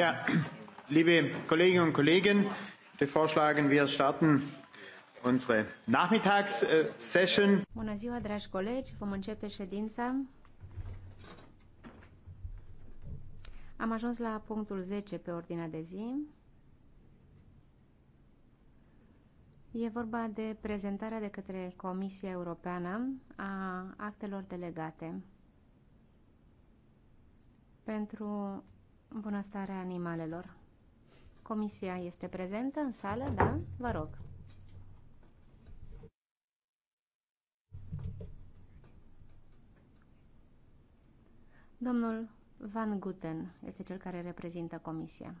Ja, liebe Kolleginnen und Kollegen, ich würde vorschlagen, wir starten unsere Nachmittagssession. Bună ziua, dragi colegi, vom începe ședința. Am ajuns la punctul 10 pe ordinea de zi. E vorba de prezentarea de către Comisia Europeană a actelor delegate pentru bunăstarea animalelor. Comisia este prezentă în sală, da? Vă rog. Domnul Van Guten este cel care reprezintă comisia.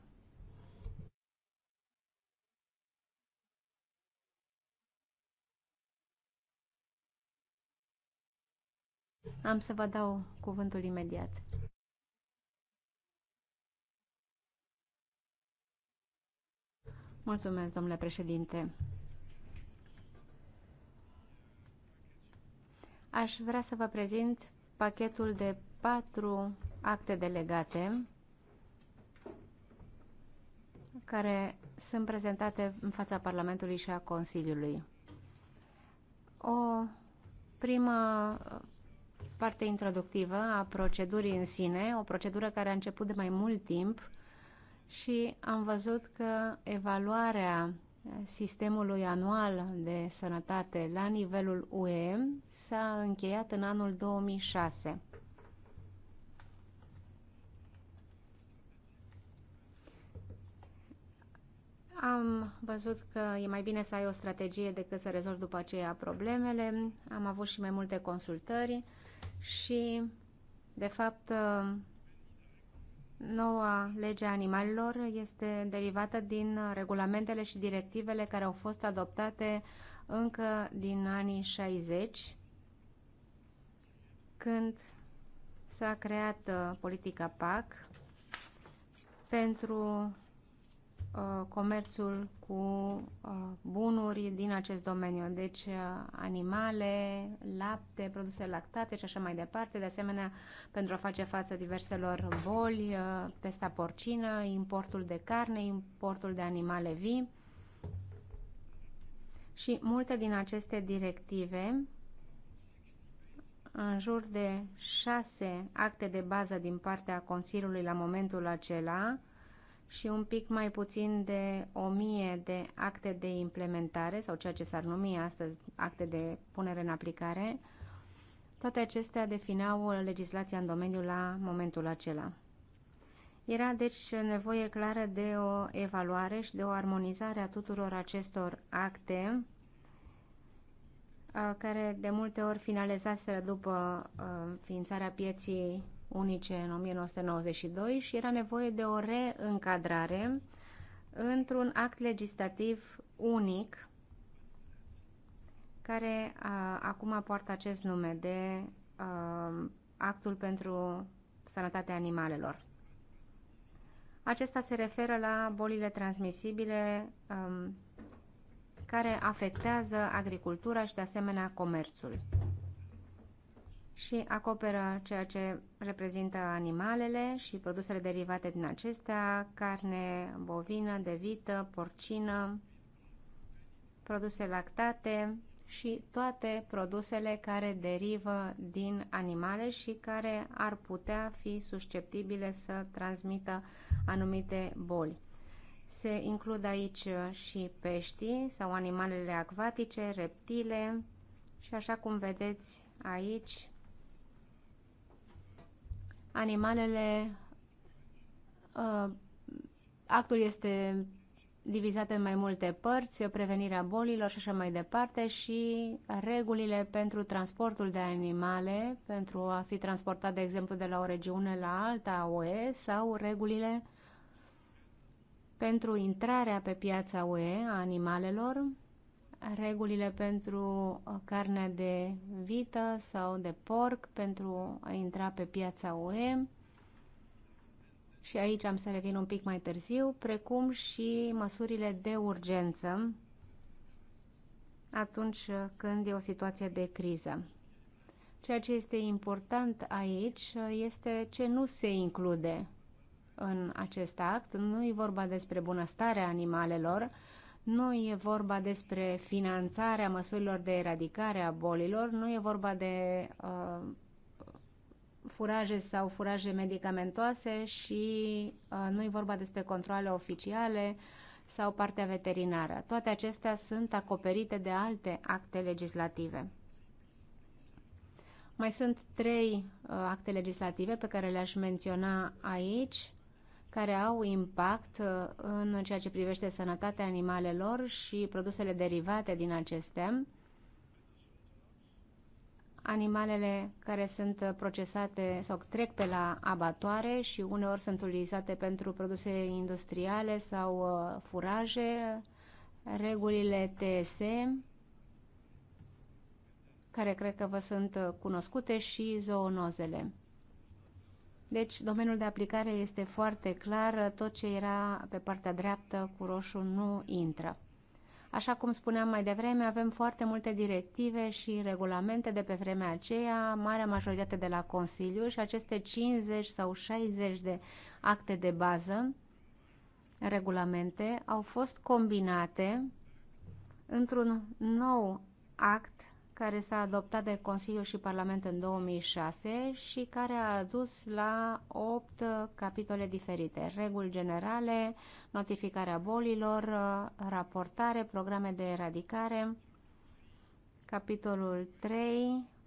Am să vă dau cuvântul imediat. Mulțumesc, domnule președinte. Aș vrea să vă prezint pachetul de patru acte delegate care sunt prezentate în fața Parlamentului și a Consiliului. O primă parte introductivă a procedurii în sine, o procedură care a început de mai mult timp și am văzut că evaluarea sistemului anual de sănătate la nivelul UE s-a încheiat în anul 2006. Am văzut că e mai bine să ai o strategie decât să rezolvi după aceea problemele. Am avut și mai multe consultări și, de fapt, Noua lege a animalelor este derivată din regulamentele și directivele care au fost adoptate încă din anii 60, când s-a creat uh, politica PAC pentru Uh, comerțul cu uh, bunuri din acest domeniu, deci uh, animale, lapte, produse lactate și așa mai departe, de asemenea pentru a face față diverselor boli, pesta porcină, importul de carne, importul de animale vii și multe din aceste directive în jur de șase acte de bază din partea Consiliului la momentul acela, și un pic mai puțin de 1000 de acte de implementare sau ceea ce s-ar numi astăzi acte de punere în aplicare. Toate acestea defineau legislația în domeniu la momentul acela. Era deci nevoie clară de o evaluare și de o armonizare a tuturor acestor acte uh, care de multe ori finalizaseră după uh, ființarea pieții unice în 1992 și era nevoie de o reîncadrare într-un act legislativ unic care a, acum poartă acest nume de a, Actul pentru Sănătatea Animalelor. Acesta se referă la bolile transmisibile um, care afectează agricultura și de asemenea comerțul și acoperă ceea ce reprezintă animalele și produsele derivate din acestea, carne bovină, de vită, porcină, produse lactate și toate produsele care derivă din animale și care ar putea fi susceptibile să transmită anumite boli. Se includ aici și peștii sau animalele acvatice, reptile și așa cum vedeți aici, Animalele, uh, actul este divizat în mai multe părți, prevenirea bolilor și așa mai departe și regulile pentru transportul de animale, pentru a fi transportat, de exemplu, de la o regiune la alta UE sau regulile pentru intrarea pe piața UE a animalelor regulile pentru uh, carnea de vită sau de porc pentru a intra pe piața UE și aici am să revin un pic mai târziu, precum și măsurile de urgență atunci când e o situație de criză. Ceea ce este important aici este ce nu se include în acest act. Nu e vorba despre bunăstarea animalelor, nu e vorba despre finanțarea măsurilor de eradicare a bolilor, nu e vorba de uh, furaje sau furaje medicamentoase și uh, nu e vorba despre controle oficiale sau partea veterinară. Toate acestea sunt acoperite de alte acte legislative. Mai sunt trei uh, acte legislative pe care le-aș menționa aici care au impact uh, în ceea ce privește sănătatea animalelor și produsele derivate din acestea, animalele care sunt procesate sau trec pe la abatoare și uneori sunt utilizate pentru produse industriale sau uh, furaje, regulile TS, care cred că vă sunt uh, cunoscute și zoonozele. Deci, domeniul de aplicare este foarte clar, tot ce era pe partea dreaptă cu roșu nu intră. Așa cum spuneam mai devreme, avem foarte multe directive și regulamente de pe vremea aceea, marea majoritate de la Consiliu și aceste 50 sau 60 de acte de bază, regulamente, au fost combinate într-un nou act care s-a adoptat de Consiliu și Parlament în 2006 și care a adus la 8 capitole diferite. Reguli generale, notificarea bolilor, raportare, programe de eradicare, capitolul 3,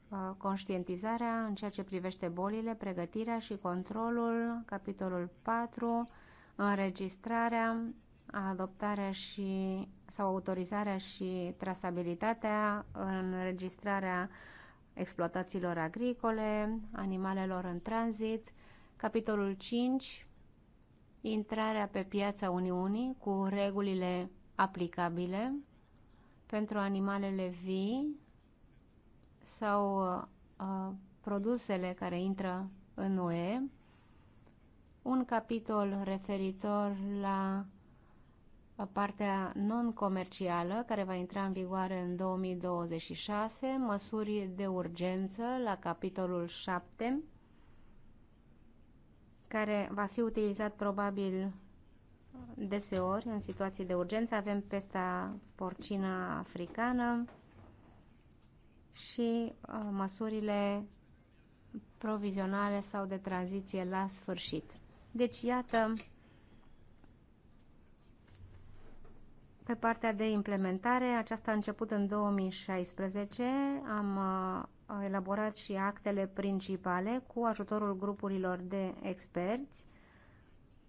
uh, conștientizarea în ceea ce privește bolile, pregătirea și controlul, capitolul 4, înregistrarea, adoptarea și sau autorizarea și trasabilitatea, înregistrarea exploatațiilor agricole, animalelor în tranzit, capitolul 5, intrarea pe piața Uniunii cu regulile aplicabile pentru animalele vii sau uh, produsele care intră în UE, un capitol referitor la partea non-comercială, care va intra în vigoare în 2026, măsuri de urgență la capitolul 7, care va fi utilizat probabil deseori în situații de urgență. Avem pesta porcina africană și uh, măsurile provizionale sau de tranziție la sfârșit. Deci, iată, Pe partea de implementare, aceasta a început în 2016. Am uh, elaborat și actele principale cu ajutorul grupurilor de experți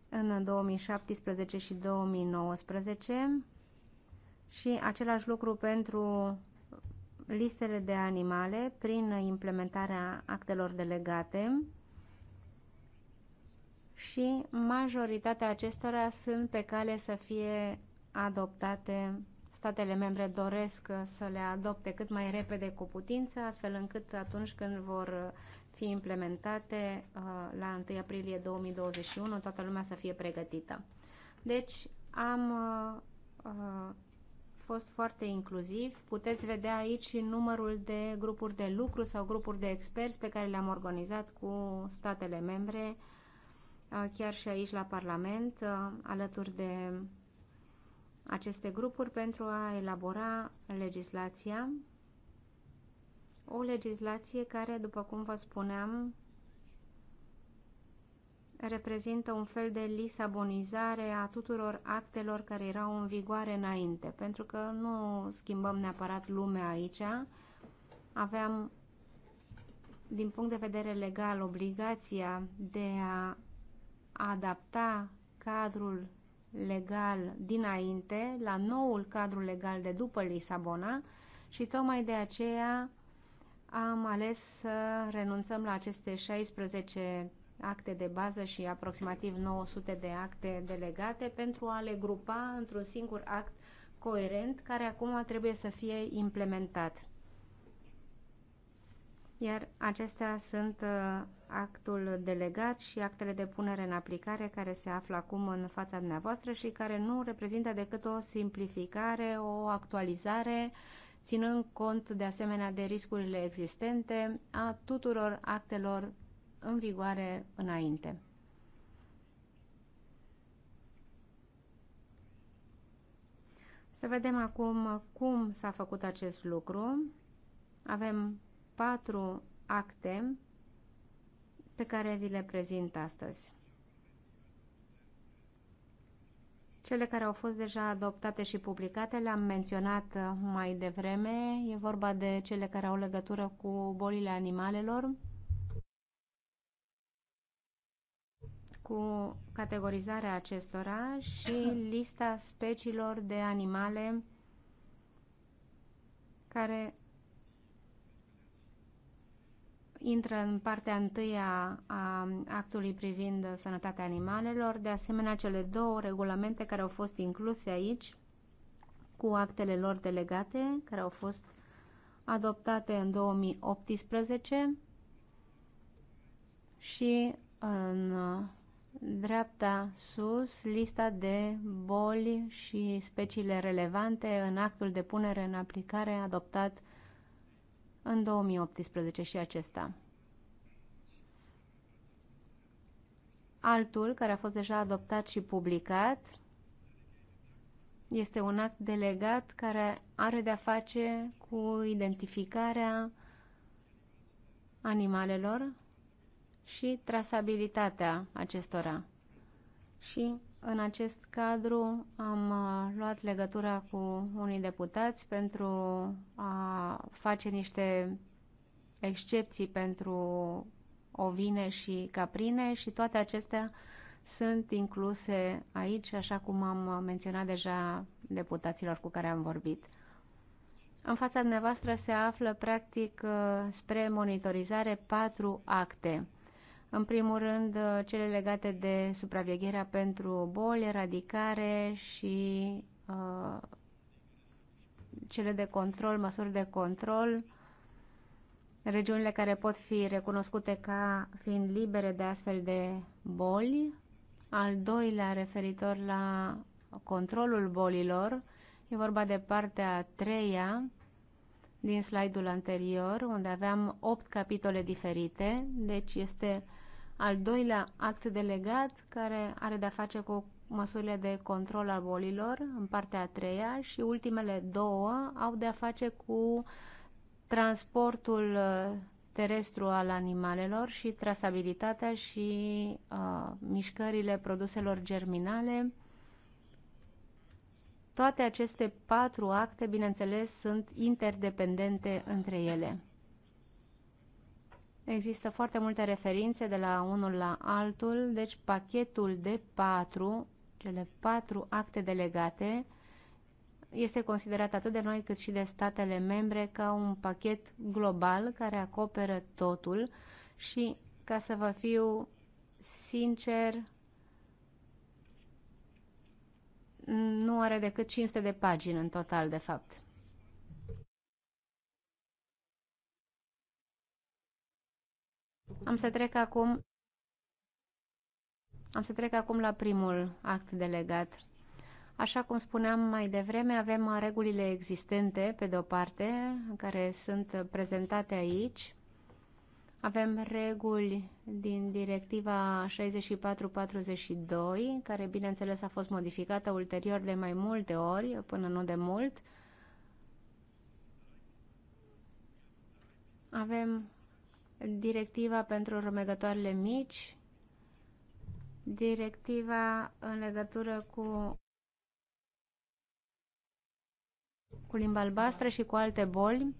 în 2017 și 2019 și același lucru pentru listele de animale prin implementarea actelor delegate și majoritatea acestora sunt pe cale să fie adoptate. Statele membre doresc să le adopte cât mai repede cu putință, astfel încât atunci când vor fi implementate uh, la 1 aprilie 2021, toată lumea să fie pregătită. Deci am uh, uh, fost foarte inclusiv. Puteți vedea aici numărul de grupuri de lucru sau grupuri de experți pe care le-am organizat cu statele membre, chiar și aici la Parlament, alături de aceste grupuri pentru a elabora legislația, o legislație care, după cum vă spuneam, reprezintă un fel de lisabonizare a tuturor actelor care erau în vigoare înainte, pentru că nu schimbăm neapărat lumea aici. Aveam, din punct de vedere legal, obligația de a adapta cadrul legal dinainte, la noul cadru legal de după Lisabona și tocmai de aceea am ales să renunțăm la aceste 16 acte de bază și aproximativ 900 de acte delegate pentru a le grupa într-un singur act coerent care acum trebuie să fie implementat iar acestea sunt uh, actul delegat și actele de punere în aplicare care se află acum în fața dumneavoastră și care nu reprezintă decât o simplificare, o actualizare, ținând cont de asemenea de riscurile existente a tuturor actelor în vigoare înainte. Să vedem acum cum s-a făcut acest lucru. Avem patru acte pe care vi le prezint astăzi. Cele care au fost deja adoptate și publicate le-am menționat uh, mai devreme. E vorba de cele care au legătură cu bolile animalelor, cu categorizarea acestora și lista speciilor de animale care intră în partea întâia a actului privind sănătatea animalelor, de asemenea cele două regulamente care au fost incluse aici cu actele lor delegate, care au fost adoptate în 2018 și în dreapta sus lista de boli și speciile relevante în actul de punere în aplicare adoptat în 2018 și acesta. Altul, care a fost deja adoptat și publicat, este un act delegat care are de-a face cu identificarea animalelor și trasabilitatea acestora. Și în acest cadru am uh, luat legătura cu unii deputați pentru a face niște excepții pentru ovine și caprine și toate acestea sunt incluse aici, așa cum am uh, menționat deja deputaților cu care am vorbit. În fața dumneavoastră se află, practic, uh, spre monitorizare patru acte – în primul rând, uh, cele legate de supravegherea pentru boli, eradicare și uh, cele de control, măsuri de control, regiunile care pot fi recunoscute ca fiind libere de astfel de boli. Al doilea, referitor la controlul bolilor, e vorba de partea a treia din slide-ul anterior, unde aveam 8 capitole diferite, deci este al doilea act delegat care are de-a face cu măsurile de control al bolilor în partea a treia și ultimele două au de-a face cu transportul uh, terestru al animalelor și trasabilitatea și uh, mișcările produselor germinale. Toate aceste patru acte, bineînțeles, sunt interdependente între ele. Există foarte multe referințe de la unul la altul, deci pachetul de patru, cele patru acte delegate, este considerat atât de noi cât și de statele membre ca un pachet global care acoperă totul și, ca să vă fiu sincer, nu are decât 500 de pagini în total, de fapt. Am să trec acum am să trec acum la primul act delegat. Așa cum spuneam mai devreme, avem regulile existente, pe de-o parte, care sunt prezentate aici. Avem reguli din directiva 6442, care, bineînțeles, a fost modificată ulterior de mai multe ori, până nu de mult. Avem directiva pentru rumegătoarele mici, directiva în legătură cu, cu limba albastră și cu alte boli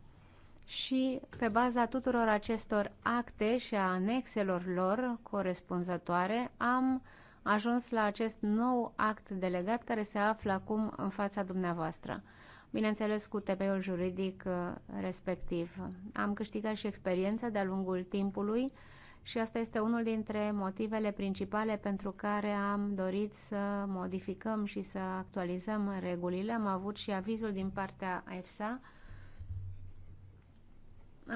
și pe baza tuturor acestor acte și a anexelor lor corespunzătoare am ajuns la acest nou act delegat care se află acum în fața dumneavoastră bineînțeles cu TP-ul juridic uh, respectiv. Am câștigat și experiență de-a lungul timpului și asta este unul dintre motivele principale pentru care am dorit să modificăm și să actualizăm regulile. Am avut și avizul din partea EFSA.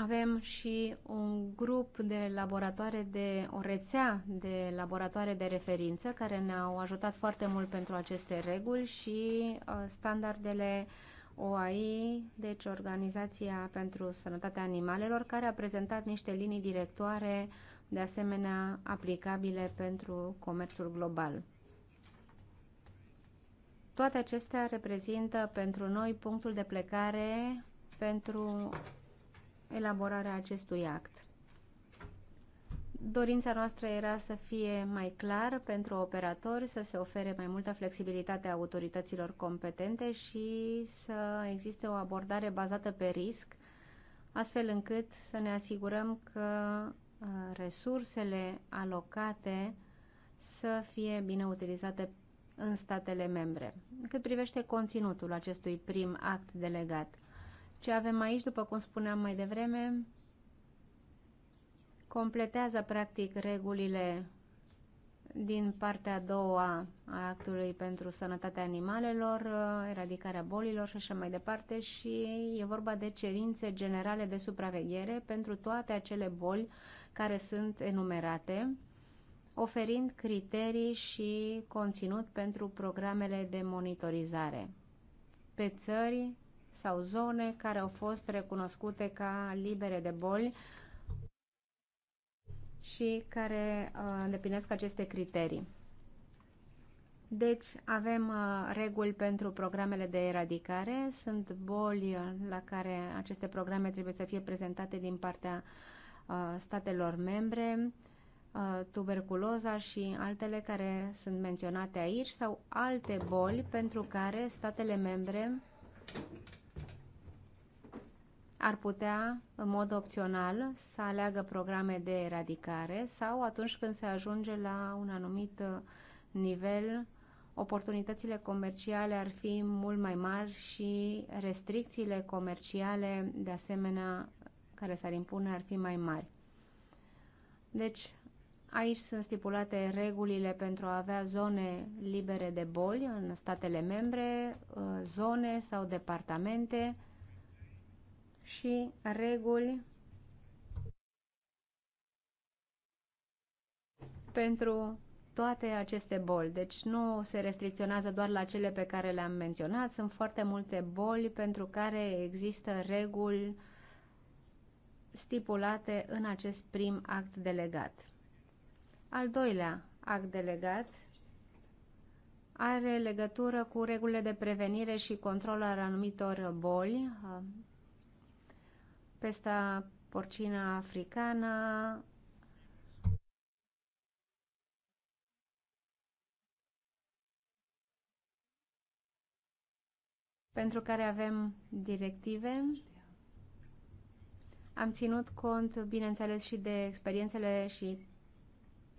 Avem și un grup de laboratoare, de o rețea de laboratoare de referință care ne-au ajutat foarte mult pentru aceste reguli și uh, standardele uh, OAI, deci Organizația pentru Sănătatea Animalelor, care a prezentat niște linii directoare, de asemenea aplicabile pentru comerțul global. Toate acestea reprezintă pentru noi punctul de plecare pentru elaborarea acestui act. Dorința noastră era să fie mai clar pentru operatori, să se ofere mai multă flexibilitate a autorităților competente și să existe o abordare bazată pe risc, astfel încât să ne asigurăm că uh, resursele alocate să fie bine utilizate în statele membre. Cât privește conținutul acestui prim act delegat, ce avem aici, după cum spuneam mai devreme, completează practic regulile din partea a doua a actului pentru sănătatea animalelor, eradicarea bolilor și așa mai departe și e vorba de cerințe generale de supraveghere pentru toate acele boli care sunt enumerate, oferind criterii și conținut pentru programele de monitorizare pe țări sau zone care au fost recunoscute ca libere de boli și care uh, îndeplinesc aceste criterii. Deci avem uh, reguli pentru programele de eradicare, sunt boli la care aceste programe trebuie să fie prezentate din partea uh, statelor membre, tuberculoza și altele care sunt menționate aici sau alte boli pentru care statele membre ar putea, în mod opțional, să aleagă programe de eradicare sau, atunci când se ajunge la un anumit uh, nivel, oportunitățile comerciale ar fi mult mai mari și restricțiile comerciale, de asemenea, care s-ar impune, ar fi mai mari. Deci, aici sunt stipulate regulile pentru a avea zone libere de boli în statele membre, uh, zone sau departamente, și reguli pentru toate aceste boli. Deci nu se restricționează doar la cele pe care le-am menționat. Sunt foarte multe boli pentru care există reguli stipulate în acest prim act delegat. Al doilea act delegat are legătură cu regulile de prevenire și control al anumitor boli pesta porcina africana, pentru care avem directive. Am ținut cont, bineînțeles, și de experiențele și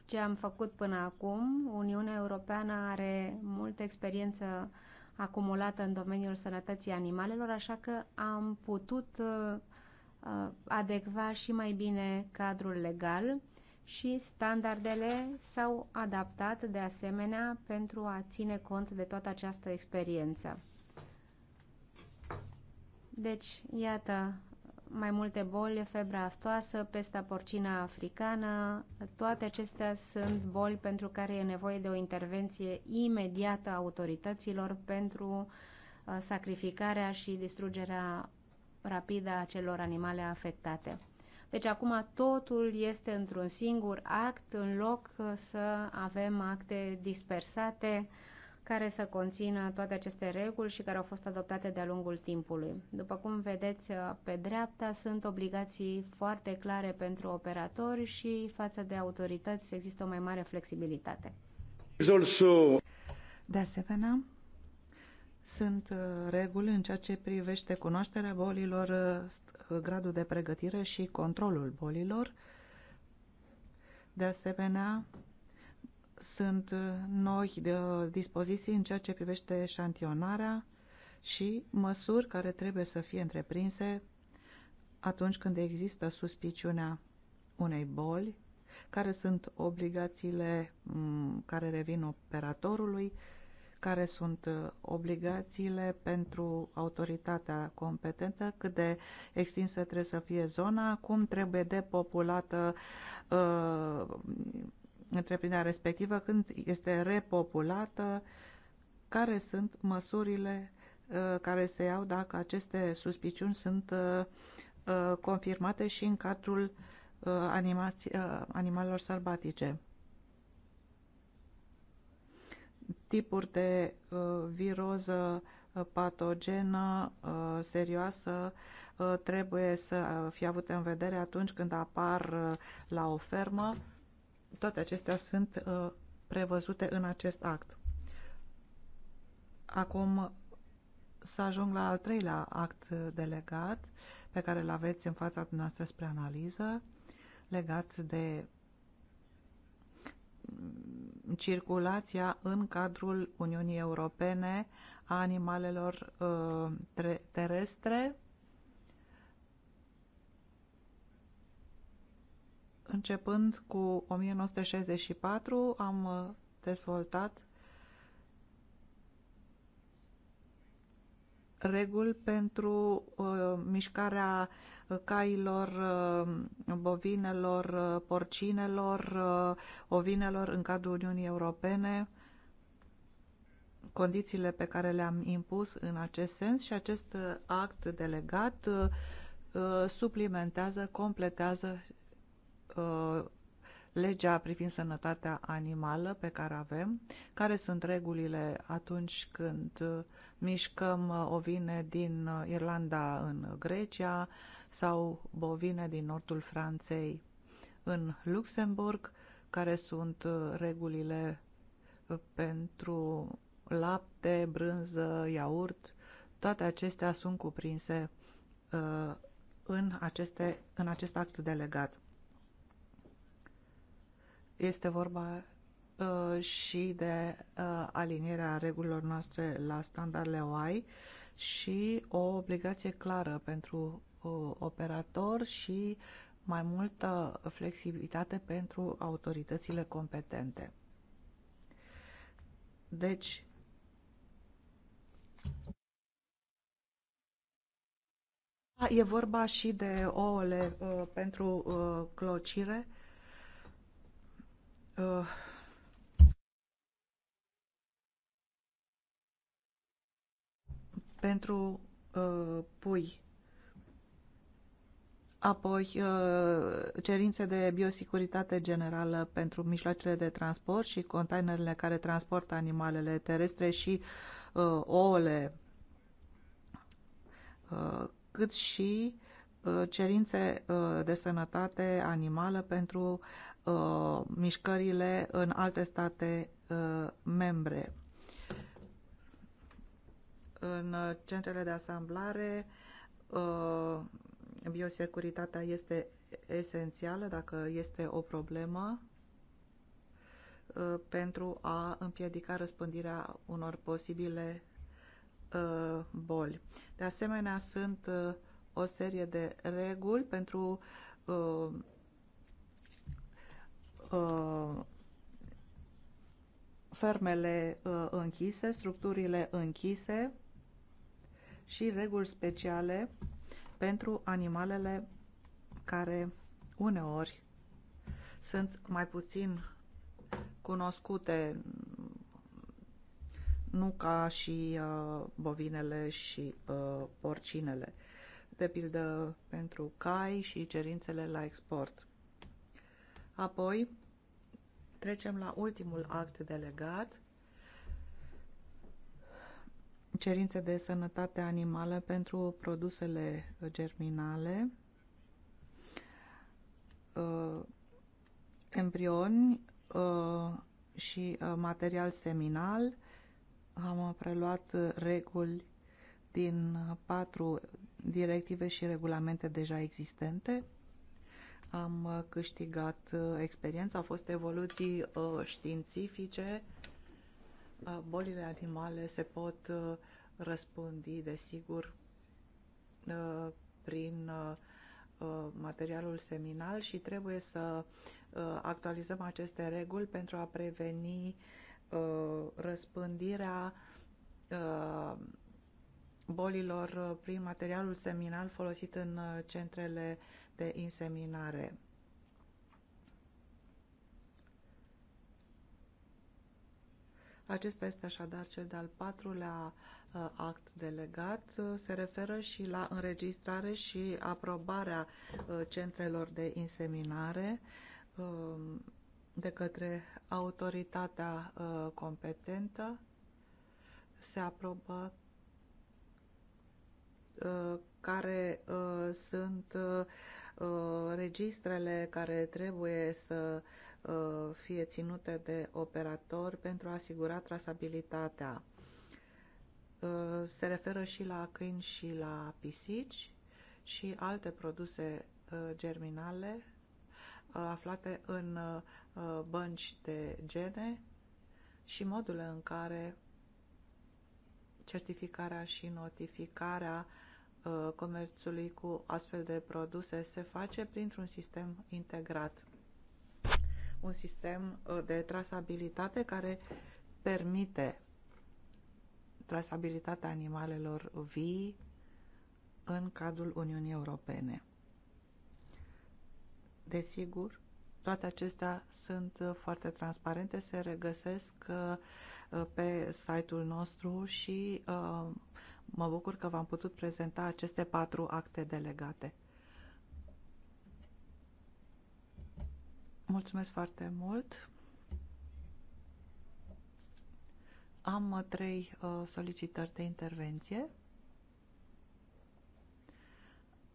ce am făcut până acum. Uniunea Europeană are multă experiență acumulată în domeniul sănătății animalelor, așa că am putut uh, Uh, adecva și mai bine cadrul legal și standardele s-au adaptat de asemenea pentru a ține cont de toată această experiență. Deci, iată, mai multe boli, febra aftoasă, pesta porcina africană, toate acestea sunt boli pentru care e nevoie de o intervenție imediată a autorităților pentru uh, sacrificarea și distrugerea rapidă a celor animale afectate. Deci acum totul este într-un singur act, în loc să avem acte dispersate care să conțină toate aceste reguli și care au fost adoptate de-a lungul timpului. După cum vedeți pe dreapta, sunt obligații foarte clare pentru operatori și față de autorități există o mai mare flexibilitate. De asemenea, sunt uh, reguli în ceea ce privește cunoașterea bolilor, uh, gradul de pregătire și controlul bolilor. De asemenea, sunt uh, noi de dispoziții în ceea ce privește șantionarea și măsuri care trebuie să fie întreprinse atunci când există suspiciunea unei boli, care sunt obligațiile care revin operatorului, care sunt uh, obligațiile pentru autoritatea competentă, cât de extinsă trebuie să fie zona, cum trebuie depopulată uh, întreprinderea respectivă, când este repopulată, care sunt măsurile uh, care se iau dacă aceste suspiciuni sunt uh, uh confirmate și în cadrul uh, animați, uh, animalelor sălbatice. tipuri de uh, viroză uh, patogenă uh, serioasă trebuie să fie avute în vedere atunci când apar la o fermă. Toate acestea sunt prevăzute în acest act. Acum să ajung la al treilea act delegat pe care îl aveți în fața dumneavoastră spre analiză legat de circulația în cadrul Uniunii Europene a animalelor uh, terestre începând cu 1964 am uh, dezvoltat reguli pentru uh, mișcarea uh, cailor, uh, bovinelor, porcinelor, ovinelor în cadrul Uniunii Europene, condițiile pe care le-am impus în acest sens și acest act delegat suplimentează, completează legea privind sănătatea animală pe care avem, care sunt regulile atunci când mișcăm uh, ovine din uh, Irlanda în Grecia sau bovine din nordul Franței în Luxemburg, care sunt uh, regulile pentru lapte, brânză, iaurt, toate acestea sunt cuprinse uh, în, aceste, în acest act delegat. Este vorba Uh, și de uh, alinierea regulilor noastre la standardele OAI și o obligație clară pentru uh, operator și mai multă flexibilitate pentru autoritățile competente. Deci, E vorba și de ouăle uh, pentru uh, clocire. Uh, pentru uh, pui. Apoi, uh, cerințe de biosicuritate generală pentru mijloacele de transport și containerele care transportă animalele terestre și uh, ouăle, uh, cât și uh, cerințe uh, de sănătate animală pentru uh, mișcările în alte state membre în centrele de asamblare uh, biosecuritatea este esențială dacă este o problemă uh, pentru a împiedica răspândirea unor posibile uh, boli. De asemenea, sunt o serie de reguli pentru fermele închise, structurile închise, și reguli speciale pentru animalele care uneori sunt mai puțin cunoscute, nu ca și uh, bovinele și uh, porcinele, de pildă pentru cai și cerințele la export. Apoi trecem la ultimul act delegat, cerințe de sănătate animală pentru produsele germinale, uh, embrioni uh, și uh, material seminal. Am preluat reguli din patru directive și regulamente deja existente. Am câștigat experiență, au fost evoluții științifice Bolile animale se pot uh, răspândi, desigur, uh, prin uh, materialul seminal și trebuie să actualizăm aceste reguli pentru a preveni răspândirea bolilor prin materialul seminal folosit în centrele de inseminare. Acesta este așadar cel de-al patrulea uh, act delegat. Uh, se referă și la înregistrare și aprobarea uh, centrelor de inseminare um, de către autoritatea competentă. Se aprobă care sunt registrele care trebuie să Uh, fie ținute de operatori pentru a asigura trasabilitatea. Uh, se referă și la câini și la pisici și alte produse uh, germinale aflate în bănci de gene și modul în care certificarea și notificarea comerțului cu astfel de produse se face printr-un sistem integrat un sistem uh, de trasabilitate care permite trasabilitatea animalelor vii în cadrul Uniunii Europene. Desigur, toate acestea sunt uh, foarte transparente, se regăsesc uh, pe site-ul nostru și mă bucur că v-am putut prezenta aceste patru acte delegate. Mulțumesc foarte mult. Am uh, trei uh, solicitări de intervenție.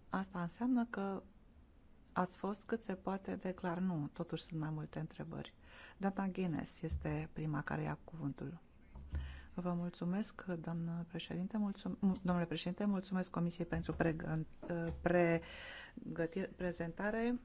Asta înseamnă că ați fost cât se poate de clar. Nu, totuși sunt mai multe întrebări. Doamna Guinness este prima care ia cuvântul. Vă mulțumesc, doamnă președinte, mulțum, domnule președinte, mulțumesc Comisiei pentru pregănt, uh, pre, prezentare.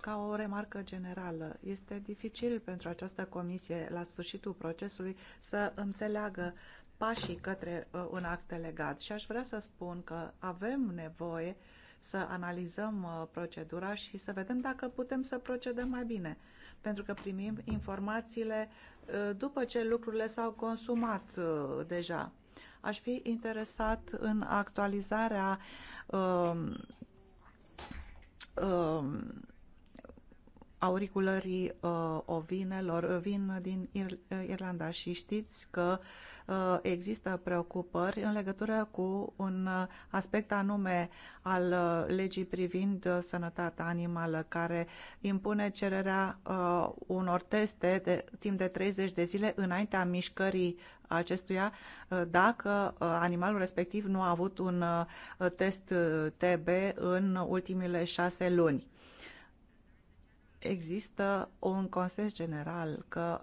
Ca o remarcă generală, este dificil pentru această comisie, la sfârșitul procesului, să înțeleagă pașii către uh, un act legat. Și aș vrea să spun că avem nevoie să analizăm uh, procedura și să vedem dacă putem să procedăm mai bine. Pentru că primim informațiile uh, după ce lucrurile s-au consumat deja. Aș fi interesat în actualizarea uh, uh, auriculării uh, ovinelor uh, vin din Ir- uh, Irlanda și știți că uh, există preocupări în legătură cu un uh, aspect anume al uh, legii privind uh, sănătatea animală care impune cererea uh, unor teste de timp de 30 de zile înaintea mișcării acestuia dacă animalul respectiv nu a avut un test TB în ultimile șase luni există un consens general că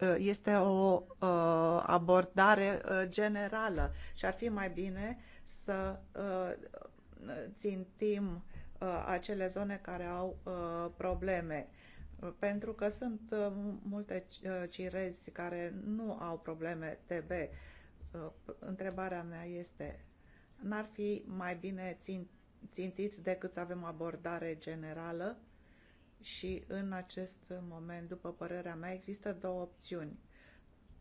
uh, este o uh, abordare uh, generală și ar fi mai bine să țintim acele zone care au probleme. Pentru că sunt multe cirezi care nu au probleme TB. Întrebarea mea este, n-ar fi mai bine țintit țintit decât să avem o abordare generală și în acest moment, după părerea mea, există două opțiuni.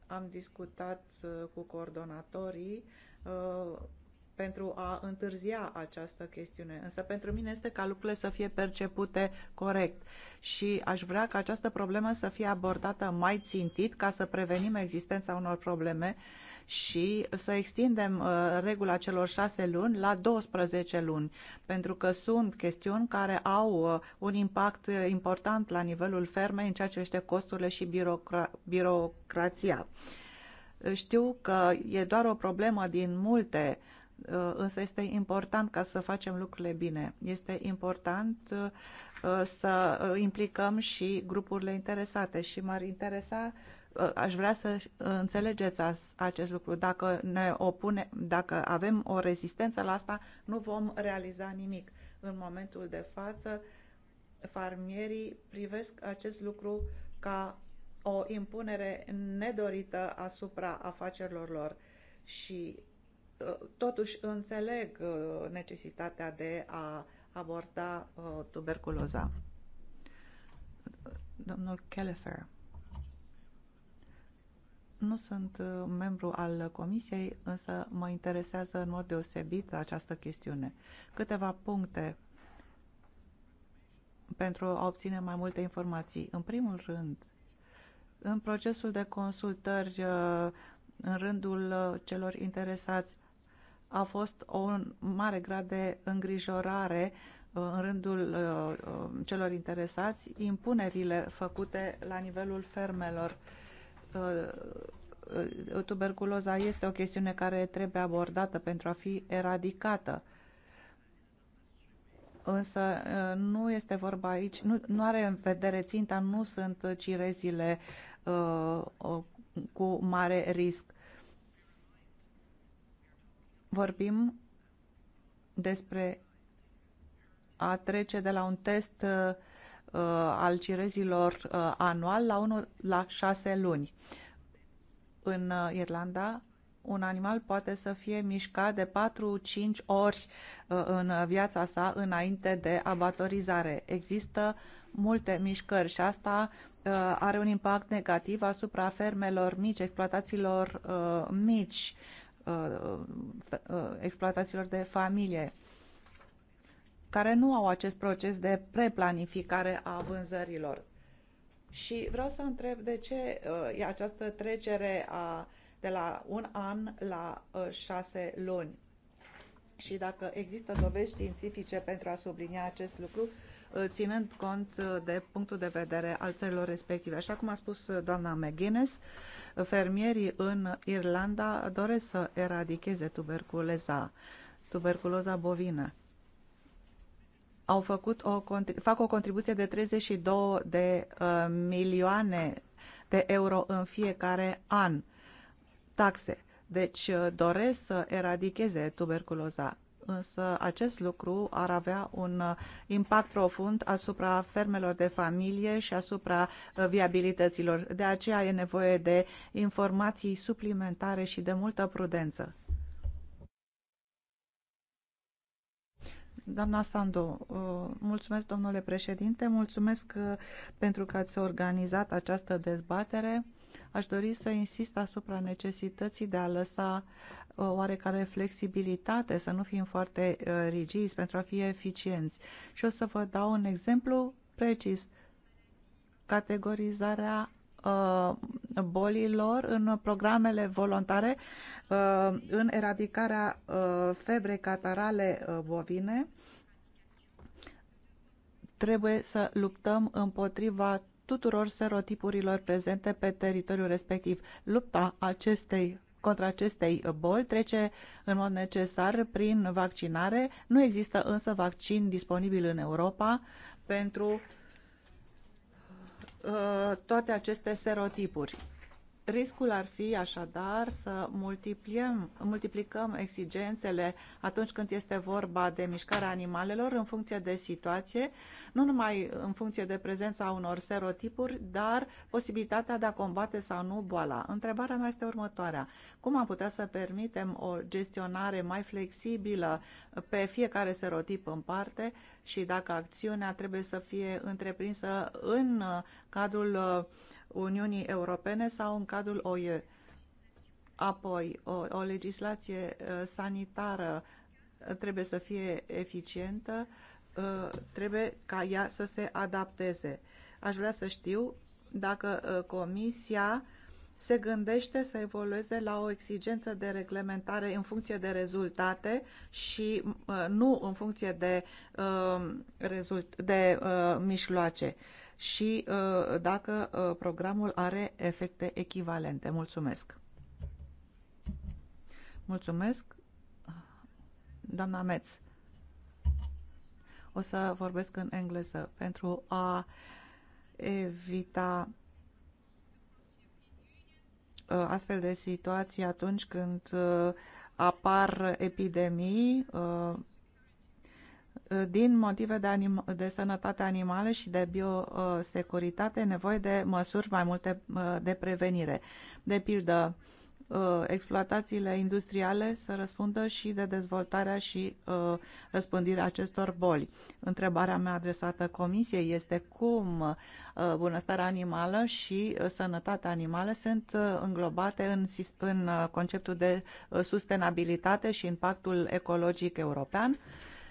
Am discutat uh, cu coordonatorii uh, pentru a întârzia această chestiune. Însă pentru mine este ca lucrurile să fie percepute corect și aș vrea ca această problemă să fie abordată mai țintit ca să prevenim existența unor probleme uh, și să extindem uh, regula celor șase luni la 12 luni, pentru că sunt chestiuni care au uh, un impact uh, important la nivelul fermei în ceea ce este costurile și birocra birocrația. Știu că e doar o problemă din multe însă este important ca să facem lucrurile bine. Este important să implicăm și grupurile interesate și m-ar interesa Uh, aș vrea să înțelegeți acest lucru. Dacă ne opune, dacă avem o rezistență la asta, nu vom realiza nimic. În momentul de față, farmierii privesc acest lucru ca o impunere nedorită asupra afacerilor lor și uh, totuși înțeleg uh, necesitatea de a aborda tuberculoza. Domnul Kellefer. Nu sunt uh, membru al comisiei, însă mă interesează în mod deosebit această chestiune. Câteva puncte pentru a obține mai multe informații. În primul rând, în procesul de consultări uh, în rândul uh, celor interesați a fost un mare grad de îngrijorare în rândul celor interesați impunerile făcute la nivelul fermelor Uh, uh, tuberculoza este o chestiune care trebuie abordată pentru a fi eradicată. Însă uh, nu este vorba aici, nu, nu are în vedere ținta, nu sunt cirezile uh, cu mare risc. Vorbim despre a trece de la un test uh, Uh, al cirezilor uh, anual la 1 la 6 luni. În uh, Irlanda, un animal poate să fie mișcat de 4-5 ori în viața sa înainte de abatorizare. Există multe mișcări și asta are un impact negativ asupra fermelor mici, exploatațiilor mici, exploatațiilor de familie care nu au acest proces de preplanificare a vânzărilor. Și vreau să întreb de ce uh, e această trecere a, de la un an la uh, șase luni și dacă există dovezi științifice pentru a sublinia acest lucru, uh, ținând cont de punctul de vedere al țărilor respective. Așa cum a spus doamna McGuinness, fermierii în Irlanda doresc să eradicheze tuberculeza, tuberculoza bovină au făcut o, fac o contribuție de 32 de uh, milioane de euro în fiecare an taxe. Deci uh, doresc să eradicheze tuberculoza însă acest lucru ar avea un uh, impact profund asupra fermelor de familie și asupra uh, viabilităților. De aceea e nevoie de informații suplimentare și de multă prudență. Doamna Sandu, uh, mulțumesc, domnule președinte, mulțumesc uh, pentru că ați organizat această dezbatere. Aș dori să insist asupra necesității de a lăsa uh, oarecare flexibilitate, să nu fim foarte rigizi pentru a fi eficienți. Și o să vă dau un exemplu precis. Categorizarea bolilor în programele voluntare uh, în eradicarea uh, febrei catarale uh, bovine. Trebuie să luptăm împotriva tuturor serotipurilor prezente pe teritoriul respectiv. Lupta acestei contra acestei boli trece în mod necesar prin vaccinare. Nu există însă vaccin disponibil în Europa pentru Uh, toate aceste serotipuri. Riscul ar fi așadar să multipliem, multiplicăm exigențele atunci când este vorba de mișcarea animalelor în funcție de situație, nu numai în funcție de prezența unor serotipuri, dar posibilitatea de a combate sau nu boala. Întrebarea mea este următoarea. Cum am putea să permitem o gestionare mai flexibilă pe fiecare serotip în parte și dacă acțiunea trebuie să fie întreprinsă în cadrul uh, Uniunii Europene sau în cadrul OIE. Apoi, o, o legislație uh, sanitară uh, trebuie să fie eficientă, uh, trebuie ca ea să se adapteze. Aș vrea să știu dacă Comisia se gândește să evolueze la o exigență de reglementare în funcție de rezultate și nu în funcție de, de mijloace și uh, dacă uh, programul are efecte echivalente. Mulțumesc! Mulțumesc, doamna Metz. O să vorbesc în engleză pentru a evita uh, astfel de situații atunci când apar epidemii din motive de, anim de sănătate animală și de biosecuritate, nevoie de măsuri mai multe uh, de prevenire. De pildă, uh, exploatațiile industriale să răspundă și de dezvoltarea și uh, răspândirea acestor boli. Întrebarea mea adresată Comisiei este cum bunăstarea animală și sănătatea animală sunt înglobate în, în conceptul de sustenabilitate și impactul ecologic european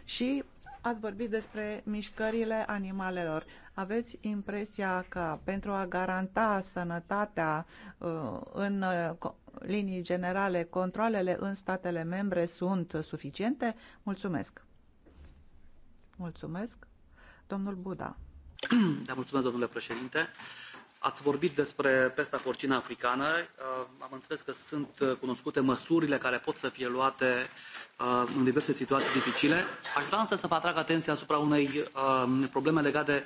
și Ați vorbit despre mișcările animalelor. Aveți impresia că pentru a garanta sănătatea uh, în uh, linii generale, controlele în statele membre sunt suficiente? Mulțumesc! Mulțumesc! Domnul Buda. Da, mulțumesc, domnule președinte. Ați vorbit despre pesta porcină africană. Uh, am înțeles că sunt uh, cunoscute măsurile care pot să fie luate uh, în diverse situații dificile. Aș vrea însă să vă atrag atenția asupra unei probleme legate de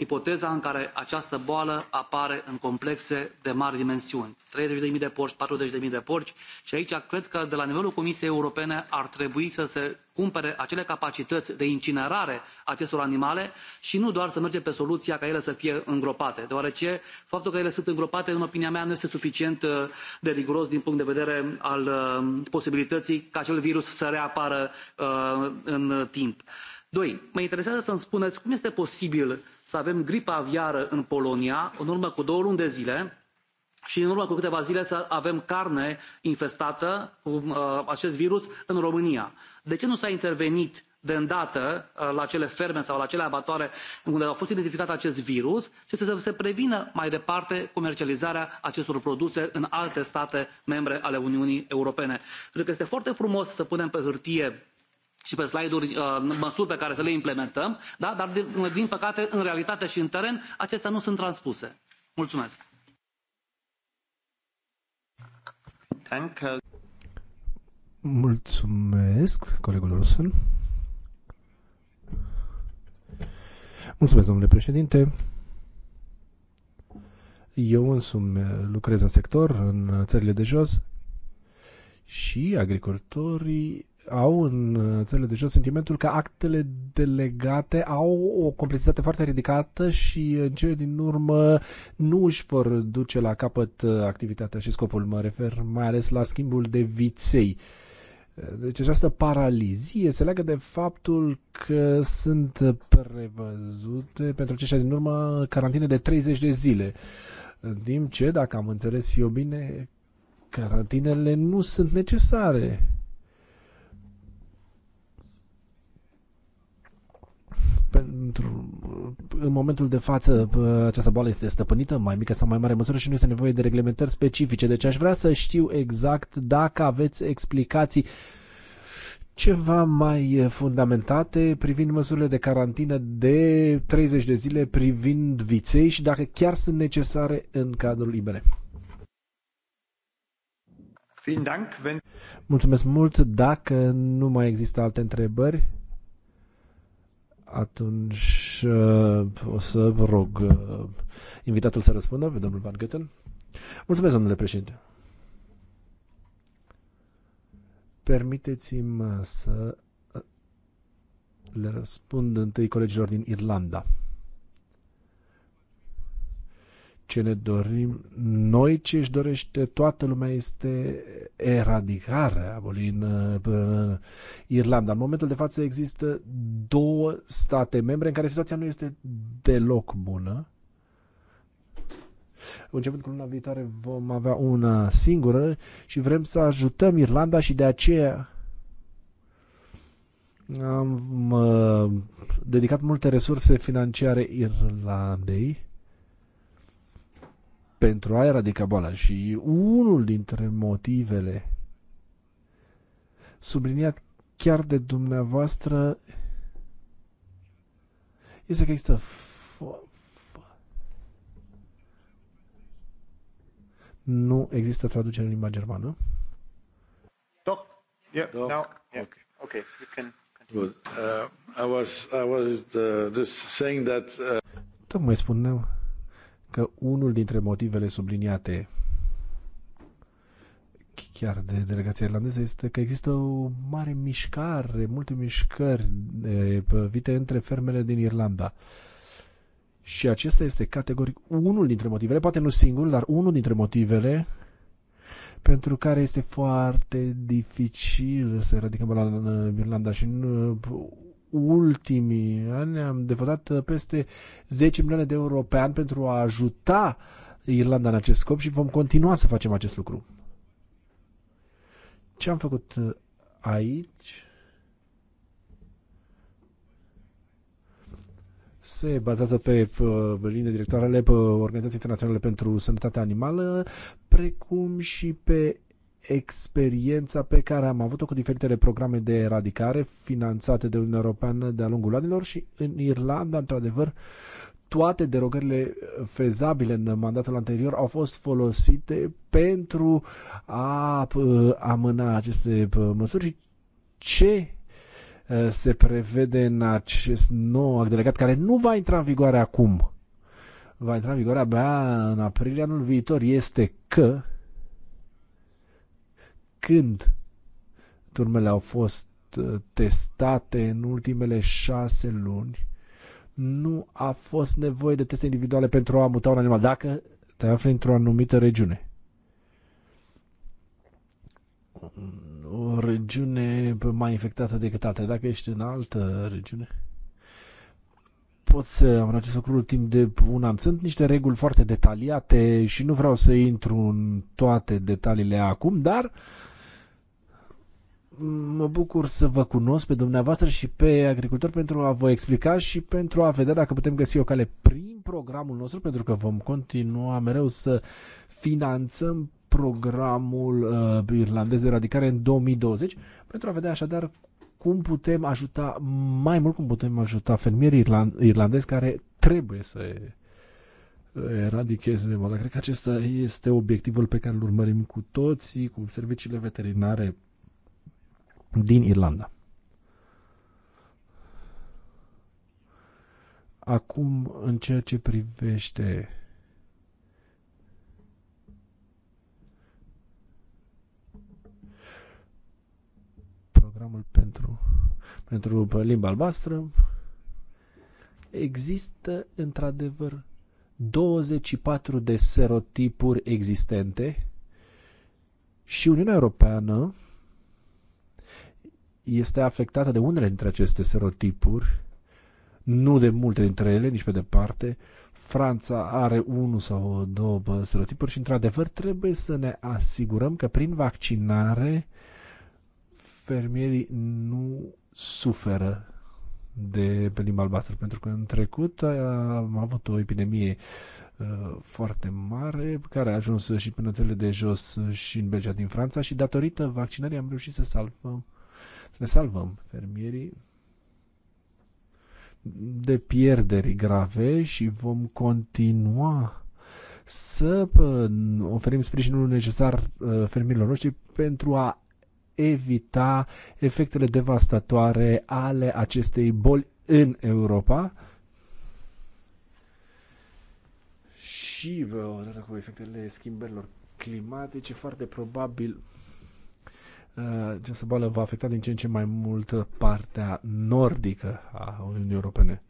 ipoteza în care această boală apare în complexe de mari dimensiuni, 30.000 de porci, 40.000 de porci și aici cred că de la nivelul Comisiei Europene ar trebui să se cumpere acele capacități de incinerare acestor animale și nu doar să merge pe soluția ca ele să fie îngropate, deoarece faptul că ele sunt îngropate, în opinia mea, nu este suficient uh, de riguros din punct de vedere al uh, posibilității ca acel virus să reapară uh, în timp doi mă interesează să mi spuneți cum este posibil să avem gripă aviară în polonia în urmă cu două luni de zile și în urmă cu câteva zile să avem carne infestată cu uh, acest virus în românia. de ce nu s a intervenit de îndată uh, la acele ferme sau la acele abatoare unde a fost identificat acest virus și să se prevină mai departe comercializarea acestor produse în alte state membre ale uniunii europene. pentru că este foarte frumos să punem pe hârtie și pe slide-uri uh, măsuri pe care să le implementăm, da? dar din, din păcate, în realitate și în teren, acestea nu sunt transpuse. Mulțumesc! Danke. Mulțumesc, colegul Rusen. Mulțumesc, domnule președinte. Eu însumi lucrez în sector, în țările de jos, și agricultorii au în uh, țările de jos sentimentul că actele delegate au o complexitate foarte ridicată și uh, în cele din urmă nu își vor duce la capăt uh, activitatea și scopul. Mă refer mai ales la schimbul de viței. Deci această paralizie se leagă de faptul că sunt prevăzute pentru aceștia din urmă carantine de 30 de zile. În timp ce, dacă am înțeles eu bine, carantinele nu sunt necesare pentru, în momentul de față uh, această boală este stăpânită, mai mică sau mai mare măsură și nu este nevoie de reglementări specifice. Deci aș vrea să știu exact dacă aveți explicații ceva mai fundamentate privind măsurile de carantină de 30 de zile privind viței și dacă chiar sunt necesare în cadrul IBR. Mulțumesc mult. Dacă nu mai există alte întrebări, atunci uh, o să vă rog uh, invitatul să răspundă pe domnul Van Gutten. Mulțumesc, domnule președinte. Permiteți-mi să le răspund întâi colegilor din Irlanda ce ne dorim noi, ce își dorește toată lumea este eradicarea abolii în, în Irlanda. În momentul de față există două state membre în care situația nu este deloc bună. Începând cu luna viitoare vom avea una singură și vrem să ajutăm Irlanda și de aceea am uh, dedicat multe resurse financiare Irlandei pentru a eradica boala și unul dintre motivele subliniat chiar de dumneavoastră este că există nu există traducere în limba germană. Doc? Yeah, Doc. Now, yeah. Okay. okay, you can continue. Good. Uh, I was, I was uh, just saying that... Uh... Tocmai spuneam că unul dintre motivele subliniate chiar de delegația irlandeză este că există o mare mișcare, multe mișcări vite între fermele din Irlanda. Și acesta este categoric unul dintre motivele, poate nu singur, dar unul dintre motivele pentru care este foarte dificil să eradicăm la Irlanda și nu, ultimii ani am devotat uh, peste 10 milioane de euro pe an pentru a ajuta Irlanda în acest scop și vom continua să facem acest lucru. Ce am făcut uh, aici? se bazează pe uh, linie directoarele pe Organizației Internaționale pentru Sănătatea Animală, precum și pe experiența pe care am avut-o cu diferitele programe de eradicare finanțate de Uniunea Europeană de-a lungul anilor și în Irlanda, într-adevăr, toate derogările fezabile în mandatul anterior au fost folosite pentru a uh, amâna aceste uh, măsuri și ce uh, se prevede în acest nou act delegat care nu va intra în vigoare acum, va intra în vigoare abia în aprilie anul viitor, este că când turmele au fost uh, testate în ultimele șase luni, nu a fost nevoie de teste individuale pentru a muta un animal, dacă te afli într-o anumită regiune. O regiune mai infectată decât alte. Dacă ești în altă regiune, pot să am acest lucru timp de un an. Sunt niște reguli foarte detaliate și nu vreau să intru în toate detaliile acum, dar mă bucur să vă cunosc pe dumneavoastră și pe agricultori pentru a vă explica și pentru a vedea dacă putem găsi o cale prin programul nostru, pentru că vom continua mereu să finanțăm programul uh, irlandez de radicare în 2020 pentru a vedea așadar cum putem ajuta, mai mult cum putem ajuta fermierii irland- irlandezi care trebuie să eradicheze boala. Cred că acesta este obiectivul pe care îl urmărim cu toții, cu serviciile veterinare din Irlanda. Acum, în ceea ce privește mult pentru, pentru limba albastră, există într-adevăr 24 de serotipuri existente și Uniunea Europeană este afectată de unele dintre aceste serotipuri, nu de multe dintre ele, nici pe departe. Franța are unul sau două serotipuri și, într-adevăr, trebuie să ne asigurăm că prin vaccinare uh, fermierii nu suferă de pe albastră, pentru că în trecut am avut o epidemie uh, foarte mare care a ajuns și până țările de jos și în Belgia din Franța și datorită vaccinării am reușit să salvăm să ne salvăm fermierii de pierderi grave și vom continua să uh, oferim sprijinul necesar uh, fermierilor noștri pentru a evita efectele devastatoare ale acestei boli în Europa și odată cu efectele schimbărilor climatice, foarte probabil uh, această boală va afecta din ce în ce mai mult partea nordică a Uniunii Europene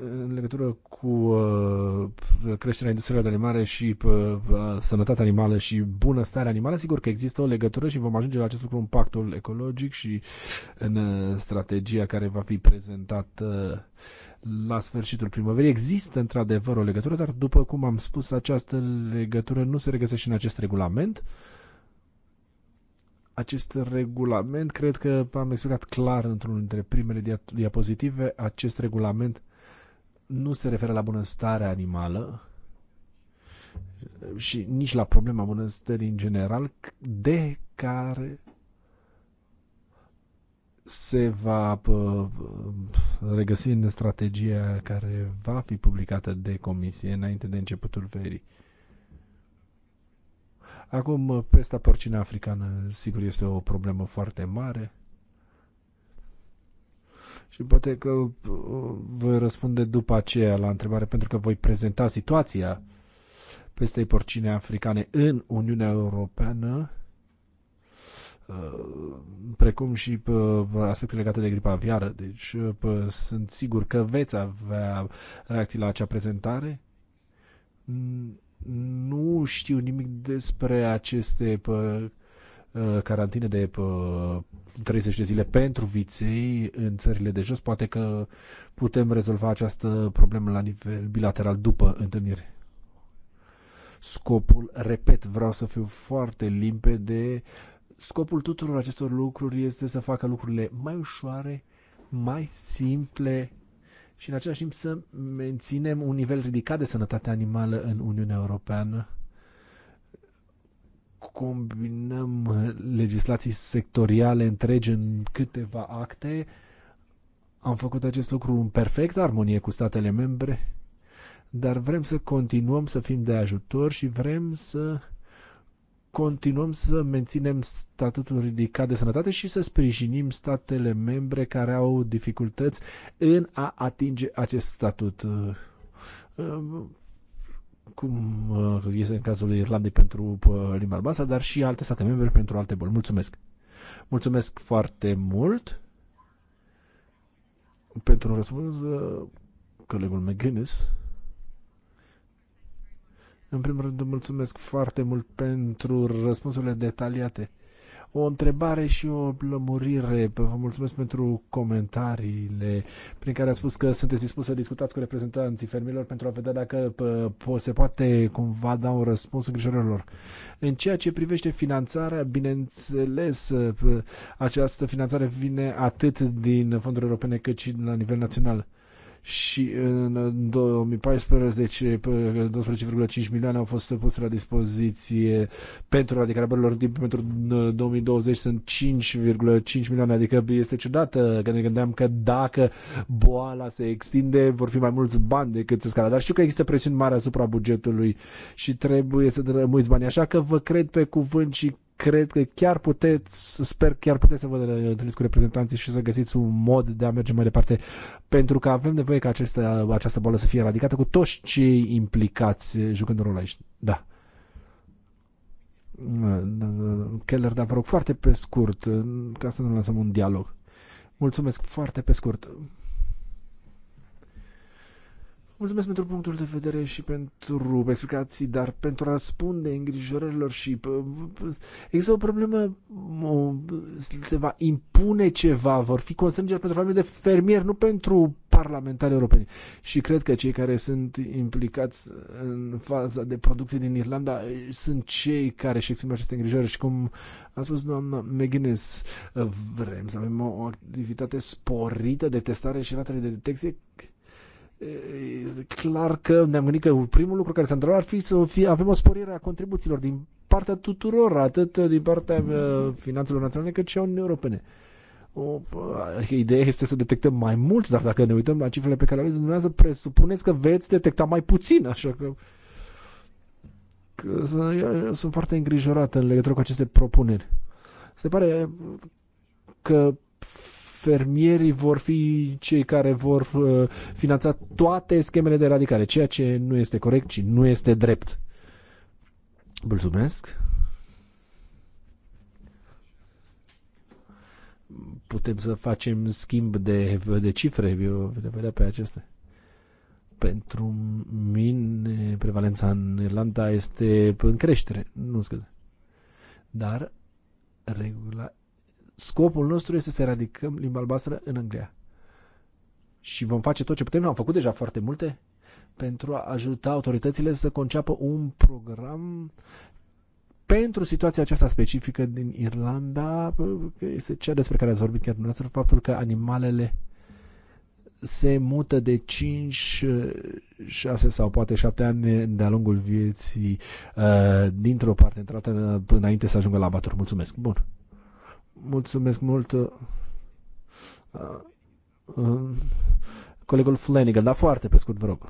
în legătură cu uh, creșterea industrială de animale și uh, uh, sănătatea animală și bunăstarea animală, sigur că există o legătură și vom ajunge la acest lucru în pactul ecologic și în strategia care va fi prezentată la sfârșitul primăverii. Există într-adevăr o legătură, dar după cum am spus, această legătură nu se regăsește în acest regulament acest regulament, cred că am explicat clar într-unul dintre primele diapozitive, acest regulament nu se referă la bunăstarea animală și nici la problema bunăstării în general, de care se va regăsi în strategia care va fi publicată de comisie înainte de începutul verii. Acum, pesta porcină africană, sigur, este o problemă foarte mare și poate că uh, voi răspunde după aceea la întrebare, pentru că voi prezenta situația peste porcine africane în Uniunea Europeană, uh, precum și pe aspecte legate de gripa aviară. Deci uh, pe, sunt sigur că veți avea reacții la acea prezentare. Nu știu nimic despre aceste Uh, carantine de 30 uh, de zile pentru viței în țările de jos. Poate că putem rezolva această problemă la nivel bilateral după întâlnire. Scopul, repet, vreau să fiu foarte limpede, scopul tuturor acestor lucruri este să facă lucrurile mai ușoare, mai simple și în același timp să menținem un nivel ridicat de sănătate animală în Uniunea Europeană combinăm legislații sectoriale întregi în câteva acte. Am făcut acest lucru în perfectă armonie cu statele membre, dar vrem să continuăm să fim de ajutor și vrem să continuăm să menținem statutul ridicat de sănătate și să sprijinim statele membre care au dificultăți în a atinge acest statut cum uh, este în cazul Irlandei pentru uh, limba albastră, dar și alte state membre pentru alte boli. Mulțumesc! Mulțumesc foarte mult pentru un răspuns, uh, colegul McGuinness. În primul rând, mulțumesc foarte mult pentru răspunsurile detaliate o întrebare și o lămurire. Vă mulțumesc pentru comentariile prin care a spus că sunteți dispus să discutați cu reprezentanții fermilor pentru a vedea dacă se poate cumva da un răspuns îngrijorărilor. În ceea ce privește finanțarea, bineînțeles, această finanțare vine atât din fonduri europene cât și la nivel național și în 2014 12,5 milioane au fost puse la dispoziție pentru radicarea bolilor, timp pentru 2020 uh, sunt 5,5 milioane, adică este ciudată că ne gândeam că dacă boala se extinde, vor fi mai mulți bani decât să scala. Dar știu că există presiuni mari asupra bugetului și trebuie să rămâiți bani. Așa că vă cred pe cuvânt și cred că chiar puteți, sper chiar puteți să vă întâlniți cu reprezentanții și să găsiți un mod de a merge mai departe, pentru că avem nevoie ca aceste, această boală să fie eradicată cu toți cei implicați jucând un rol aici. Da. da, da, da. Keller, dar vă rog foarte pe scurt, ca să nu lansăm un dialog. Mulțumesc foarte pe scurt. Mulțumesc pentru punctul de vedere și pentru explicații, dar pentru a răspunde îngrijorărilor și există o problemă, o, se va impune ceva, vor fi constrângeri pentru familie de fermieri, nu pentru parlamentari europeni. Și cred că cei care sunt implicați în faza de producție din Irlanda sunt cei care își exprimă aceste îngrijorări și cum a spus doamna McGuinness, vrem să avem o activitate sporită de testare și ratele de detecție e clar că ne-am gândit că primul lucru care s-a întâmplat ar fi să fie, avem o sporire a contribuțiilor din partea tuturor, atât din partea uh, finanțelor naționale cât și a Uniunii Europene. O, uh, ideea este să detectăm mai mult, dar dacă ne uităm la cifrele pe care le aveți dumneavoastră, presupuneți că veți detecta mai puțin, așa că eu sunt foarte îngrijorat în legătură cu aceste propuneri. Se pare că fermierii vor fi cei care vor uh, finanța toate schemele de eradicare, ceea ce nu este corect și nu este drept. Mulțumesc! Putem să facem schimb de, de cifre, eu le vedea pe aceste. pentru mine prevalența în Irlanda este în creștere, nu scădere. Dar regula Scopul nostru este să eradicăm limba albastră în Anglia. Și vom face tot ce putem, am făcut deja foarte multe, pentru a ajuta autoritățile să conceapă un program pentru situația aceasta specifică din Irlanda, este cea despre care ați vorbit chiar dumneavoastră, faptul că animalele se mută de 5, 6 sau poate 7 ani de-a lungul vieții uh, dintr-o parte într-o dată înainte să ajungă la abaturi. Mulțumesc! Bun! Mulțumesc mult uh, uh, uh, colegul Flanagan, dar foarte pe scurt, vă rog.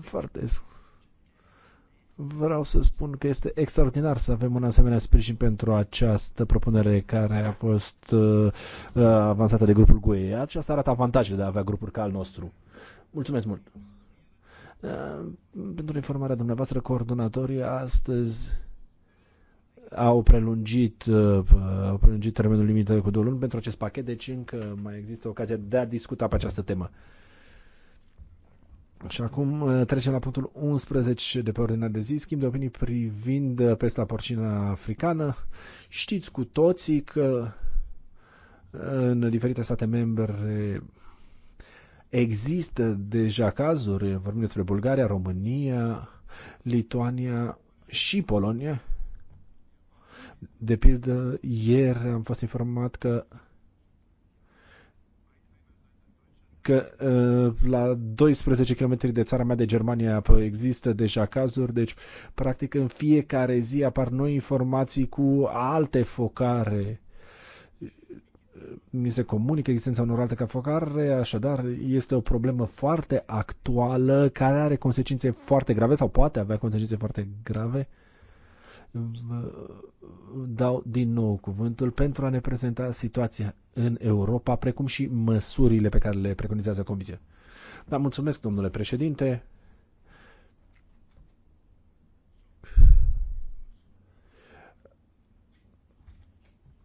Foarte vreau să spun că este extraordinar să avem un asemenea sprijin pentru această propunere care a fost uh, avansată de grupul GUE. Aceasta arată avantajele de a avea grupuri ca al nostru. Mulțumesc mult! Uh, pentru informarea dumneavoastră, coordonatorii astăzi au prelungit, uh, au prelungit termenul limită cu două luni pentru acest pachet, deci încă mai există ocazia de a discuta pe această temă. Și acum uh, trecem la punctul 11 de pe ordinea de zi, schimb de opinii privind uh, pesta porcină africană. Știți cu toții că în diferite state membre există deja cazuri, vorbim despre Bulgaria, România, Lituania și Polonia, de pildă, ieri am fost informat că că uh, la 12 km de țara mea de Germania există deja cazuri, deci practic în fiecare zi apar noi informații cu alte focare. Mi se comunică existența unor alte ca focare, așadar este o problemă foarte actuală care are consecințe foarte grave sau poate avea consecințe foarte grave Uh, dau din nou cuvântul pentru a ne prezenta situația în Europa, precum și măsurile pe care le preconizează Comisia. Da, mulțumesc, domnule președinte.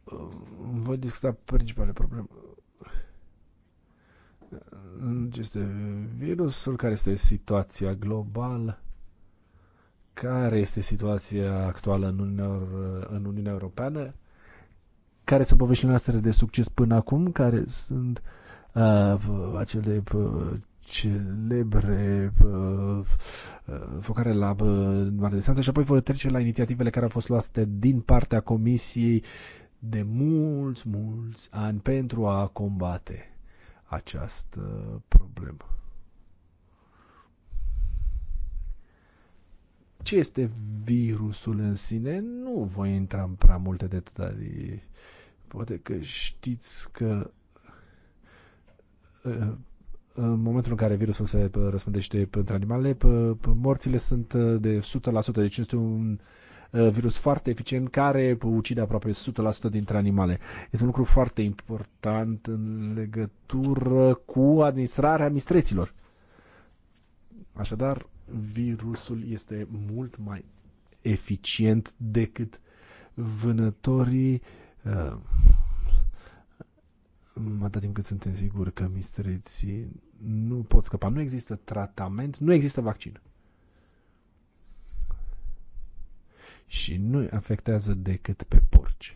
Uh, voi discuta principale probleme. Uh, este virusul, care este situația globală care este situația actuală în Uniunea, în Uniunea Europeană, care sunt poveștile noastre de succes până acum, care sunt uh, acele uh, celebre uh, focare la uh, mare distanță și apoi vor trece la inițiativele care au fost luate din partea Comisiei de mulți, mulți ani pentru a combate această problemă. Ce este virusul în sine? Nu voi intra în prea multe detalii. Poate că știți că uh, în momentul în care virusul se răspândește între animale, morțile sunt uh, de 100%, deci este un uh, virus foarte eficient care ucide aproape 100% dintre animale. Este un lucru foarte important în legătură cu administrarea mistreților. Așadar, virusul este mult mai eficient decât vânătorii. Uh, atâta timp cât suntem siguri că mistreții nu pot scăpa. Nu există tratament, nu există vaccin. Și nu afectează decât pe porci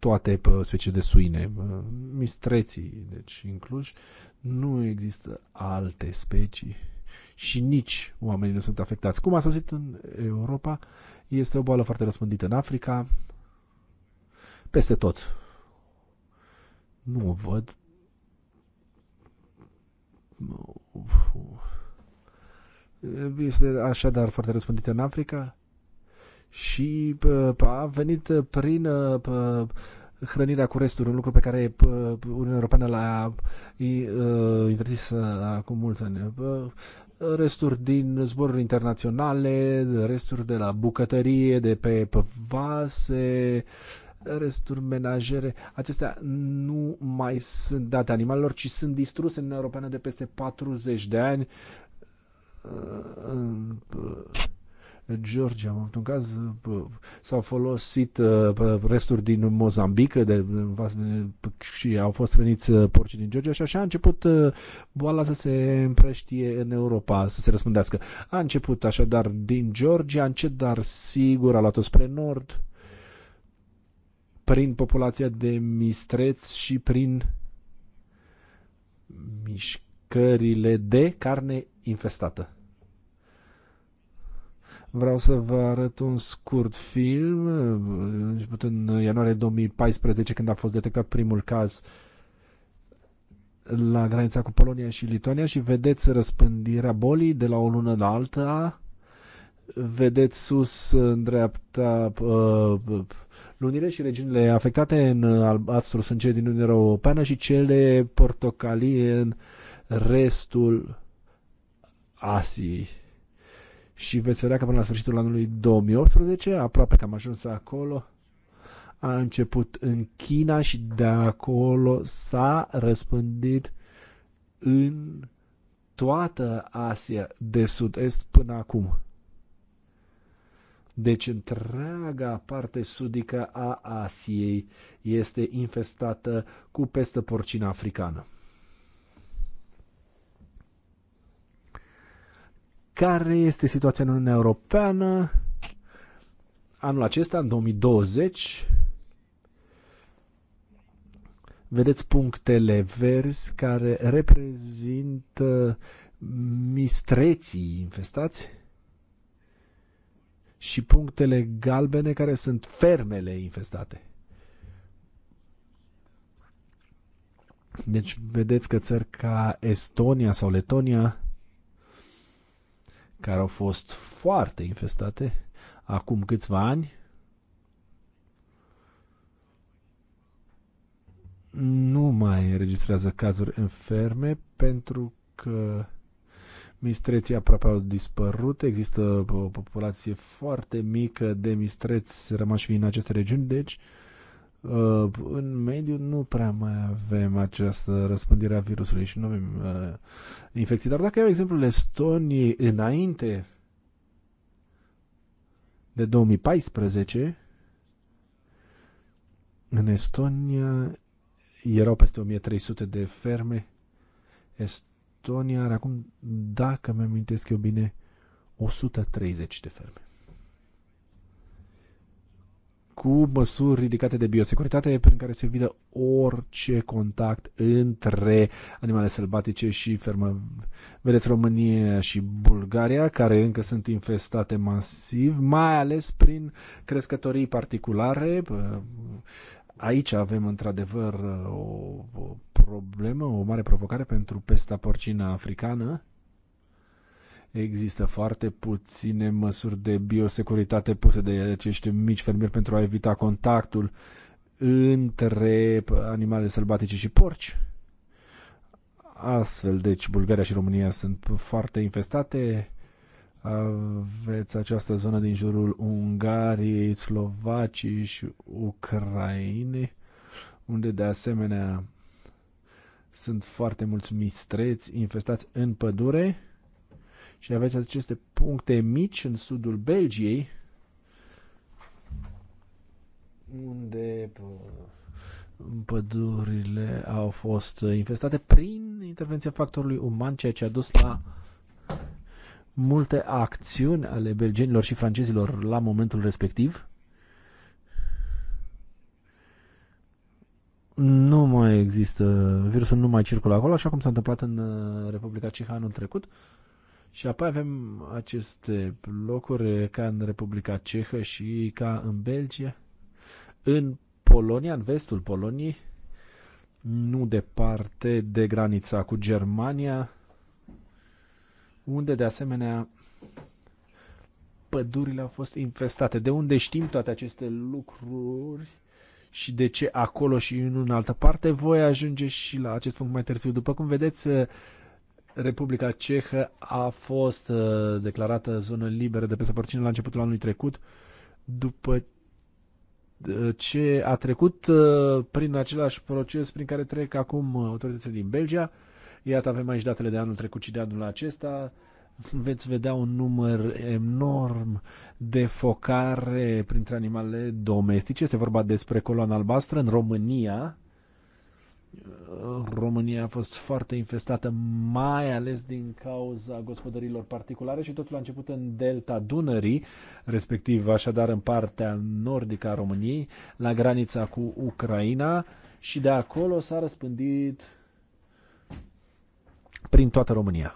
toate specii de suine, uh, mistreții, deci incluși, nu există alte specii și nici oamenii nu sunt afectați. Cum a zis în Europa, este o boală foarte răspândită în Africa, peste tot. Nu o văd. Este așadar foarte răspândită în Africa și a venit prin hrănirea cu resturi, un lucru pe care Uniunea Europeană l-a ă, interzis uh, acum mulți ani. Resturi din zboruri internaționale, resturi de la bucătărie, de pe vase, resturi menajere, acestea nu mai sunt date animalelor, ci sunt distruse în Uniunea Europeană de peste 40 de ani uh, Georgia, în un caz s-au folosit uh, resturi din Mozambic de, și au fost răniți uh, porci din Georgia și așa a început uh, boala să se împrăștie în Europa, să se răspândească. A început așadar din Georgia, încet dar sigur a luat-o spre nord, prin populația de mistreți și prin mișcările de carne infestată. Vreau să vă arăt un scurt film, eh, început în ianuarie 2014, când a fost detectat primul caz la granița cu Polonia și Lituania și vedeți răspândirea bolii de la o lună la alta. Vedeți sus, în dreapta, eh, lunile și regiunile afectate în albastru sunt cele din Uniunea Europeană și cele portocalii în restul Asiei și veți vedea că până la sfârșitul anului 2018, aproape că am ajuns acolo, a început în China și de acolo s-a răspândit în toată Asia de sud-est până acum. Deci întreaga parte sudică a Asiei este infestată cu peste porcină africană. care este situația în Uniunea Europeană anul acesta, în 2020. Vedeți punctele verzi care reprezintă mistreții infestați și punctele galbene care sunt fermele infestate. Deci vedeți că țări ca Estonia sau Letonia care au fost foarte infestate acum câțiva ani. Nu mai înregistrează cazuri înferme pentru că mistreții aproape au dispărut. Există o populație foarte mică de mistreți rămași în aceste regiuni, deci uh, Uh, în mediu nu prea mai avem această răspândire a virusului și nu avem uh, infecții. Dar dacă iau exemplul Estoniei înainte de 2014, în Estonia erau peste 1300 de ferme. Estonia are acum, dacă mi-am eu bine, 130 de ferme cu măsuri ridicate de biosecuritate prin care se evită orice contact între animale sălbatice și fermă. Vedeți România și Bulgaria, care încă sunt infestate masiv, mai ales prin crescătorii particulare. Aici avem într-adevăr o problemă, o mare provocare pentru pesta porcina africană Există foarte puține măsuri de biosecuritate puse de acești mici fermieri pentru a evita contactul între animale sălbatice și porci. Astfel, deci, Bulgaria și România sunt foarte infestate. Aveți această zonă din jurul Ungariei, Slovaciei și Ucrainei, unde de asemenea sunt foarte mulți mistreți infestați în pădure și aveți aceste puncte mici în sudul Belgiei, unde uh, pădurile au fost uh, infestate prin intervenția factorului uman, ceea ce a dus la multe acțiuni ale belgenilor și francezilor la momentul respectiv. Nu mai există, virusul nu mai circulă acolo, așa cum s-a întâmplat în uh, Republica Ceha anul trecut. Uh, și apoi avem aceste locuri ca în Republica Cehă și ca în Belgia. În Polonia, în vestul Poloniei, nu departe de granița cu Germania, unde de asemenea pădurile au fost infestate. De unde știm toate aceste lucruri și de ce acolo și în altă parte? Voi ajunge și la acest punct mai târziu. După cum vedeți, Republica Cehă a fost uh, declarată zonă liberă de peste porcine la începutul anului trecut, după uh, ce a trecut uh, prin același proces prin care trec acum autoritățile din Belgia. Iată, avem aici datele de anul trecut și de anul acesta veți vedea un număr enorm de focare printre animale domestice. Este vorba despre coloana albastră în România, România a fost foarte infestată, mai ales din cauza gospodărilor particulare și totul a început în delta Dunării, respectiv așadar în partea nordică a României, la granița cu Ucraina și de acolo s-a răspândit prin toată România.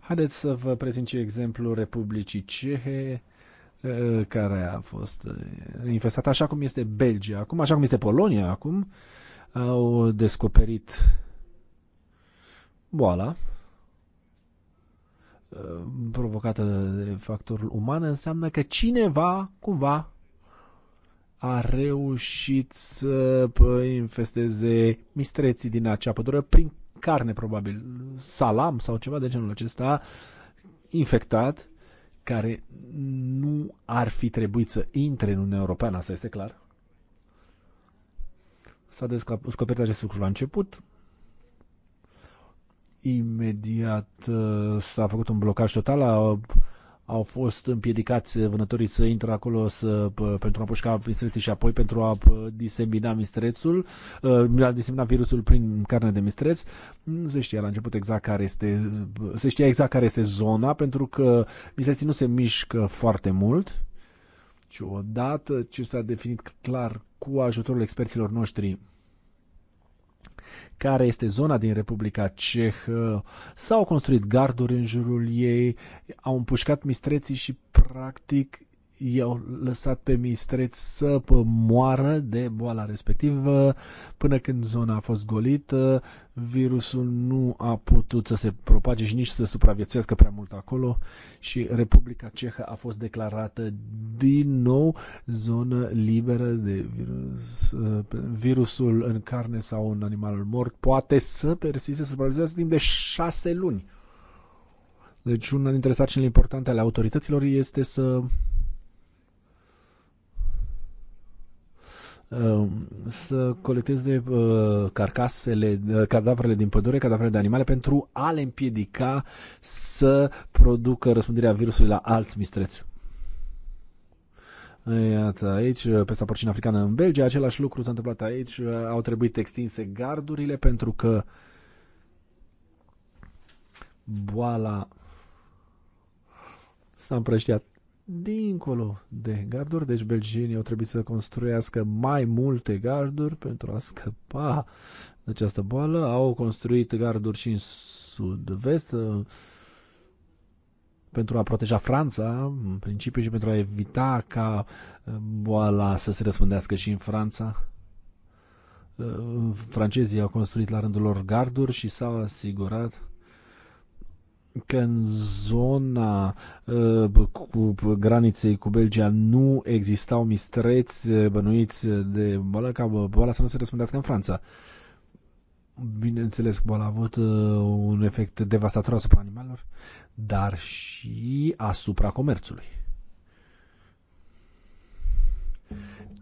Haideți să vă prezint și exemplul Republicii Cehe, eh, care a fost eh, infestată, așa cum este Belgia acum, așa cum este Polonia acum, au descoperit boala uh, provocată de factorul uman înseamnă că cineva cumva a reușit să păi, infesteze mistreții din acea pădure prin carne probabil, salam sau ceva de genul acesta infectat care nu ar fi trebuit să intre în Uniunea Europeană, asta este clar. S-a descoperit acest lucru la început. Imediat uh, s-a făcut un blocaj total. au fost împiedicați vânătorii să intre acolo să, pentru a pușca mistreții și apoi pentru a disemina mistrețul, uh, a disemina virusul prin carne de mistreț. Nu se știa la început exact care este, se știa exact care este zona, pentru că mistreții nu se mișcă foarte mult. Și odată ce s-a definit clar cu ajutorul experților noștri care este zona din Republica Cehă, s-au construit garduri în jurul ei, au împușcat mistreții și practic i-au lăsat pe mistreț să moară de boala respectivă. Până când zona a fost golită, virusul nu a putut să se propage și nici să supraviețuiască prea mult acolo și Republica Cehă a fost declarată din nou zonă liberă de virus. Virusul în carne sau în animalul mort poate să persiste, să supraviețuiască timp de șase luni. Deci una dintre sarcinile importante ale autorităților este să Ehm, să colecteze uh, carcasele, uh, cadavrele din pădure, cadavrele de animale pentru a le împiedica să producă răspândirea virusului la alți mistreți. Iată, aici, uh, pesta porcină africană în Belgia, același lucru s-a întâmplat aici, au trebuit extinse gardurile pentru că boala s-a împrăștiat dincolo de garduri, deci belgenii au trebuit să construiască mai multe garduri pentru a scăpa de această boală. Au construit garduri și în sud-vest uh, pentru a proteja Franța, în principiu, și pentru a evita ca uh, boala să se răspândească și în Franța. Uh, francezii au construit la rândul lor garduri și s-au asigurat că în zona uh, cu graniței cu Belgia nu existau mistreți uh, bănuiți de boală, ca boala să nu se răspândească în Franța. Bineînțeles că boala a avut uh, un efect devastator asupra animalelor, dar și asupra comerțului.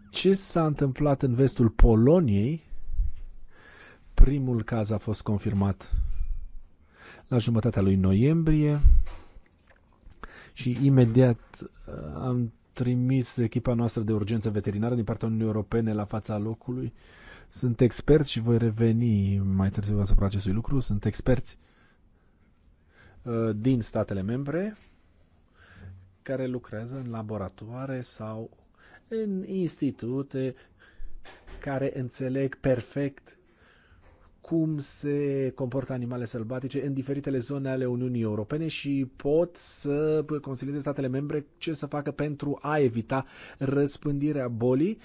Ce s-a întâmplat în vestul Poloniei? Primul caz a fost confirmat la jumătatea lui noiembrie și imediat uh, am trimis echipa noastră de urgență veterinară din partea Uniunii Europene la fața locului. Sunt experți și voi reveni mai târziu asupra acestui lucru. Sunt experți uh, din statele membre care lucrează în laboratoare sau în institute care înțeleg perfect cum se comportă animale sălbatice în diferitele zone ale Uniunii Europene și pot să consilieze statele membre ce să facă pentru a evita răspândirea bolii.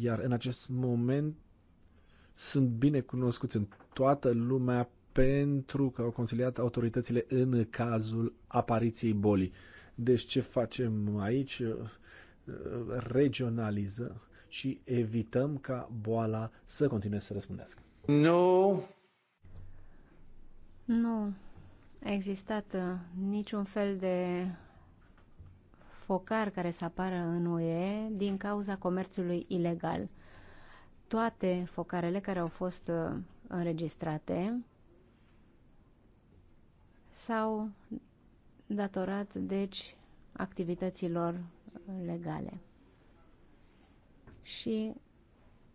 Iar în acest moment sunt bine cunoscuți în toată lumea pentru că au consiliat autoritățile în cazul apariției bolii. Deci ce facem aici? Regionalizăm și evităm ca boala să continue să răspundească. Nu. Nu a existat uh, niciun fel de focar care să apară în UE din cauza comerțului ilegal. Toate focarele care au fost uh, înregistrate s-au datorat, deci, activităților legale. Și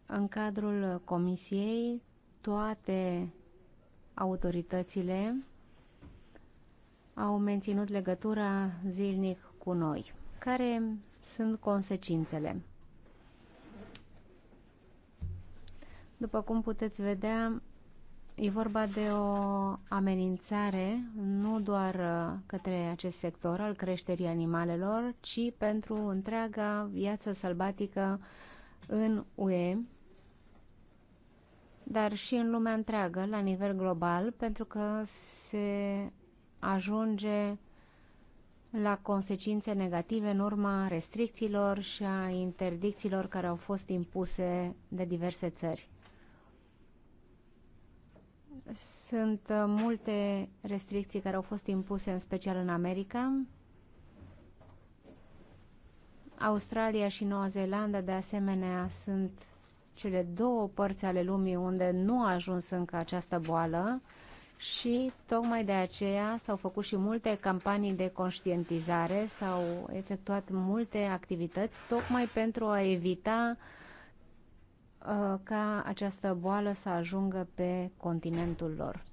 în cadrul comisiei toate autoritățile au menținut legătura zilnic cu noi. Care sunt consecințele? După cum puteți vedea, e vorba de o amenințare nu doar uh, către acest sector al creșterii animalelor, ci pentru întreaga viață sălbatică în UE dar și în lumea întreagă, la nivel global, pentru că se ajunge la consecințe negative în urma restricțiilor și a interdicțiilor care au fost impuse de diverse țări. Sunt uh, multe restricții care au fost impuse, în special în America. Australia și Noua Zeelandă, de asemenea, sunt cele două părți ale lumii unde nu a ajuns încă această boală și tocmai de aceea s-au făcut și multe campanii de conștientizare, s-au efectuat multe activități tocmai pentru a evita uh, ca această boală să ajungă pe continentul lor.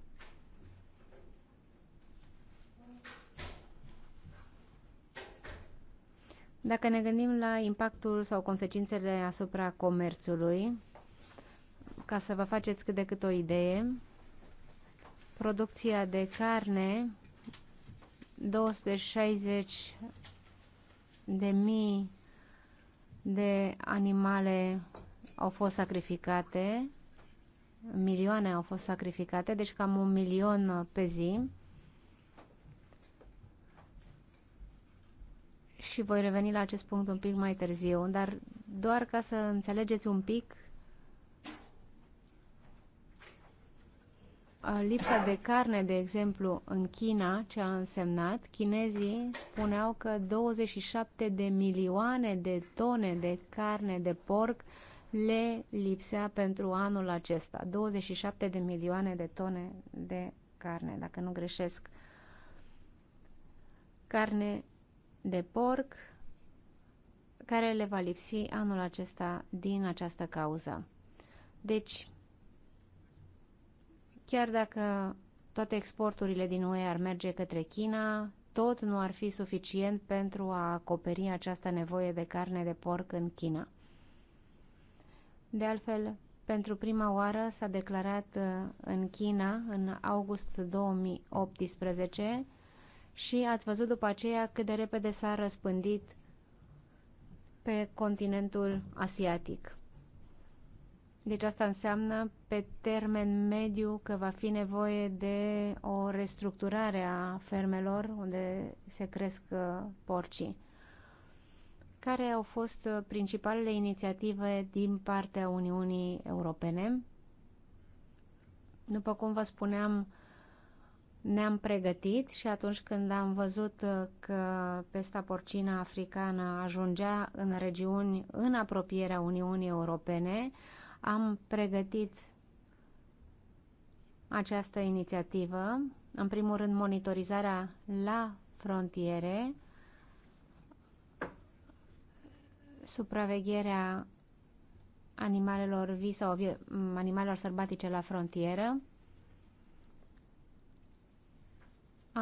Dacă ne gândim la impactul sau consecințele asupra comerțului, ca să vă faceți cât de cât o idee, producția de carne 260 de mii de animale au fost sacrificate, milioane au fost sacrificate, deci cam un milion pe zi. și voi reveni la acest punct un pic mai târziu, dar doar ca să înțelegeți un pic lipsa de carne, de exemplu, în China, ce a însemnat, chinezii spuneau că 27 de milioane de tone de carne de porc le lipsea pentru anul acesta. 27 de milioane de tone de carne, dacă nu greșesc. Carne de porc care le va lipsi anul acesta din această cauză. Deci, chiar dacă toate exporturile din UE ar merge către China, tot nu ar fi suficient pentru a acoperi această nevoie de carne de porc în China. De altfel, pentru prima oară s-a declarat uh, în China, în august 2018, și ați văzut după aceea cât de repede s-a răspândit pe continentul asiatic. Deci asta înseamnă pe termen mediu că va fi nevoie de o restructurare a fermelor unde se cresc uh, porcii. Care au fost uh, principalele inițiative din partea Uniunii Europene? După cum vă spuneam, ne-am pregătit și atunci când am văzut uh, că pesta porcina africană ajungea în regiuni în apropierea Uniunii Europene, am pregătit această inițiativă, în primul rând monitorizarea la frontiere, supravegherea animalelor vii sau animalelor sălbatice la frontieră,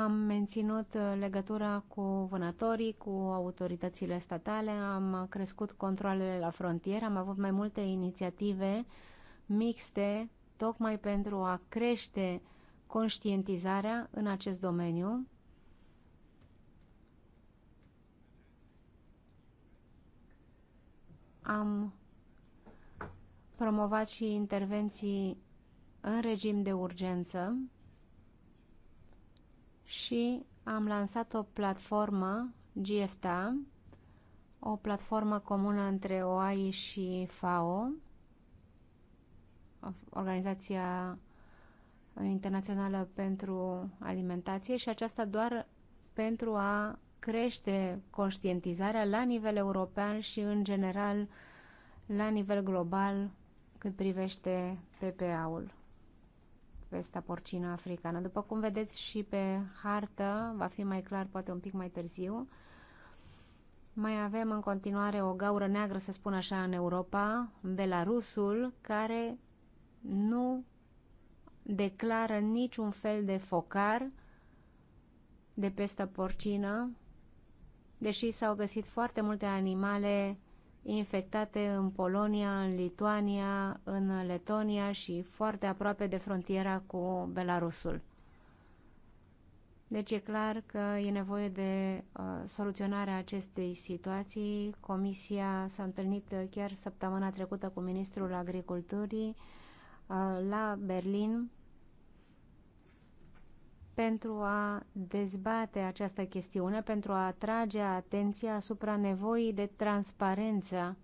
Am menținut uh, legătura cu vânătorii, cu autoritățile statale, am crescut controlele la frontieră, am avut mai multe inițiative mixte tocmai pentru a crește conștientizarea în acest domeniu. Am promovat și intervenții în regim de urgență și am lansat o platformă GFTA, o platformă comună între OAI și FAO, Organizația Internațională pentru Alimentație și aceasta doar pentru a crește conștientizarea la nivel european și în general la nivel global cât privește PPA-ul pesta porcină africană. După cum vedeți și pe hartă, va fi mai clar poate un pic mai târziu, mai avem în continuare o gaură neagră, să spun așa, în Europa, Belarusul, care nu declară niciun fel de focar de pestă porcină, deși s-au găsit foarte multe animale infectate în Polonia, în Lituania, în Letonia și foarte aproape de frontiera cu Belarusul. Deci e clar că e nevoie de uh, soluționarea acestei situații. Comisia s-a întâlnit uh, chiar săptămâna trecută cu Ministrul Agriculturii uh, la Berlin pentru a dezbate această chestiune, pentru a atrage atenția asupra nevoii de transparență,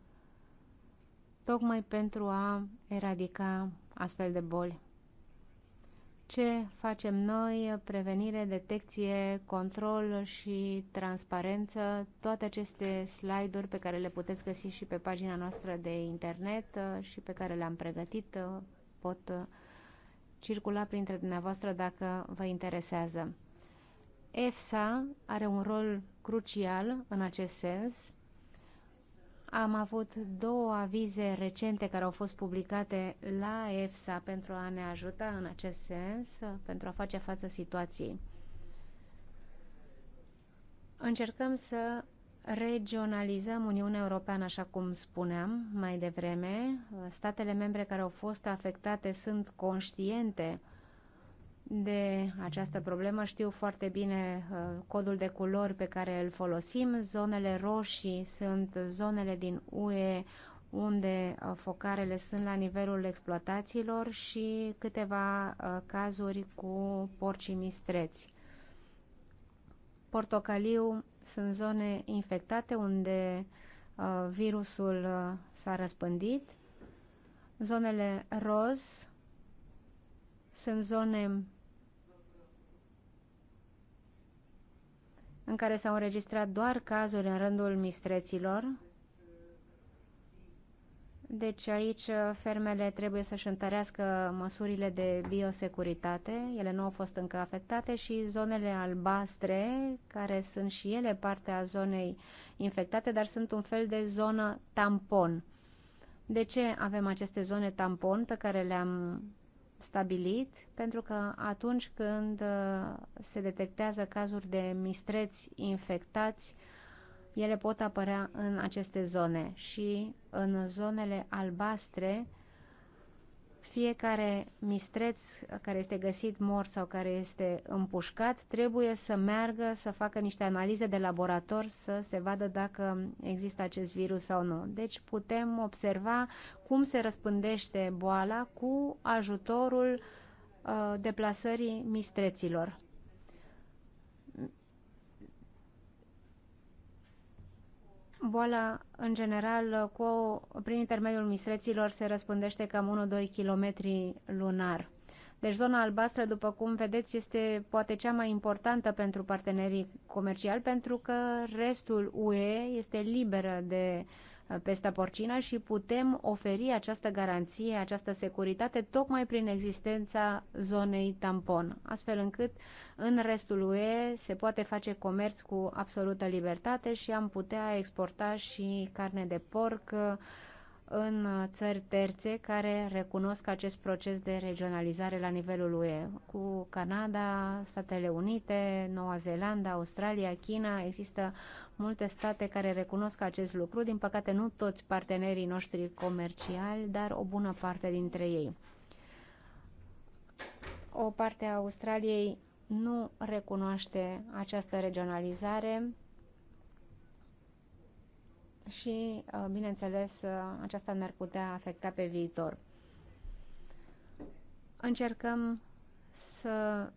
tocmai pentru a eradica astfel de boli. Ce facem noi? Prevenire, detecție, control și transparență. Toate aceste slide-uri pe care le puteți găsi și pe pagina noastră de internet uh, și pe care le-am pregătit uh, pot uh, circula printre dumneavoastră dacă vă interesează. EFSA are un rol crucial în acest sens. Am avut două avize recente care au fost publicate la EFSA pentru a ne ajuta în acest sens, pentru a face față situației. Încercăm să regionalizăm Uniunea Europeană, așa cum spuneam mai devreme. Statele membre care au fost afectate sunt conștiente de această problemă. Știu foarte bine uh, codul de culori pe care îl folosim. Zonele roșii sunt zonele din UE unde uh, focarele sunt la nivelul exploatațiilor și câteva uh, cazuri cu porcii mistreți. Portocaliu sunt zone infectate unde uh, virusul uh, s-a răspândit. Zonele roz sunt zone în care s-au înregistrat doar cazuri în rândul mistreților, deci aici uh, fermele trebuie să-și întărească măsurile de biosecuritate, ele nu au fost încă afectate și zonele albastre, care sunt și ele parte a zonei infectate, dar sunt un fel de zonă tampon. De ce avem aceste zone tampon pe care le-am stabilit? Pentru că atunci când uh, se detectează cazuri de mistreți infectați, uh, ele pot apărea în aceste zone și în zonele albastre fiecare mistreț care este găsit mort sau care este împușcat trebuie să meargă să facă niște analize de laborator să se vadă dacă există acest virus sau nu. Deci putem observa cum se răspândește boala cu ajutorul uh, deplasării mistreților. boala, în general, cu, prin intermediul mistreților se răspândește cam 1-2 km lunar. Deci zona albastră, după cum vedeți, este poate cea mai importantă pentru partenerii comerciali, pentru că restul UE este liberă de uh, pesta porcină și putem oferi această garanție, această securitate tocmai prin existența zonei tampon, astfel încât în restul UE se poate face comerț cu absolută libertate și am putea exporta și carne de porc, în uh, țări terțe care recunosc acest proces de regionalizare la nivelul UE, cu Canada, Statele Unite, Noua Zeelandă, Australia, China. Există multe state care recunosc acest lucru, din păcate nu toți partenerii noștri comerciali, dar o bună parte dintre ei. O parte a Australiei nu recunoaște această regionalizare și, uh, bineînțeles, uh, aceasta ne-ar putea afecta pe viitor. Încercăm să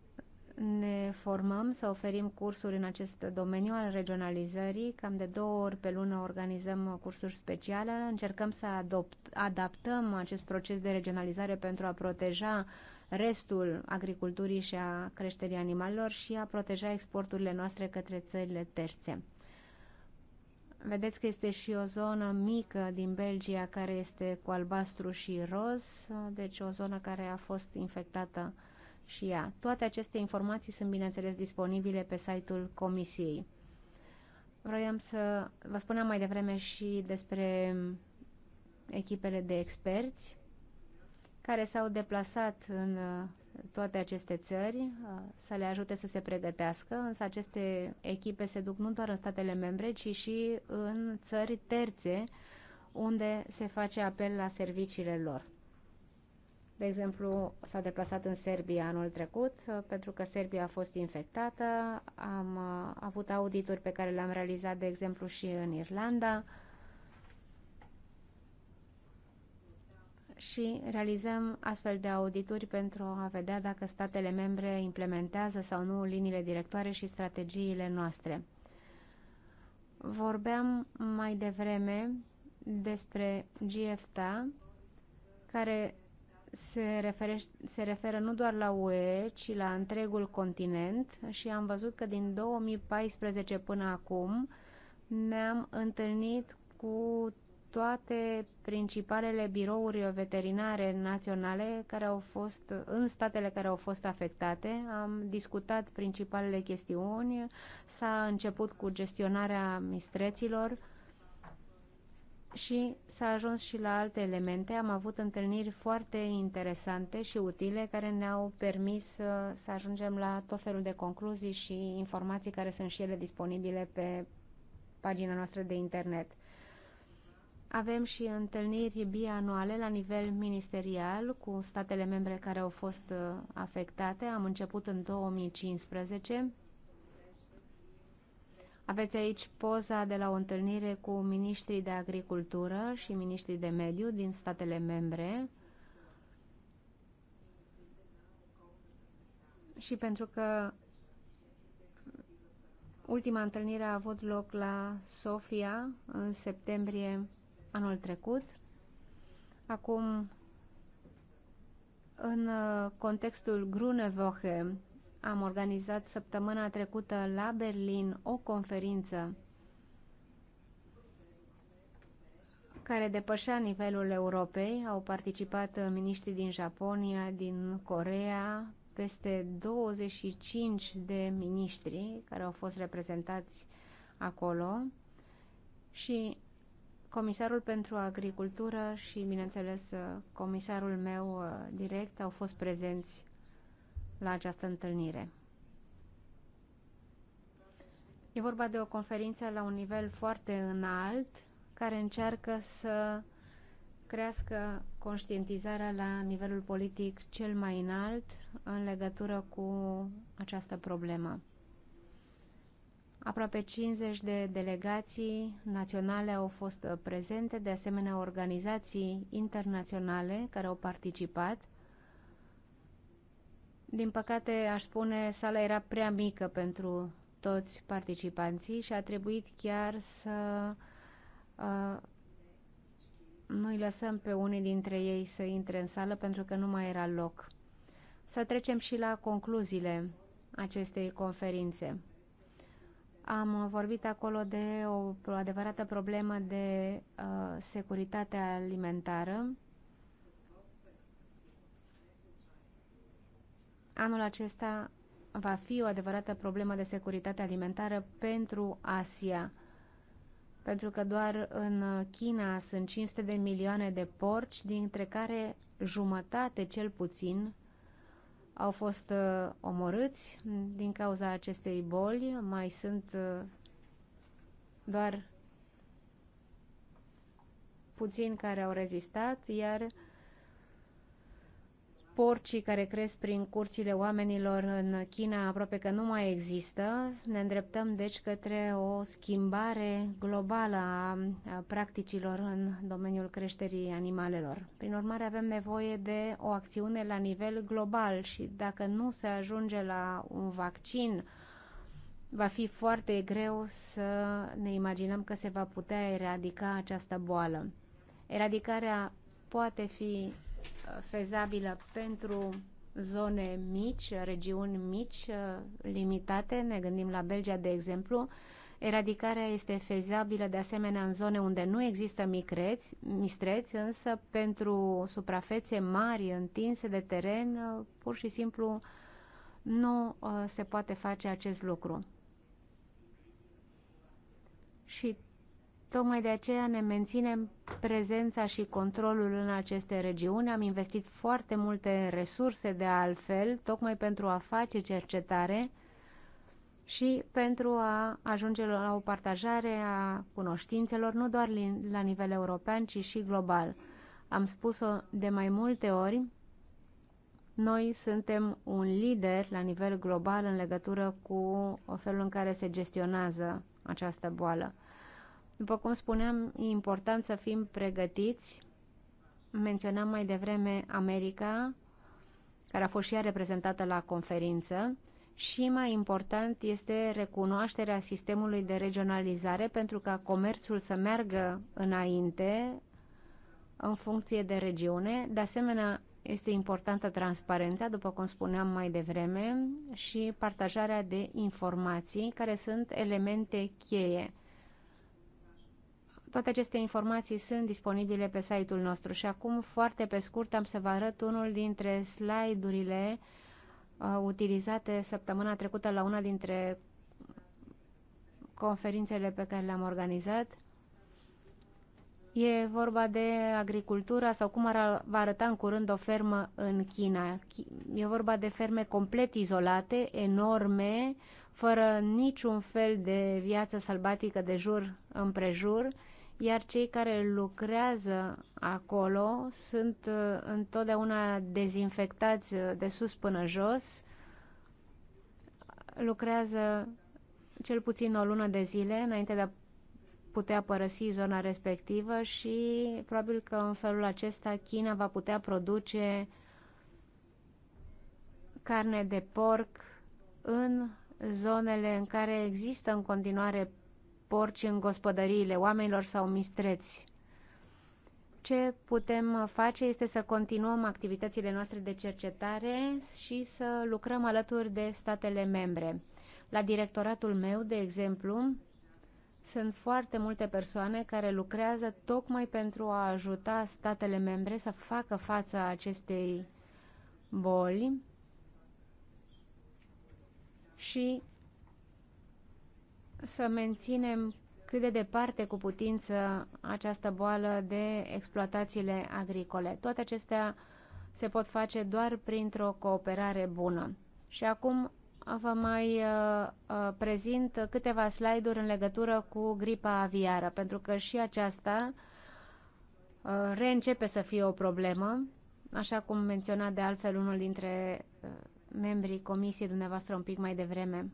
ne formăm, să oferim cursuri în acest domeniu al regionalizării. Cam de două ori pe lună organizăm cursuri speciale. Încercăm să adopt, adaptăm acest proces de regionalizare pentru a proteja restul agriculturii și a creșterii animalelor și a proteja exporturile noastre către țările terțe. Vedeți că este și o zonă mică din Belgia care este cu albastru și roz, deci o zonă care a fost infectată și ea. Toate aceste informații sunt, bineînțeles, disponibile pe site-ul Comisiei. Vroiam să vă spuneam mai devreme și despre echipele de experți care s-au deplasat în toate aceste țări, uh, să le ajute să se pregătească, însă aceste echipe se duc nu doar în statele membre, ci și în țări terțe, unde se face apel la serviciile lor. De exemplu, s-a deplasat în Serbia anul trecut, uh, pentru că Serbia a fost infectată, am uh, avut audituri pe care le-am realizat, de exemplu, și în Irlanda, și realizăm astfel de audituri pentru a vedea dacă statele membre implementează sau nu liniile directoare și strategiile noastre. Vorbeam mai devreme despre GFTA, care se, referește, se referă nu doar la UE, ci la întregul continent și am văzut că din 2014 până acum ne-am întâlnit cu toate principalele birouri veterinare naționale care au fost în statele care au fost afectate. Am discutat principalele chestiuni, s-a început cu gestionarea mistreților și s-a ajuns și la alte elemente. Am avut întâlniri foarte interesante și utile care ne-au permis să, uh, să ajungem la tot felul de concluzii și informații care sunt și ele disponibile pe pagina noastră de internet. Avem și întâlniri bianuale la nivel ministerial cu statele membre care au fost uh, afectate. Am început în 2015. Aveți aici poza de la o întâlnire cu ministrii de agricultură și ministrii de mediu din statele membre. Și pentru că ultima întâlnire a avut loc la Sofia în septembrie anul trecut. Acum, în uh, contextul Grunewoche, am organizat săptămâna trecută la Berlin o conferință care depășea nivelul Europei. Au participat uh, miniștri din Japonia, din Corea, peste 25 de miniștri care au fost reprezentați acolo și Comisarul pentru Agricultură și, bineînțeles, uh, comisarul meu uh, direct au fost prezenți la această întâlnire. E vorba de o conferință la un nivel foarte înalt care încearcă să crească conștientizarea la nivelul politic cel mai înalt în legătură cu această problemă. Aproape 50 de delegații naționale au fost uh, prezente, de asemenea organizații internaționale care au participat. Din păcate, aș spune, sala era prea mică pentru toți participanții și a trebuit chiar să uh, nu i lăsăm pe unii dintre ei să intre în sală pentru că nu mai era loc. Să trecem și la concluziile acestei conferințe. Am vorbit acolo de o adevărată problemă de uh, securitate alimentară. Anul acesta va fi o adevărată problemă de securitate alimentară pentru Asia, pentru că doar în China sunt 500 de milioane de porci, dintre care jumătate cel puțin au fost uh, omorâți din cauza acestei boli. Mai sunt uh, doar puțini care au rezistat, iar porcii care cresc prin curțile oamenilor în China aproape că nu mai există. Ne îndreptăm deci către o schimbare globală a practicilor în domeniul creșterii animalelor. Prin urmare avem nevoie de o acțiune la nivel global și dacă nu se ajunge la un vaccin, va fi foarte greu să ne imaginăm că se va putea eradica această boală. Eradicarea poate fi fezabilă pentru zone mici, regiuni mici, uh, limitate, ne gândim la Belgia, de exemplu, Eradicarea este fezabilă de asemenea în zone unde nu există micreți, mistreți, însă pentru suprafețe mari, întinse de teren, uh, pur și simplu nu uh, se poate face acest lucru. Și Tocmai de aceea ne menținem prezența și controlul în aceste regiuni. Am investit foarte multe resurse de altfel, tocmai pentru a face cercetare și pentru a ajunge la o partajare a cunoștințelor, nu doar la nivel european, ci și global. Am spus-o de mai multe ori, noi suntem un lider la nivel global în legătură cu felul în care se gestionează această boală. După cum spuneam, e important să fim pregătiți. Menționam mai devreme America, care a fost și ea reprezentată la conferință. Și mai important este recunoașterea sistemului de regionalizare pentru ca comerțul să meargă înainte în funcție de regiune. De asemenea, este importantă transparența, după cum spuneam mai devreme, și partajarea de informații, care sunt elemente cheie. Toate aceste informații sunt disponibile pe site-ul nostru și acum, foarte pe scurt, am să vă arăt unul dintre slide-urile uh, utilizate săptămâna trecută la una dintre conferințele pe care le-am organizat. E vorba de agricultura sau cum ar, va arăta în curând o fermă în China. E vorba de ferme complet izolate, enorme, fără niciun fel de viață sălbatică de jur împrejur iar cei care lucrează acolo sunt uh, întotdeauna dezinfectați uh, de sus până jos, lucrează cel puțin o lună de zile înainte de a putea părăsi zona respectivă și probabil că în felul acesta China va putea produce carne de porc în zonele în care există în continuare porci în gospodăriile oamenilor sau mistreți. Ce putem face este să continuăm activitățile noastre de cercetare și să lucrăm alături de statele membre. La directoratul meu, de exemplu, sunt foarte multe persoane care lucrează tocmai pentru a ajuta statele membre să facă față acestei boli și să menținem cât de departe cu putință această boală de exploatațiile agricole. Toate acestea se pot face doar printr-o cooperare bună. Și acum vă mai uh, uh prezint câteva slide-uri în legătură cu gripa aviară, pentru că și aceasta uh, reîncepe să fie o problemă, așa cum menționa de altfel unul dintre uh, membrii comisiei dumneavoastră un pic mai devreme.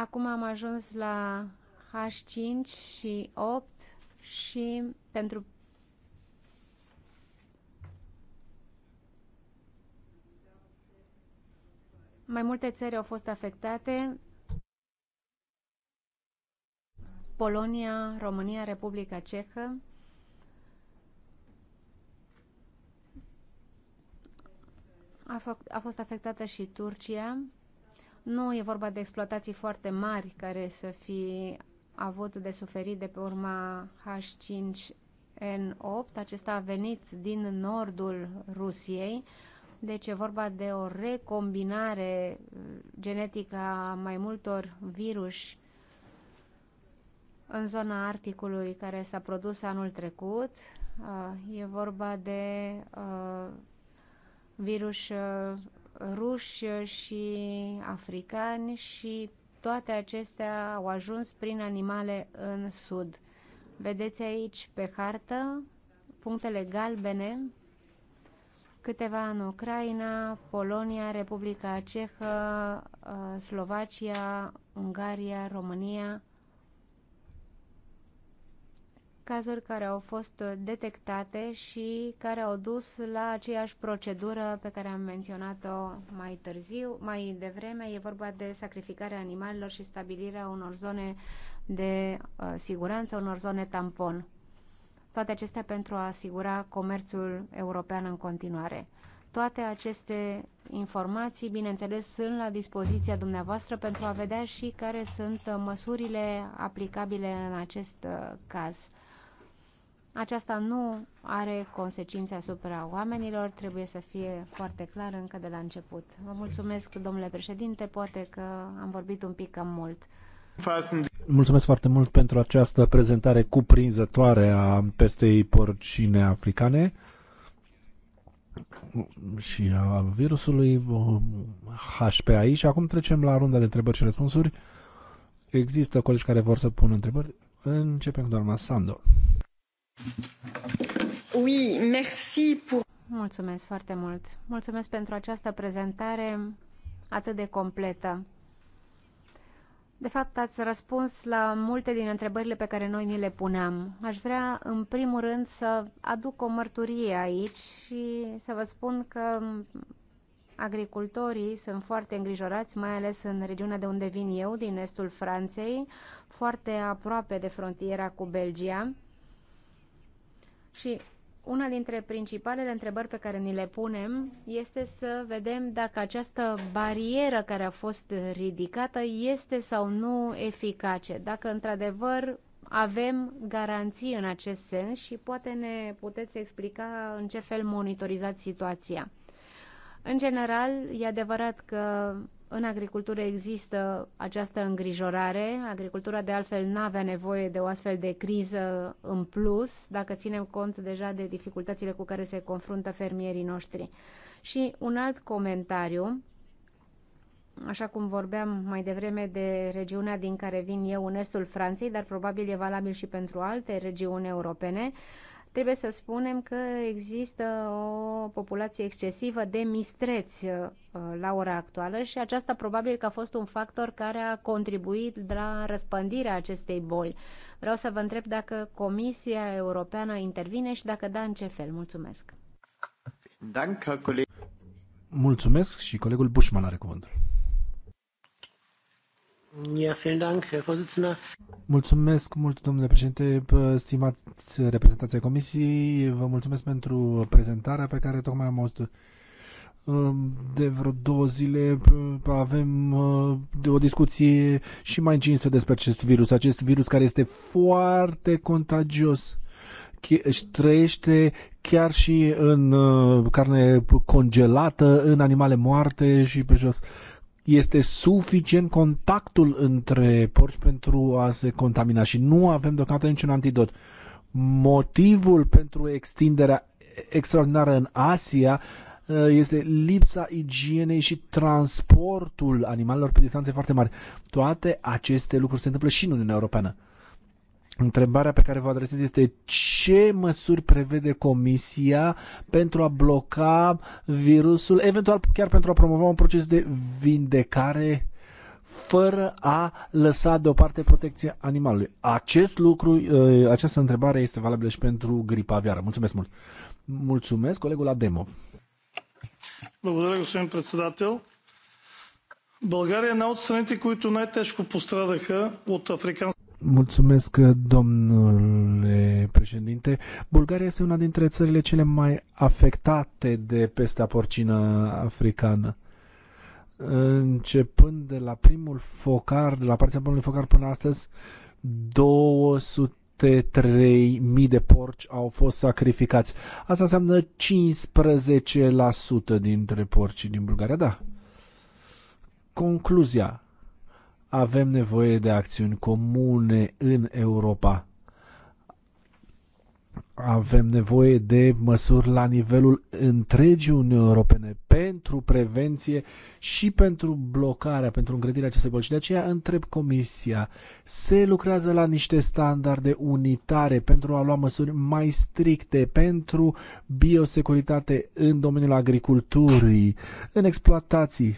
Acum am ajuns la H5 și 8 și pentru mai multe țări au fost afectate. Polonia, România, Republica Cehă. A, a fost afectată și Turcia. Nu e vorba de exploatații foarte mari care să fi avut de suferit de pe urma H5N8. Acesta a venit din nordul Rusiei. Deci e vorba de o recombinare genetică a mai multor viruși în zona Arcticului care s-a produs anul trecut. Uh, e vorba de uh, virus uh, ruși și africani și toate acestea au ajuns prin animale în sud. Vedeți aici pe hartă punctele galbene, câteva în Ucraina, Polonia, Republica Cehă, uh, Slovacia, Ungaria, România cazuri care au fost detectate și care au dus la aceeași procedură pe care am menționat-o mai târziu, mai devreme. E vorba de sacrificarea animalelor și stabilirea unor zone de uh, siguranță, unor zone tampon. Toate acestea pentru a asigura comerțul european în continuare. Toate aceste informații, bineînțeles, sunt la dispoziția dumneavoastră pentru a vedea și care sunt uh, măsurile aplicabile în acest uh, caz. Aceasta nu are consecințe asupra oamenilor, trebuie să fie foarte clar încă de la început. Vă mulțumesc, domnule președinte, poate că am vorbit un pic cam mult. Mulțumesc foarte mult pentru această prezentare cuprinzătoare a pestei porcine africane și a virusului HPAI și acum trecem la runda de întrebări și răspunsuri. Există colegi care vor să pună întrebări. Începem cu doamna Sando. Oui, merci pour... Mulțumesc foarte mult. Mulțumesc pentru această prezentare atât de completă. De fapt, ați răspuns la multe din întrebările pe care noi ni le puneam. Aș vrea, în primul rând, să aduc o mărturie aici și să vă spun că agricultorii sunt foarte îngrijorați, mai ales în regiunea de unde vin eu, din estul Franței, foarte aproape de frontiera cu Belgia și una dintre principalele întrebări pe care ni le punem este să vedem dacă această barieră care a fost ridicată este sau nu eficace, dacă într-adevăr avem garanții în acest sens și poate ne puteți explica în ce fel monitorizați situația. În general, e adevărat că în agricultură există această îngrijorare. Agricultura de altfel nu avea nevoie de o astfel de criză în plus, dacă ținem cont deja de dificultățile cu care se confruntă fermierii noștri. Și un alt comentariu, așa cum vorbeam mai devreme de regiunea din care vin eu, în estul Franței, dar probabil e valabil și pentru alte regiuni europene, uh, Trebuie să spunem că există o populație excesivă de mistreți uh, la ora actuală și aceasta probabil că a fost un factor care a contribuit la răspândirea acestei boli. Vreau să vă întreb dacă Comisia Europeană intervine și dacă da, în ce fel. Mulțumesc! Mulțumesc și colegul Bușman are cuvântul. Mulțumesc mult, domnule președinte, stimați reprezentanții comisiei. Vă mulțumesc pentru prezentarea pe care tocmai am auzit de vreo două zile avem o discuție și mai încinsă despre acest virus, acest virus care este foarte contagios își trăiește chiar și în uh, carne congelată, în animale moarte și pe jos este suficient contactul între porci pentru a se contamina și nu avem deocamdată niciun antidot. Motivul pentru extinderea extraordinară în Asia uh, este lipsa igienei și transportul animalelor pe distanțe foarte mari. Toate aceste lucruri se întâmplă și în Uniunea Europeană. Întrebarea pe care vă adresez este ce măsuri prevede Comisia pentru a bloca virusul, eventual chiar pentru a promova un proces de vindecare fără a lăsa deoparte protecția animalului. Acest lucru, eh, această întrebare este valabilă și pentru gripa aviară. Mulțumesc mult! Mulțumesc, colegul Ademov. Благодаря, господин председател. България е една от страните, които най-тежко пострадаха от африканската Mulțumesc, domnule președinte. Bulgaria este una dintre țările cele mai afectate de pesta porcină africană. Începând de la primul focar, de la partea primului focar până astăzi, 203.000 de porci au fost sacrificați. Asta înseamnă 15% dintre porcii din Bulgaria, da. Concluzia avem nevoie de acțiuni comune în Europa. Avem nevoie de măsuri la nivelul întregii Uniunii Europene pentru prevenție și pentru blocarea, pentru îngrădirea acestei boli. Și de aceea întreb Comisia, se lucrează la niște standarde unitare pentru a lua măsuri mai stricte pentru biosecuritate în domeniul agriculturii, în exploatații.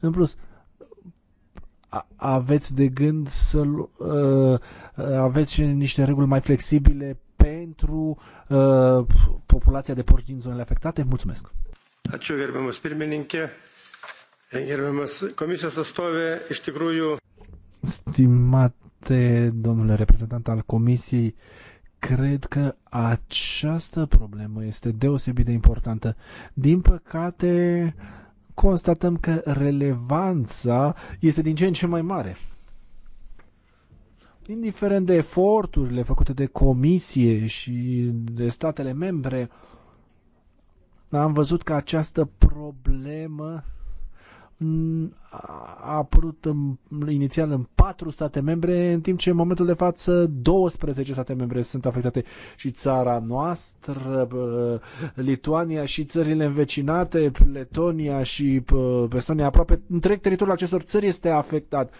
În plus, aveți de gând să uh, uh, aveți și niște reguli mai flexibile pentru uh, populația de porci din zonele afectate? Mulțumesc! Ačiū gerbiamas pirmininkė, gerbiamas komisijos atstovė, iš tikrųjų. Stimate domnule reprezentant al comisiei, cred că această problemă este deosebit de importantă. Din păcate, uh, constatăm că relevanța este din ce în ce mai mare. Indiferent de eforturile făcute de comisie și de statele membre, am văzut că această problemă a apărut în, inițial în patru state membre, în timp ce în momentul de față 12 state membre sunt afectate și țara noastră, Lituania și țările învecinate, Letonia și Estonia, aproape întreg teritoriul acestor țări este afectat.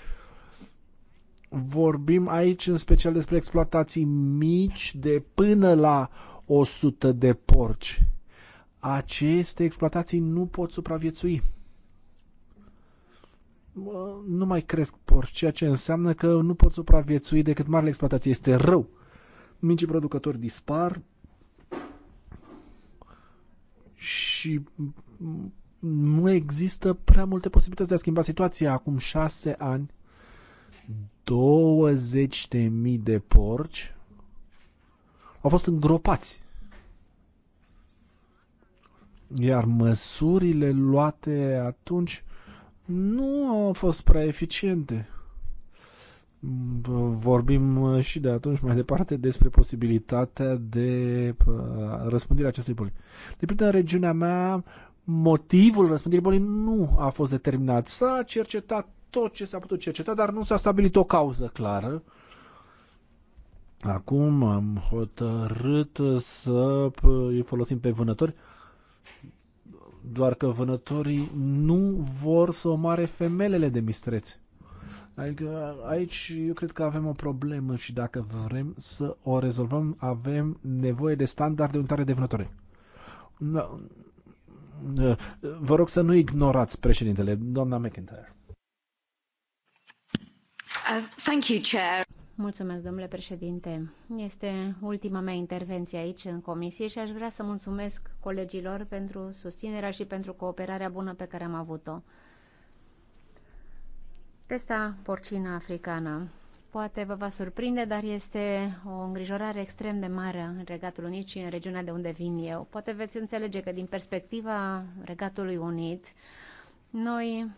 Vorbim aici în special despre exploatații mici de până la 100 de porci. Aceste exploatații nu pot supraviețui nu mai cresc porci, ceea ce înseamnă că nu pot supraviețui decât marile exploatații. Este rău. Micii producători dispar și nu există prea multe posibilități de a schimba situația. Acum șase ani, 20.000 de porci au fost îngropați. Iar măsurile luate atunci nu au fost prea eficiente. Vorbim uh, și de atunci mai departe despre posibilitatea de uh, răspândirea acestei boli. De pildă, în regiunea mea, motivul răspândirii bolii nu a fost determinat. S-a cercetat tot ce s-a putut cerceta, dar nu s-a stabilit o cauză clară. Acum am hotărât să uh, îi folosim pe vânători doar că vânătorii nu vor să omoare femelele de mistrețe. Adică aici eu cred că avem o problemă și dacă vrem să o rezolvăm, avem nevoie de standarde unitare de vânătoare. Vă rog să nu ignorați președintele, doamna McIntyre. Uh, thank you, Chair. Mulțumesc, domnule președinte. Este ultima mea intervenție aici în comisie și aș vrea să mulțumesc colegilor pentru susținerea și pentru cooperarea bună pe care am avut-o. Pesta porcina africană. Poate vă va surprinde, dar este o îngrijorare extrem de mare în Regatul Unit și în regiunea de unde vin eu. Poate veți înțelege că din perspectiva Regatului Unit, noi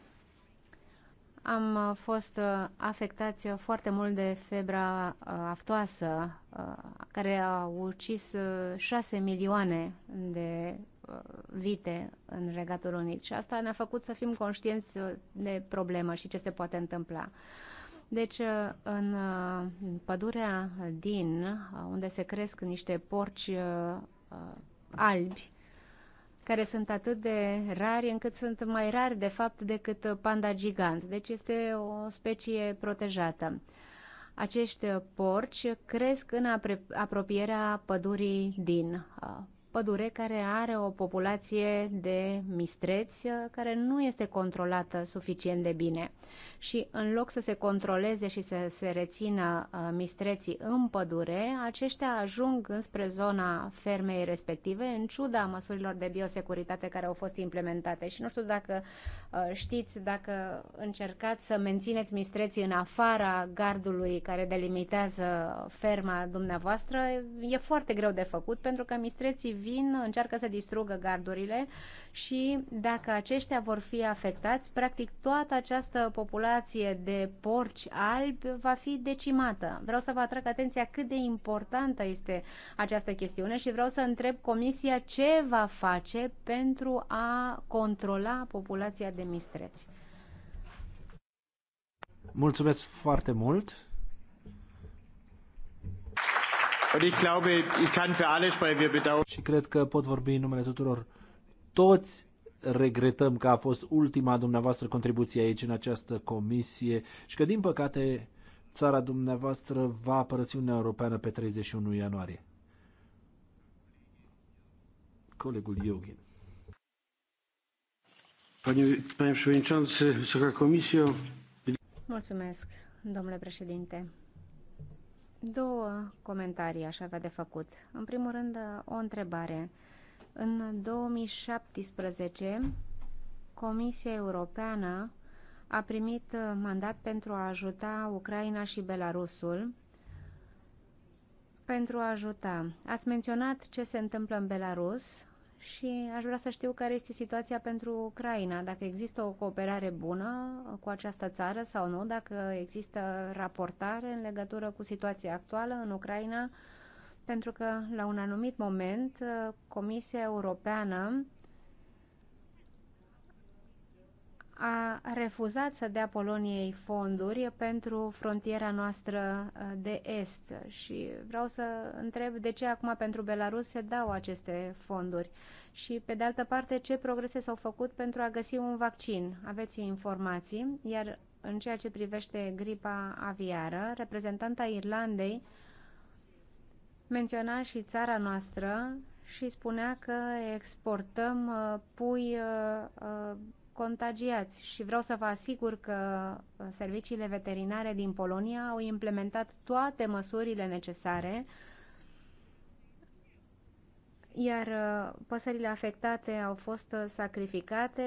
am uh, fost uh, afectați uh, foarte mult de febra aftoasă, care a ucis 6 milioane de vite în Regatul Unit și asta ne-a făcut să fim conștienți de problemă și ce se poate întâmpla. Deci, în pădurea din, unde se cresc niște porci albi, care sunt atât de rari încât sunt mai rari de fapt decât panda gigant. Deci este o specie protejată. Acești porci cresc în apropierea pădurii din uh, pădure care are o populație de mistreți uh, care nu este controlată suficient de bine. Și în loc să se controleze și să se rețină uh, mistreții în pădure, aceștia ajung înspre zona fermei respective în ciuda măsurilor de biosecuritate care au fost implementate. Și nu știu dacă uh, știți, dacă încercați să mențineți mistreții în afara gardului care delimitează ferma dumneavoastră, e foarte greu de făcut pentru că mistreții vin, încearcă să distrugă gardurile și dacă aceștia vor fi afectați, practic toată această populație de porci albi va fi decimată. Vreau să vă atrag atenția cât de importantă este această chestiune și vreau să întreb Comisia ce va face pentru a controla populația de mistreți. Mulțumesc foarte mult! Și cred că pot vorbi în numele tuturor. Toți regretăm că a fost ultima dumneavoastră contribuție aici în această comisie și că, din păcate, țara dumneavoastră va părăsi Uniunea Europeană pe 31 ianuarie. Colegul Iogin. Mulțumesc, domnule președinte. Două comentarii aș avea de făcut. În primul rând, o întrebare. În 2017, Comisia Europeană a primit mandat pentru a ajuta Ucraina și Belarusul pentru a ajuta. Ați menționat ce se întâmplă în Belarus, și aș vrea să știu care este situația pentru Ucraina, dacă există o cooperare bună cu această țară sau nu, dacă există raportare în legătură cu situația actuală în Ucraina, pentru că la un anumit moment Comisia Europeană a refuzat să dea Poloniei fonduri pentru frontiera noastră uh, de est și vreau să întreb de ce acum pentru Belarus se dau aceste fonduri și pe de altă parte ce progrese s-au făcut pentru a găsi un vaccin. Aveți informații, iar în ceea ce privește gripa aviară, reprezentanta Irlandei menționa și țara noastră și spunea că exportăm uh, pui uh, contagiați și vreau să vă asigur că serviciile veterinare din Polonia au implementat toate măsurile necesare iar uh, păsările afectate au fost sacrificate,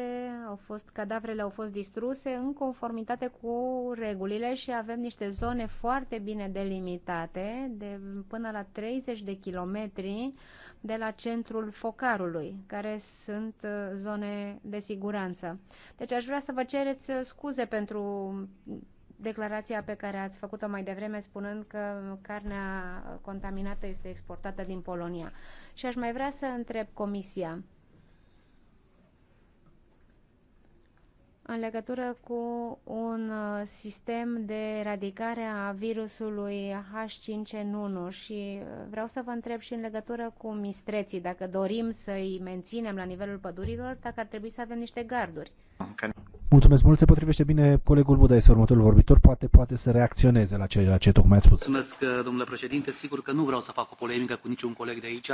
au fost, cadavrele au fost distruse în conformitate cu regulile și avem niște zone foarte bine delimitate, de până la 30 de kilometri, de la centrul focarului, care sunt uh, zone de siguranță. Deci aș vrea să vă cereți uh, scuze pentru declarația pe care ați făcut-o mai devreme spunând că carnea contaminată este exportată din Polonia. Și aș mai vrea să întreb Comisia în legătură cu un uh, sistem de eradicare a virusului H5N1 și uh, vreau să vă întreb și în legătură cu mistreții, dacă dorim să-i menținem la nivelul pădurilor, dacă ar trebui să avem niște garduri. Mulțumesc mult, se potrivește bine colegul Buda este următorul vorbitor, poate, poate să reacționeze la ceea ce tocmai ați spus. Mulțumesc, domnule președinte, sigur că nu vreau să fac o polemică cu niciun coleg de aici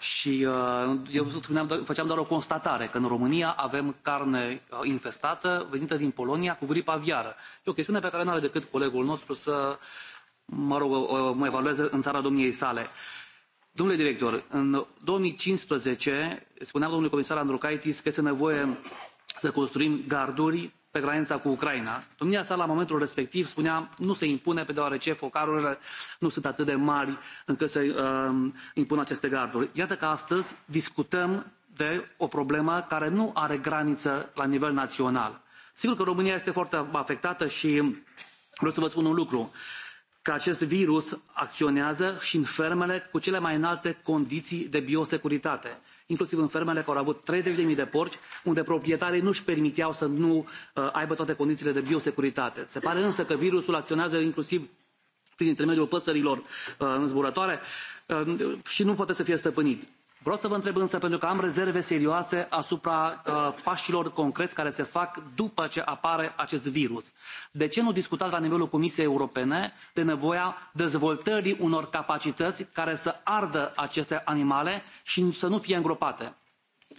și uh, eu spuneam, făceam doar o constatare că în România avem carne uh, infestată venită din Polonia cu gripa aviară. E o chestiune pe care nu are decât colegul nostru să, mă rog, uh, mă evalueze în țara domniei sale. Domnule director, în 2015 spuneam domnului comisar Androcaitis că este nevoie să construim garduri pe granița cu Ucraina. Domnia sa la momentul respectiv spunea nu se impune pe deoarece focarurile nu sunt atât de mari încât să uh, impună aceste garduri. Iată că astăzi discutăm de o problemă care nu are graniță la nivel național. Sigur că România este foarte afectată și vreau să vă spun un lucru că acest virus acționează și în fermele cu cele mai înalte condiții de biosecuritate inclusiv în fermele care au avut 30.000 de porci, unde proprietarii nu își permiteau să nu uh, aibă toate condițiile de biosecuritate. Se pare însă că virusul acționează inclusiv prin intermediul păsărilor uh, zburătoare uh, și nu poate să fie stăpânit vreau să vă întreb însă pentru că am rezerve serioase asupra uh, pașilor concreți care se fac după ce apare acest virus de ce nu discutați la nivelul comisiei europene de nevoia dezvoltării unor capacități care să ardă aceste animale și să nu fie îngropate?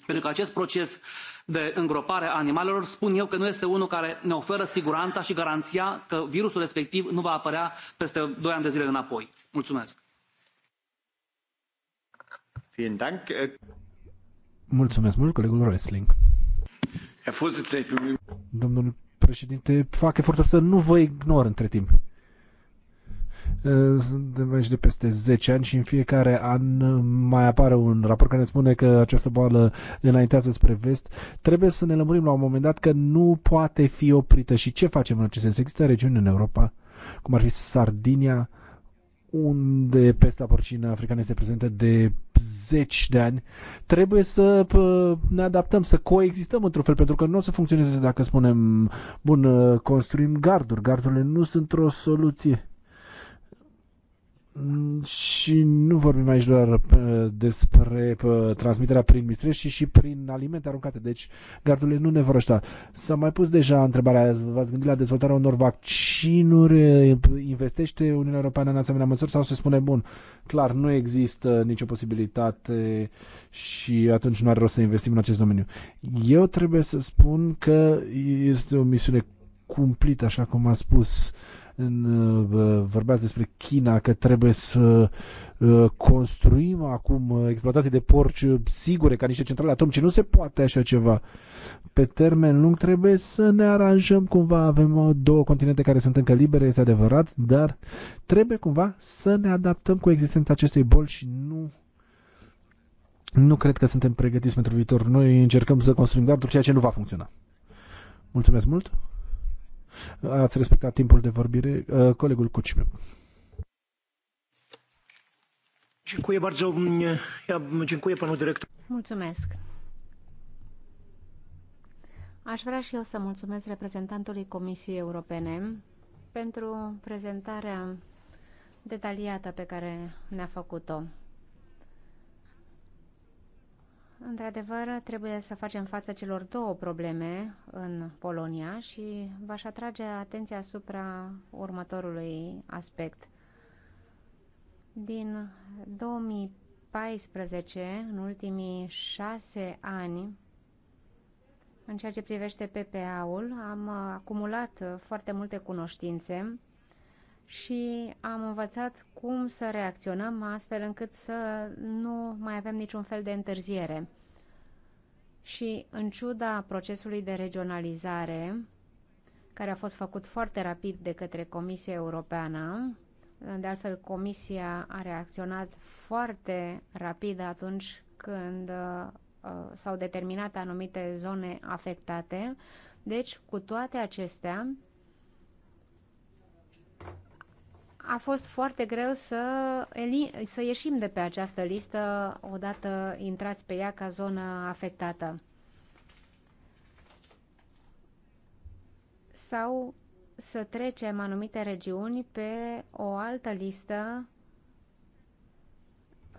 pentru că acest proces de îngropare a animalelor spun eu că nu este unul care ne oferă siguranța și garanția că virusul respectiv nu va apărea peste doi ani de zile înapoi. mulțumesc. Äh, Mulțumesc mult, colegul wrestling. Domnul președinte, fac efortul să nu vă ignor între timp. Ă, suntem aici de peste 10 ani și în fiecare an mai apare un raport care ne spune că această boală înaintează spre vest. Trebuie să ne lămurim la un moment dat că nu poate fi oprită. Și ce facem în acest sens? Există regiuni în Europa, cum ar fi Sardinia, unde pesta porcină africană este prezentă de zeci de ani, trebuie să ne adaptăm, să coexistăm într-un fel, pentru că nu o să funcționeze dacă spunem, bun, ă, construim garduri. Gardurile nu sunt o soluție Mm, și nu vorbim aici doar uh, despre uh, transmiterea prin mistrești, ci și prin alimente aruncate. Deci gardurile nu ne vor ajuta. S-a mai pus deja întrebarea, v-ați gândit la dezvoltarea unor vaccinuri? Uh, investește Uniunea Europeană în asemenea măsuri sau se spune, bun, clar, nu există nicio posibilitate și atunci nu are rost să investim în acest domeniu. Eu trebuie să spun că este o misiune cumplită, așa cum a spus uh, vorbeați despre China, că trebuie să uh, construim acum exploatații de porci sigure ca niște centrale atomice. Nu se poate așa ceva. Pe termen lung trebuie să ne aranjăm cumva. Avem uh, două continente care sunt încă libere, este adevărat, dar trebuie cumva să ne adaptăm cu existența acestei boli și nu nu cred că suntem pregătiți pentru viitor. Noi încercăm să construim garduri, ceea ce nu va funcționa. Mulțumesc mult! ați respectat timpul de vorbire. Uh, colegul Cucimiu. Dziękuję bardzo. Mm, ja dziękuję panu dyrektor. Mulțumesc. Aș vrea și eu să mulțumesc reprezentantului Comisiei Europene pentru prezentarea detaliată pe care ne-a făcut-o. Într-adevăr, trebuie să facem față celor două probleme în Polonia și v-aș atrage atenția asupra următorului aspect. Din 2014, în ultimii șase ani, în ceea ce privește PPA-ul, am acumulat foarte multe cunoștințe și am învățat cum să reacționăm astfel încât să nu mai avem niciun fel de întârziere. Și în ciuda procesului de regionalizare, care a fost făcut foarte rapid de către Comisia Europeană, de altfel Comisia a reacționat foarte rapid atunci când uh, s-au determinat anumite zone afectate, deci cu toate acestea, a fost foarte greu să, să ieșim de pe această listă odată intrați pe ea ca zonă afectată. Sau să trecem anumite regiuni pe o altă listă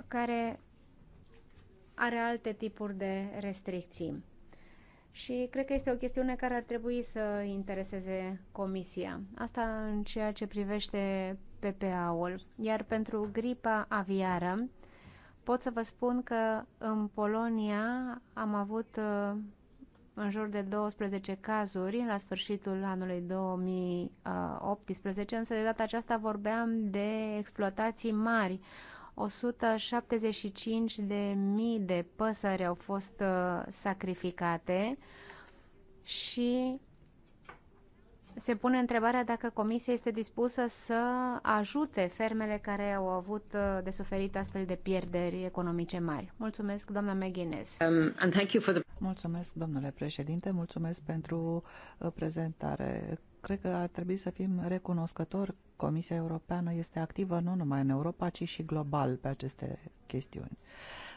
care are alte tipuri de restricții. Și cred că este o chestiune care ar trebui să intereseze Comisia. Asta în ceea ce privește PPA-ul. Iar pentru gripa aviară pot să vă spun că în Polonia am avut uh, în jur de 12 cazuri la sfârșitul anului 2018, însă de data aceasta vorbeam de exploatații mari. 175 de mii de păsări au fost uh, sacrificate și se pune întrebarea dacă Comisia este dispusă să ajute fermele care au avut uh, de suferit astfel de pierderi economice mari. Mulțumesc, doamna McGuinness. Um, mulțumesc, domnule președinte, mulțumesc pentru uh, prezentare. Cred că ar trebui să fim recunoscători. Comisia Europeană este activă nu numai în Europa, ci și global pe aceste chestiuni.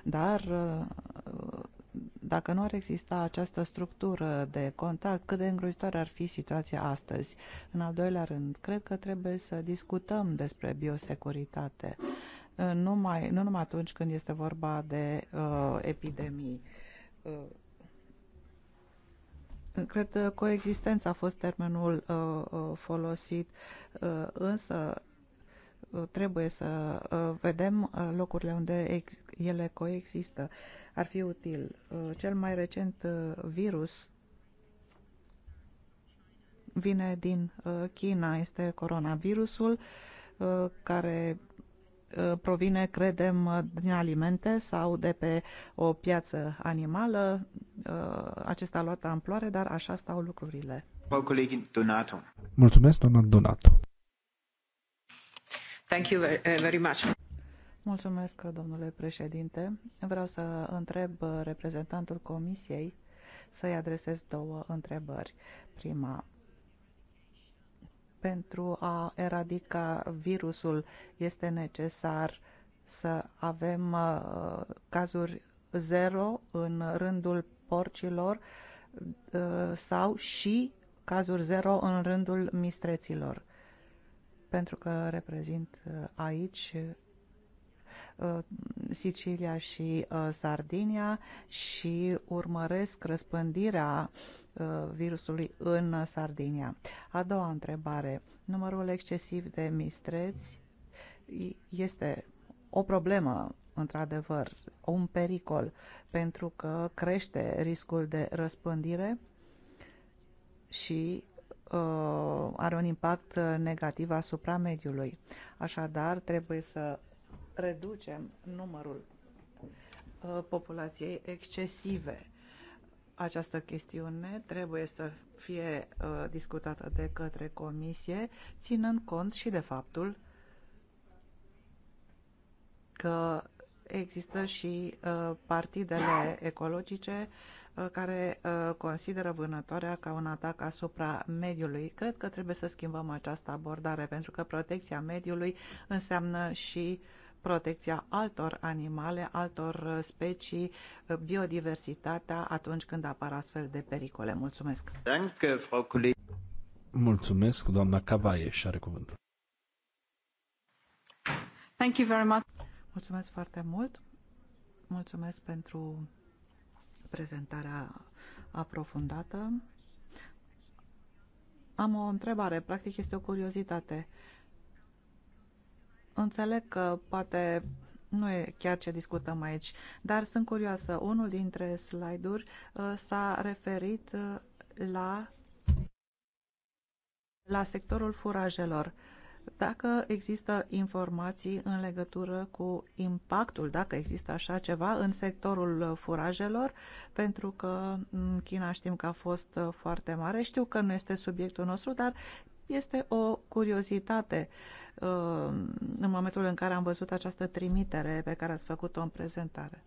Dar uh, dacă nu ar exista această structură de contact, cât de îngrozitoare ar fi situația astăzi? În al doilea rând, cred că trebuie să discutăm despre biosecuritate, uh, numai, nu numai atunci când este vorba de uh, epidemii. Uh, Cred că coexistența a fost termenul uh, uh folosit, uh, însă trebuie să uh, vedem uh, locurile unde ele coexistă. Ar fi util. Uh, cel mai recent virus vine din China, este coronavirusul care provine, credem, din alimente sau de pe o piață animală. Acesta a luat amploare, dar așa stau lucrurile. Mulțumesc, doamna Donato. Eh, Mulțumesc, domnule președinte. Vreau să întreb eh, reprezentantul Comisiei să-i adresez două întrebări. Prima, pentru a eradica virusul este necesar să avem eh, cazuri zero în rândul porcilor sau și cazuri zero în rândul mistreților pentru că reprezint uh, aici uh, Sicilia și uh, Sardinia și urmăresc răspândirea virusului în Sardinia. A doua întrebare. Numărul excesiv de mistreți este o problemă, într-adevăr, un pericol, pentru că crește riscul de răspândire și Uh, are un impact uh, negativ asupra mediului. Așadar, trebuie să reducem numărul uh, populației excesive. Această chestiune trebuie să fie discutată de către comisie, ținând cont și de faptul că există și partidele ecologice uh, Uh, care uh, consideră vânătoarea ca un atac asupra mediului. Cred că trebuie să schimbăm această abordare, pentru că protecția mediului înseamnă și protecția altor animale, altor uh, specii, biodiversitatea atunci când apar astfel de pericole. Mulțumesc! Mulțumesc, doamna Cavaie și are cuvântul. Thank you very much. Mulțumesc foarte mult. Mulțumesc pentru prezentarea aprofundată. Am o întrebare, practic este o curiozitate. Înțeleg că poate nu e chiar ce discutăm aici, dar sunt curioasă. Unul dintre slide-uri uh, s-a referit uh, la, la sectorul furajelor. Uh, dacă există informații în legătură cu impactul, dacă există așa ceva, în sectorul furajelor, pentru că mm, China știm că a fost uh, foarte mare. Știu că nu este subiectul nostru, dar este o curiozitate uh, în momentul în care am văzut această trimitere pe care ați făcut-o în prezentare.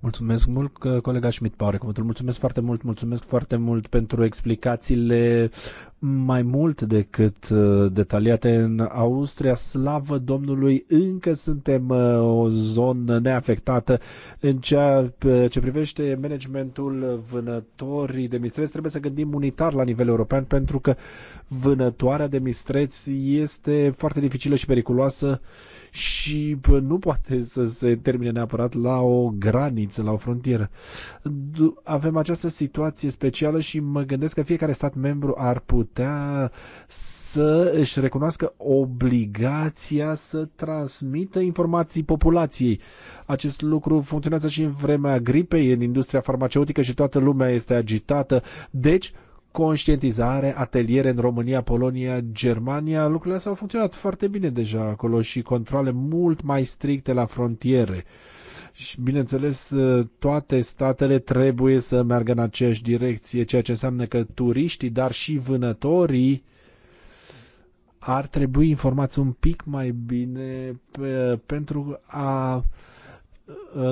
Mulțumesc mult, colega Schmidt pare cuvântul. Mulțumesc foarte mult, mulțumesc foarte mult pentru explicațiile mai mult decât uh, detaliate în Austria. Slavă Domnului, încă suntem uh, o zonă neafectată în ceea uh, ce privește managementul vânătorii de mistreți. Trebuie să gândim unitar la nivel european pentru că vânătoarea de mistreți este foarte dificilă și periculoasă și nu poate să se termine neapărat la o graniță, la o frontieră. Avem această situație specială și mă gândesc că fiecare stat membru ar putea să își recunoască obligația să transmită informații populației. Acest lucru funcționează și în vremea gripei, în industria farmaceutică și toată lumea este agitată. Deci, conștientizare, ateliere în România, Polonia, Germania, lucrurile astea au funcționat foarte bine deja acolo și controle mult mai stricte la frontiere. Și, bineînțeles, toate statele trebuie să meargă în aceeași direcție, ceea ce înseamnă că turiștii, dar și vânătorii ar trebui informați un pic mai bine pe, pentru a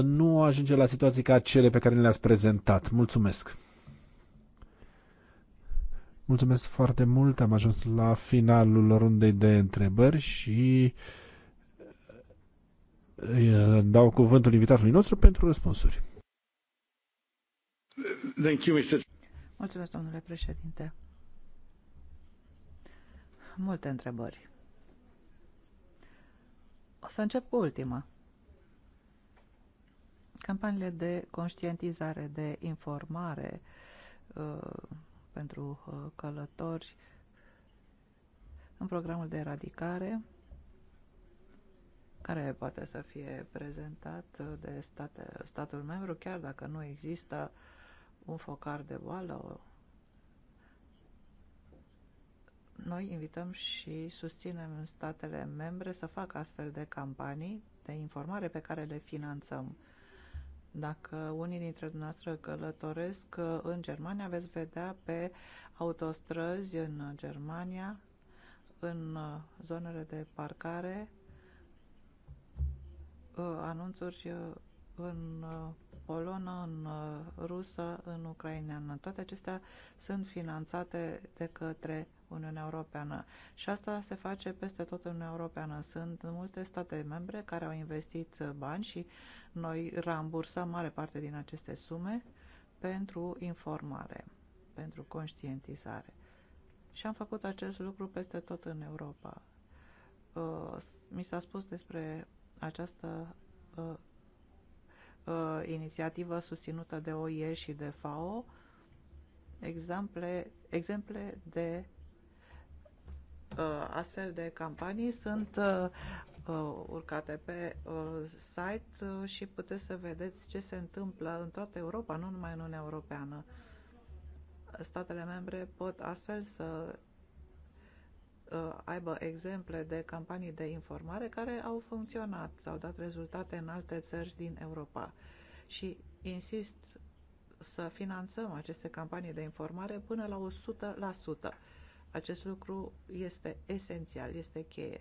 nu ajunge la situații ca cele pe care le-ați prezentat. Mulțumesc! Mulțumesc foarte mult, am ajuns la finalul rundei de întrebări și eh, dau cuvântul invitatului nostru pentru răspunsuri. Thank you, Mr. Mulțumesc, domnule președinte. Multe întrebări. O să încep cu ultima. Campaniile de conștientizare, de informare, eh, pentru uh, călători în programul de eradicare care poate să fie prezentat uh, de state, statul membru, chiar dacă nu există un focar de boală. Noi invităm și susținem statele membre să facă astfel de campanii de informare pe care le finanțăm. Dacă unii dintre dumneavoastră călătoresc uh, în Germania, veți vedea pe autostrăzi în Germania, în uh, zonele de parcare, uh, anunțuri în polonă, în rusă, în ucraineană. Toate acestea sunt finanțate de către Uniunea Europeană. Și asta se face peste tot în Uniunea Europeană. Sunt multe state membre care au investit bani și noi rambursăm mare parte din aceste sume pentru informare, pentru conștientizare. Și am făcut acest lucru peste tot în Europa. Uh, mi s-a spus despre această uh, uh, inițiativă susținută de OIE și de FAO exemple, exemple de Uh, astfel de campanii sunt uh, uh, urcate pe site și puteți să vedeți ce se întâmplă în toată Europa, nu numai în Uniunea Europeană. Statele membre pot astfel să aibă exemple de campanii de informare care au funcționat, au dat rezultate în alte țări din Europa. Și insist să finanțăm aceste campanii de informare până la 100%. Acest lucru este esențial, este cheie.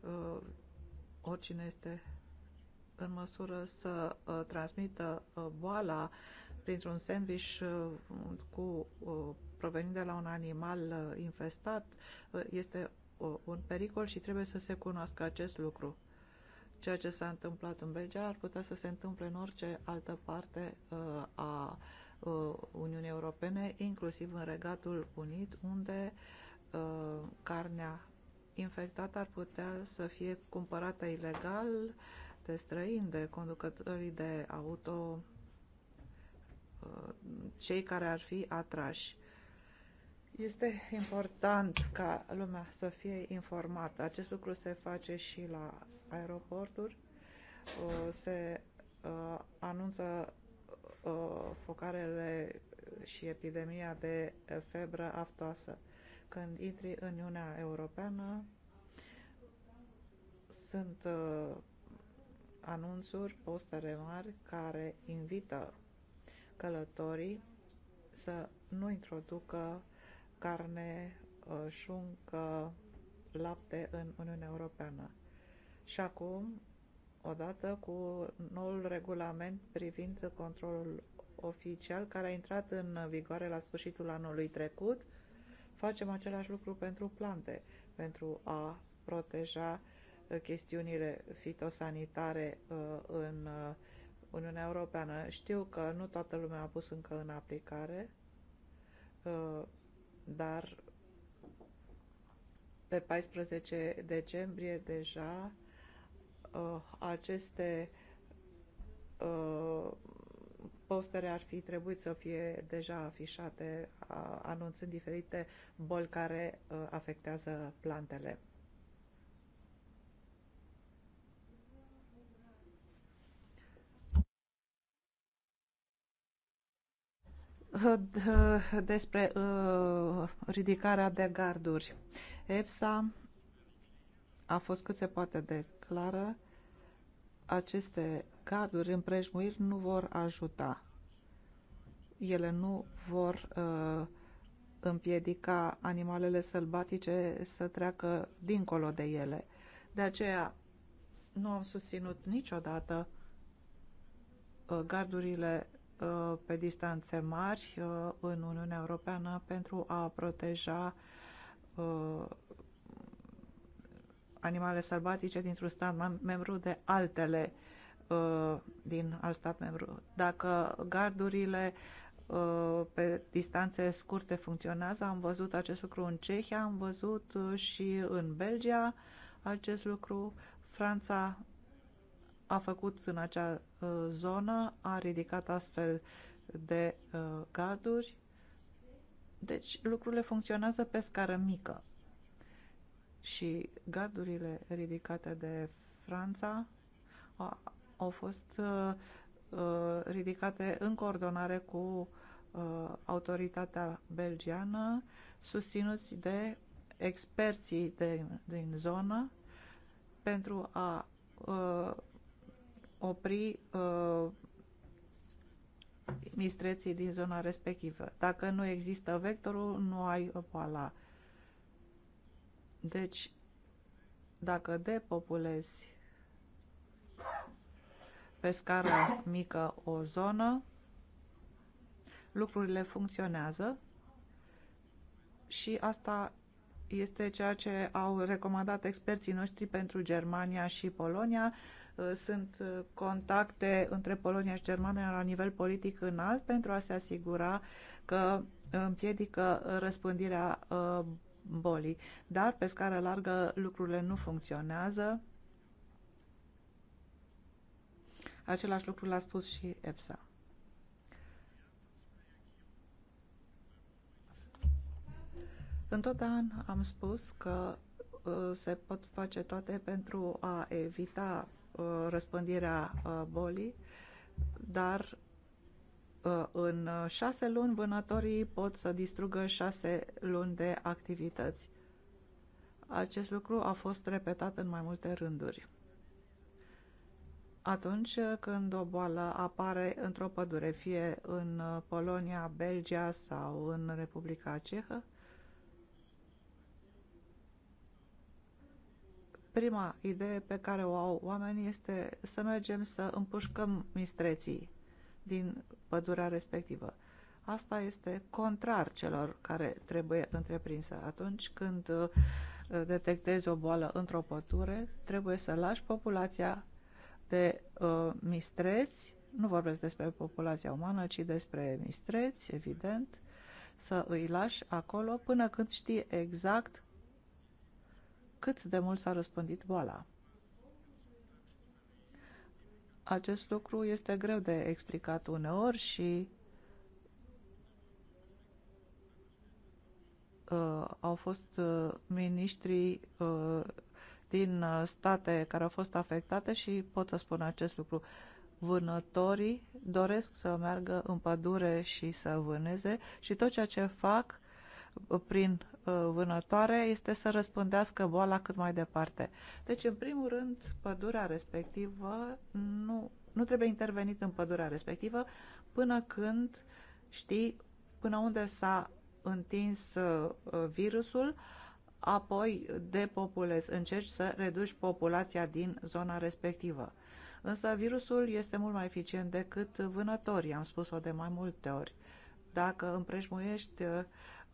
Uh, oricine este în măsură să uh, transmită uh, boala printr-un sandwich uh, cu uh, provenind de la un animal uh, infestat este un pericol și trebuie să se cunoască acest lucru. Ceea ce s-a întâmplat în Belgia ar putea să se întâmple în orice altă parte uh, a uh, Uniunii Europene, inclusiv în Regatul Unit, unde uh, carnea infectată ar putea să fie cumpărată ilegal de străini, de conducătorii de auto, cei care ar fi atrași. Este important ca lumea să fie informată. Acest lucru se face și la aeroporturi, uh, se uh, anunță uh, focarele și epidemia de febră aftoasă. Când intri în Uniunea Europeană, sunt anunțuri, postere mari care invită călătorii să nu introducă carne, șuncă, lapte în Uniunea Europeană. Și acum, odată cu noul regulament privind controlul oficial, care a intrat în vigoare la sfârșitul anului trecut, facem același lucru pentru plante, pentru a proteja uh, chestiunile fitosanitare uh, în uh, Uniunea Europeană. Știu că nu toată lumea a pus încă în aplicare, dar pe 14 decembrie deja Uh, aceste uh, postere ar fi trebuit să fie deja afișate, anunțând diferite boli care uh, afectează plantele. despre uh, ridicarea de garduri. EFSA a fost cât se poate de clară aceste garduri împrejmuiri, nu vor ajuta. Ele nu vor uh, împiedica animalele sălbatice să treacă dincolo de ele. De aceea nu am susținut niciodată uh, gardurile uh, pe distanțe mari uh, în Uniunea Europeană pentru a proteja uh, animale sălbatice dintr-un stat membru de altele uh, din alt stat membru. Dacă gardurile uh, pe distanțe scurte funcționează, am văzut acest lucru în Cehia, am văzut uh, și în Belgia acest lucru. Franța a făcut în acea zonă, a ridicat astfel de garduri. Deci lucrurile funcționează pe scară mică și gardurile ridicate de Franța au fost uh, uh, ridicate în coordonare cu uh, autoritatea belgiană, susținuți de experții de, din zonă pentru a opri mistreții din zona respectivă. Dacă nu există vectorul, nu ai poala. Deci, dacă depopulezi pe scară mică o zonă, lucrurile funcționează și asta este ceea ce au recomandat experții noștri pentru Germania și Polonia. Uh, sunt uh, contacte între Polonia și Germania la nivel politic înalt pentru a se asigura că împiedică uh, răspândirea bolii, dar pe scară largă lucrurile nu funcționează. Același lucru l-a spus și EPSA. În tot an am spus că uh, se pot face toate pentru a evita uh, răspândirea uh, bolii, dar Uh, în uh, șase luni vânătorii pot să distrugă șase luni de activități. Acest lucru a fost repetat în mai multe rânduri. Atunci când o boală apare într-o pădure, fie în uh, Polonia, Belgia sau în Republica Cehă, prima idee pe care o au oamenii este să mergem să împușcăm mistreții din pădurea respectivă. Asta este contrar celor care trebuie întreprinse. Atunci când uh, detectezi o boală într-o pădure, trebuie să lași populația de uh, mistreți, nu vorbesc despre populația umană, ci despre mistreți, evident, să îi lași acolo până când știi exact cât de mult s-a răspândit boala. Acest lucru este greu de explicat uneori și uh, au fost uh, miniștri uh, din uh, state care au fost afectate și pot să spun acest lucru. Vânătorii doresc să meargă în pădure și să vâneze și tot ceea ce fac prin uh, vânătoare este să răspândească boala cât mai departe. Deci, în primul rând, pădurea respectivă nu, nu trebuie intervenit în pădurea respectivă până când știi până unde s-a întins uh, virusul, apoi depopulezi, încerci să reduci populația din zona respectivă. Însă virusul este mult mai eficient decât vânătorii, am spus-o de mai multe ori. Dacă împrejmuiești uh,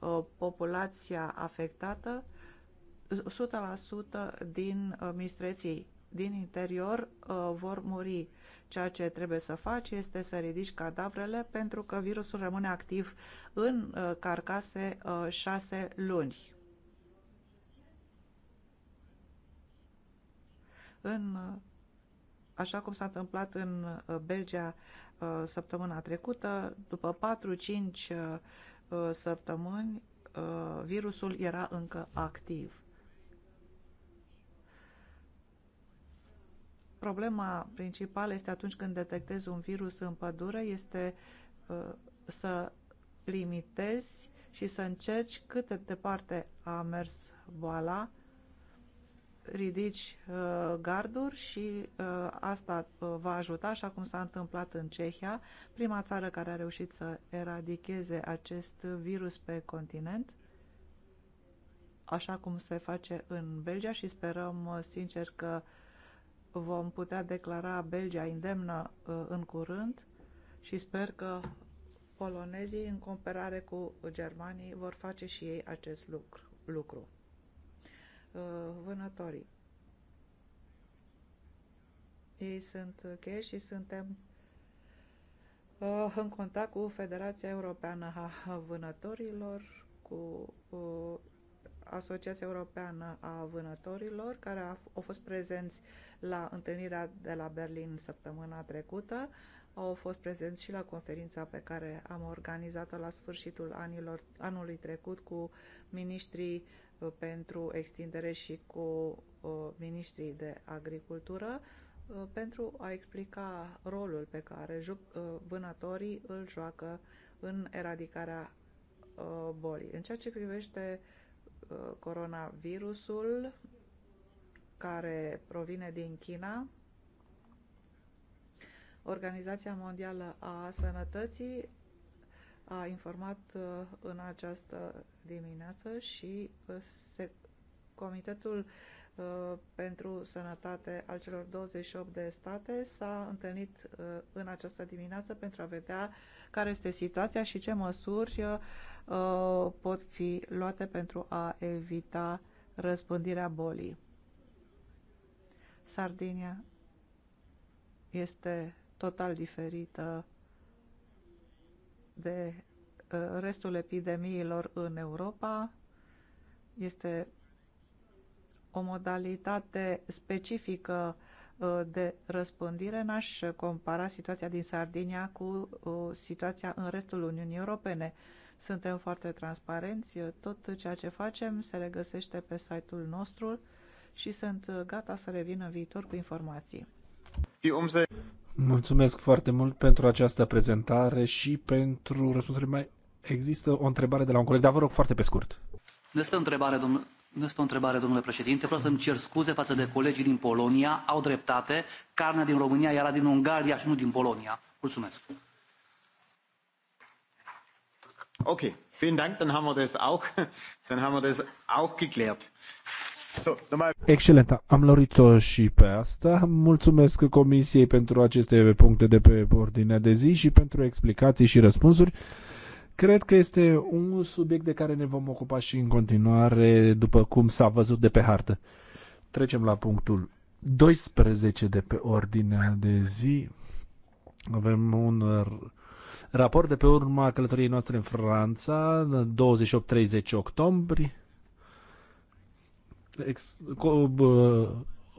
Uh, populația afectată 100% din uh, mistreții din interior uh, vor muri. Ceea ce trebuie să faci este să ridici cadavrele pentru că virusul rămâne activ în carcase șase luni. În, așa cum s-a întâmplat în Belgia săptămâna trecută, după 4-5 Uh, săptămâni uh, virusul era încă activ. Problema principală este atunci când detectezi un virus în pădure, este uh, să limitezi și să încerci cât de departe a mers boala ridici uh, garduri și uh, asta uh, va ajuta, așa cum s-a întâmplat în Cehia, prima țară care a reușit să eradicheze acest virus pe continent, așa cum se face în Belgia și sperăm sincer că vom putea declara Belgia indemnă în curând și sper că polonezii, în comparare cu germanii, vor face și ei acest lucru. lucru. Uh, vânătorii. Ei sunt cheie și suntem uh, în contact cu Federația Europeană a Vânătorilor, cu uh, Asociația Europeană a Vânătorilor, care a, au fost prezenți la întâlnirea de la Berlin săptămâna trecută, au fost prezenți și la conferința pe care am organizat-o la sfârșitul anilor, anului trecut cu ministrii pentru extindere și cu uh, ministrii de agricultură uh, pentru a explica rolul pe care uh, vânătorii îl joacă în eradicarea bolii. În ceea ce privește coronavirusul care provine din China, Organizația Mondială a Sănătății a informat uh, în această dimineață și uh, se, Comitetul uh, pentru Sănătate al celor 28 de state s-a întâlnit în această dimineață pentru a vedea care este situația și ce măsuri pot fi luate pentru a evita răspândirea bolii. Sardinia este total diferită de uh, restul epidemiilor în Europa. Este o modalitate specifică uh, de răspândire. N-aș compara situația din Sardinia cu uh, situația în restul Uniunii Europene. Suntem foarte transparenți, tot ceea ce facem se regăsește pe site-ul nostru și sunt gata să revin în viitor cu informații. Mulțumesc foarte mult pentru această prezentare și pentru răspunsurile mai există o întrebare de la un coleg, dar vă rog foarte pe scurt. Nu este o întrebare, domnule, nu este o întrebare, domnule președinte. Vreau să-mi cer scuze față de colegii din Polonia. Au dreptate. Carnea din România era din Ungaria și nu din Polonia. Mulțumesc. Ok, vielen Dank, dann haben wir das auch, dann haben wir das auch geklärt. Excelent, am lorit o și pe asta. Mulțumesc Comisiei pentru aceste puncte de pe ordinea de zi și pentru explicații și răspunsuri. Cred că este un subiect de care ne vom ocupa și în continuare, după cum s-a văzut de pe hartă. Trecem la punctul 12 de pe ordinea de zi. Avem un raport de pe urma călătoriei noastre în Franța, 28-30 octombrie ex, co, bă,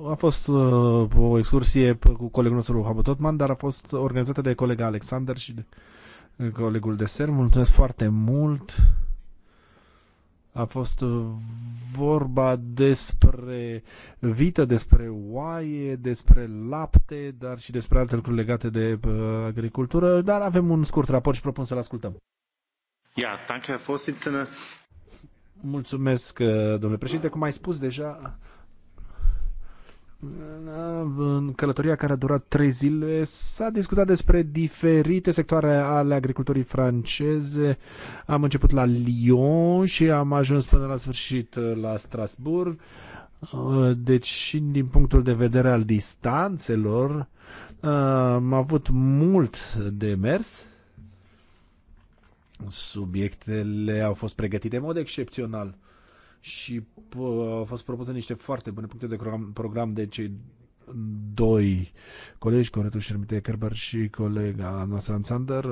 a fost uh, o excursie cu colegul nostru Habu. Totman, dar a fost organizată de colega Alexander și de colegul de ser. Mulțumesc foarte mult! A fost ă, vorba despre vită, despre oaie, despre lapte, dar și despre alte lucruri legate de ă, agricultură, dar avem un scurt raport și propun să-l ascultăm. Ja, danke, Herr Vorsitzender. Mulțumesc, uh, domnule președinte. Cum ai spus deja, în călătoria care a durat trei zile s-a discutat despre diferite sectoare ale agriculturii franceze. Am început la Lyon și am ajuns până la sfârșit uh, la Strasbourg. Uh, deci și din punctul de vedere al distanțelor am avut mult de mers Subiectele au fost pregătite în mod excepțional și au fost propuse niște foarte bune puncte de program, program de cei doi colegi, Coretu Șermite Kerber și colega noastră Ansander,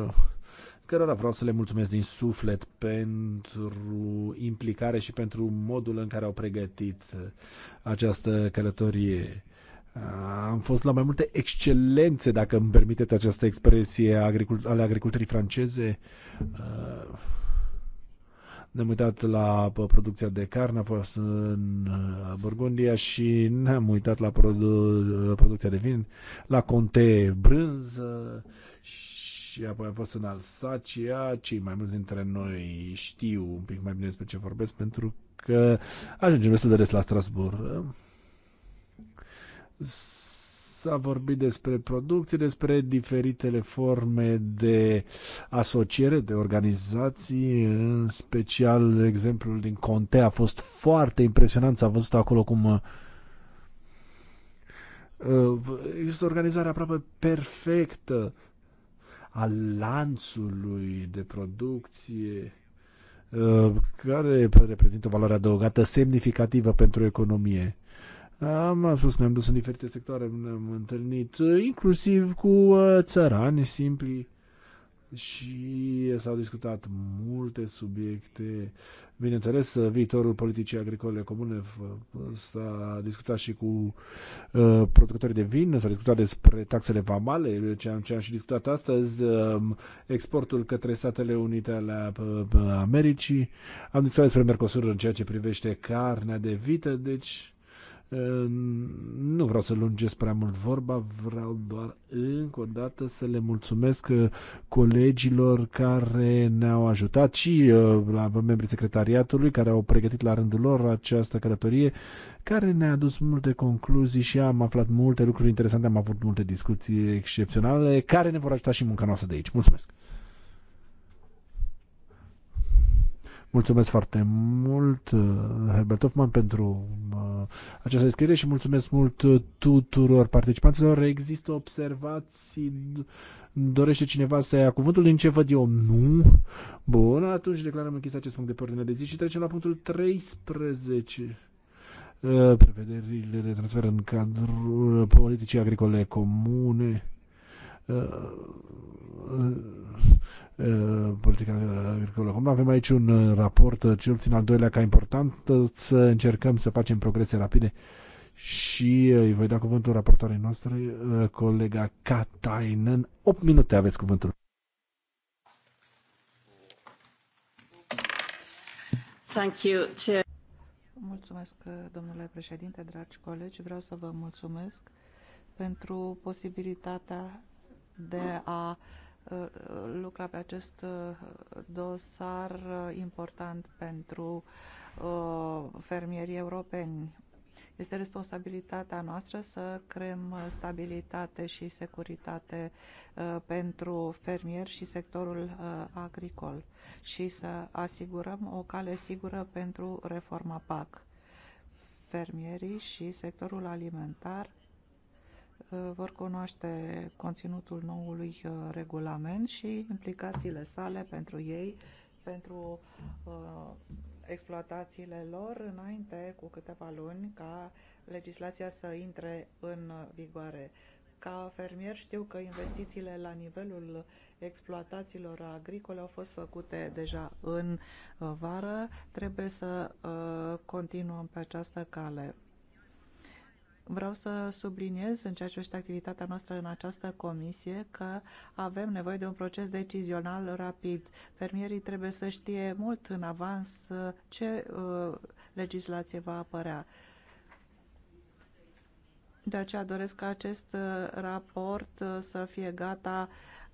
cărora vreau să le mulțumesc din suflet pentru implicare și pentru modul în care au pregătit această călătorie. Ah, am fost la mai multe excelențe, dacă îmi permiteți această expresie, ale agriculturii franceze. Ah, ne-am uitat la uh, producția de carne, a fost în uh, Burgundia și ne-am uitat la produ- uh, producția de vin, la Conte brânză și apoi am fost în Alsacia. Cei mai mulți dintre noi știu un pic mai bine despre ce vorbesc pentru că ajungem destul de des la Strasbourg. S-a vorbit despre producții, despre diferitele forme de asociere, de organizații, în special exemplul din Conte a fost foarte impresionant, s-a văzut acolo cum uh, există o organizare aproape perfectă a lanțului de producție uh, care reprezintă o valoare adăugată semnificativă pentru economie. Am fost, ne-am dus în diferite sectoare, ne-am întâlnit, inclusiv cu uh, țărani simpli și s-au discutat multe subiecte. Bineînțeles, uh, viitorul politicii agricole comune uh, s-a discutat și cu uh, producătorii de vin, s-a discutat despre taxele vamale, ce am, ce am și discutat astăzi, uh, exportul către Statele Unite ale Americii. Am discutat despre Mercosur în ceea ce privește carnea de vită, deci nu vreau să lungesc prea mult vorba, vreau doar încă o dată să le mulțumesc uh, colegilor care ne-au ajutat și uh, la membrii secretariatului care au pregătit la rândul lor această călătorie, care ne-a adus multe concluzii și am aflat multe lucruri interesante, am avut multe discuții excepționale care ne vor ajuta și munca noastră de aici. Mulțumesc! Mulțumesc foarte mult, uh, Herbert Hoffman, pentru uh, această descriere și mulțumesc mult uh, tuturor participanților. Există observații? Dorește cineva să ia cuvântul? Din ce văd eu? Nu. Bun, atunci declarăm închis acest punct de pe ordine de zi și trecem la punctul 13 prevederile de transfer în cadrul politicii agricole comune Uh, politica agricolă comună. Avem aici un uh, raport, uh, cel puțin al doilea, ca important, să încercăm să facem progrese rapide și îi voi da cuvântul raportoarei noastre, colega Katainen. 8 minute aveți cuvântul. Thank you. Mulțumesc, domnule președinte, dragi colegi. Vreau să vă mulțumesc pentru posibilitatea de a uh, Uh, lucra pe acest uh, dosar uh, important pentru fermierii europeni. Este responsabilitatea noastră să creăm stabilitate și securitate pentru fermieri și sectorul agricol și să asigurăm o cale sigură pentru reforma PAC. Fermierii și sectorul alimentar Uh, vor cunoaște conținutul noului uh, regulament și implicațiile sale pentru ei, pentru uh, exploatațiile lor înainte cu câteva luni ca legislația să intre în vigoare. Ca fermier știu că investițiile la nivelul exploatațiilor agricole au fost făcute deja în vară. Trebuie să continuăm pe această cale. Vreau să subliniez în ceea ce este activitatea noastră în această comisie că avem nevoie de un proces decizional rapid. Fermierii trebuie să știe mult în avans uh, ce uh, legislație va apărea. De aceea doresc ca acest uh, raport să fie gata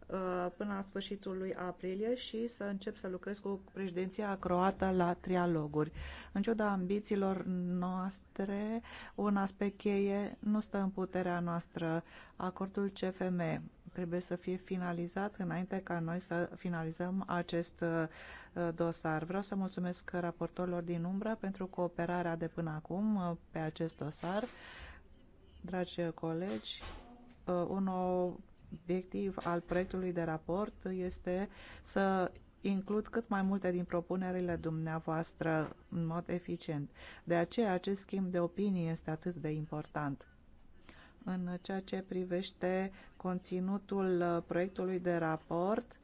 Uh, până la sfârșitul lui aprilie și să încep să lucrez cu președinția croată la trialoguri. În ciuda ambițiilor noastre, un aspect cheie nu stă în puterea noastră. Acordul CFM trebuie să fie finalizat înainte ca noi să finalizăm acest uh, dosar. Vreau să mulțumesc raportorilor din umbră pentru cooperarea de până acum uh, pe acest dosar. Dragi colegi, un nou obiectiv al proiectului de raport este să includ cât mai multe din propunerile dumneavoastră în mod eficient. De aceea acest schimb de opinii este atât de important. În ceea ce privește conținutul proiectului de raport,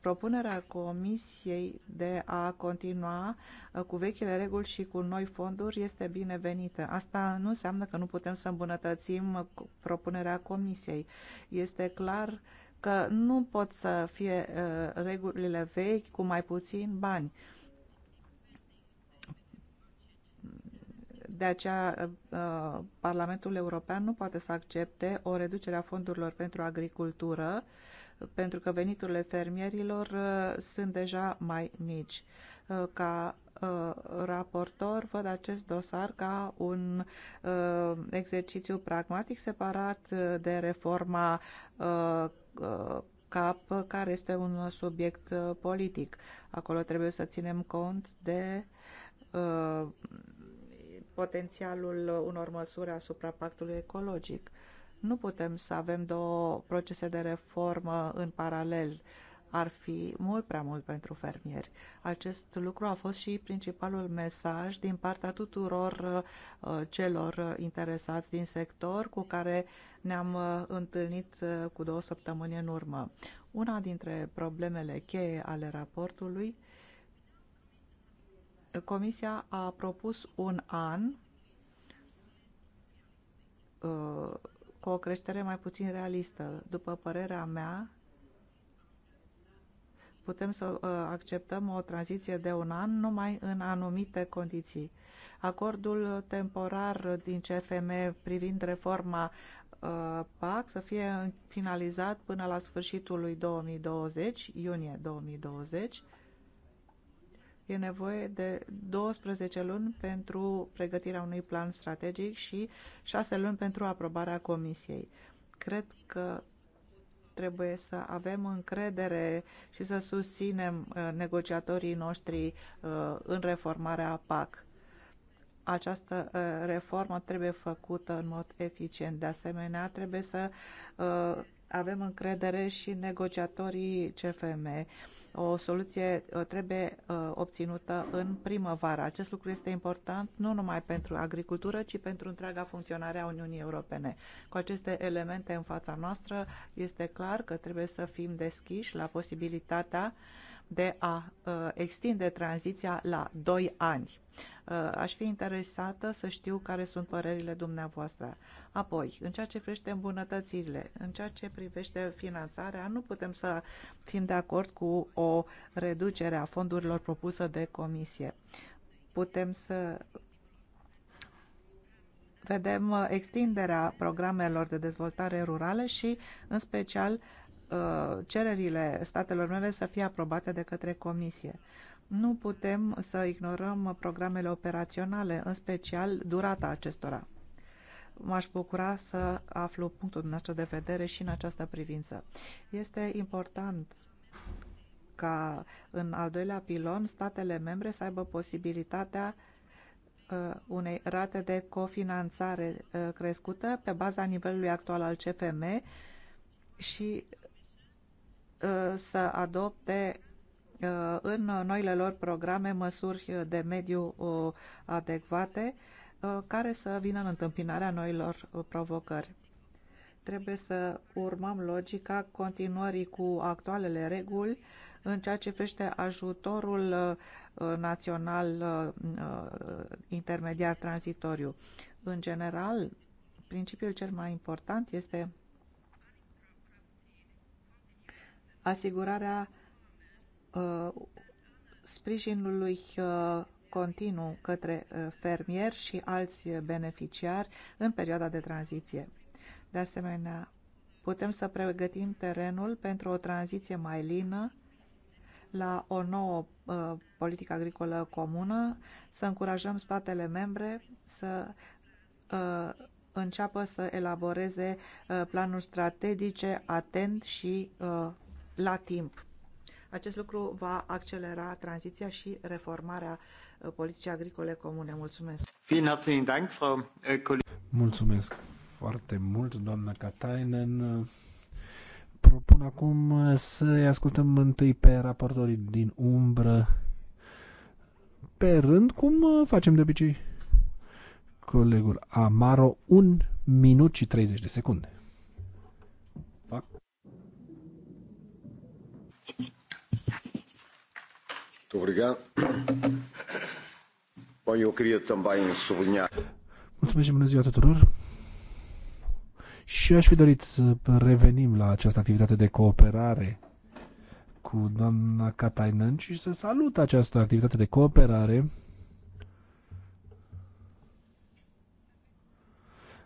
Propunerea Comisiei de a continua uh, cu vechile reguli și cu noi fonduri este binevenită. Asta nu înseamnă că nu putem să îmbunătățim uh, propunerea Comisiei. Este clar că nu pot să fie uh, regulile vechi cu mai puțin bani. De aceea, Parlamentul European nu poate să accepte o reducere a fondurilor pentru agricultură pentru că veniturile fermierilor uh, sunt deja mai mici. Uh, ca uh, raportor văd acest dosar ca un exercițiu pragmatic separat de reforma CAP, care este un subiect politic. Acolo trebuie să ținem cont de potențialul unor măsuri asupra pactului ecologic. Nu putem să avem două procese de reformă în paralel. Ar fi mult prea mult pentru fermieri. Acest lucru a fost și principalul mesaj din partea tuturor uh, celor interesați din sector cu care ne-am uh, întâlnit uh, cu două săptămâni în urmă. Una dintre problemele cheie ale raportului Comisia a propus un an cu o creștere mai puțin realistă. După părerea mea, putem să uh, acceptăm o tranziție de un an numai în anumite condiții. Acordul temporar din CFM privind reforma uh, PAC să fie finalizat până la sfârșitul lui 2020, iunie 2020, E nevoie de 12 luni pentru pregătirea unui plan strategic și 6 luni pentru aprobarea comisiei. Cred că trebuie să avem încredere și să susținem uh, negociatorii noștri uh, în reformarea PAC. Această uh, reformă trebuie făcută în mod eficient. De asemenea, trebuie să avem încredere și negociatorii CFM o soluție uh, trebuie uh, obținută în primăvară. Acest lucru este important nu numai pentru agricultură, ci pentru întreaga funcționare a Uniunii Europene. Cu aceste elemente în fața noastră, este clar că trebuie să fim deschiși la posibilitatea uh, de a uh, extinde tranziția la 2 ani. Uh, aș fi interesată să știu care sunt părerile dumneavoastră. Apoi, în ceea ce privește îmbunătățirile, în ceea ce privește finanțarea, nu putem să fim de acord cu o reducere a fondurilor propusă de comisie. Putem să vedem uh, extinderea programelor de dezvoltare rurală și, în special, uh, Uh, cererile statelor membre să fie aprobate de către Comisie. Nu putem să ignorăm programele operaționale, în special durata acestora. M-aș bucura să aflu punctul dumneavoastră de vedere și în această privință. Este important ca în al doilea pilon statele membre să aibă posibilitatea uh, unei rate de cofinanțare uh, crescută pe baza nivelului actual al CFM și Uh, să adopte uh, în noile lor programe măsuri de mediu uh, adecvate care să vină în întâmpinarea noilor provocări. Trebuie să urmăm logica continuării cu actualele reguli în ceea ce privește ajutorul național intermediar tranzitoriu. În general, principiul cel mai important este asigurarea uh, sprijinului uh, continuu către uh, fermieri și alți beneficiari în perioada de tranziție. De asemenea, putem să pregătim terenul pentru o tranziție mai lină la o nouă uh, politică agricolă comună, să încurajăm statele membre să uh, înceapă să elaboreze uh, planuri strategice atent și uh, la timp. Acest lucru va accelera tranziția și reformarea uh, politicii agricole comune. Mulțumesc! Äh, Mulțumesc foarte mult, doamna Katainen. Propun acum uh, să ascultăm întâi pe raportorii din umbră. Pe rând, cum uh, facem de obicei? Colegul Amaro, un minut și 30 de secunde. Muito obrigado. Bom, eu queria também sublinhar. Mulțumesc bună ziua tuturor. Și aș fi dorit să revenim la această activitate de cooperare cu doamna Catainan și să salut această activitate de cooperare.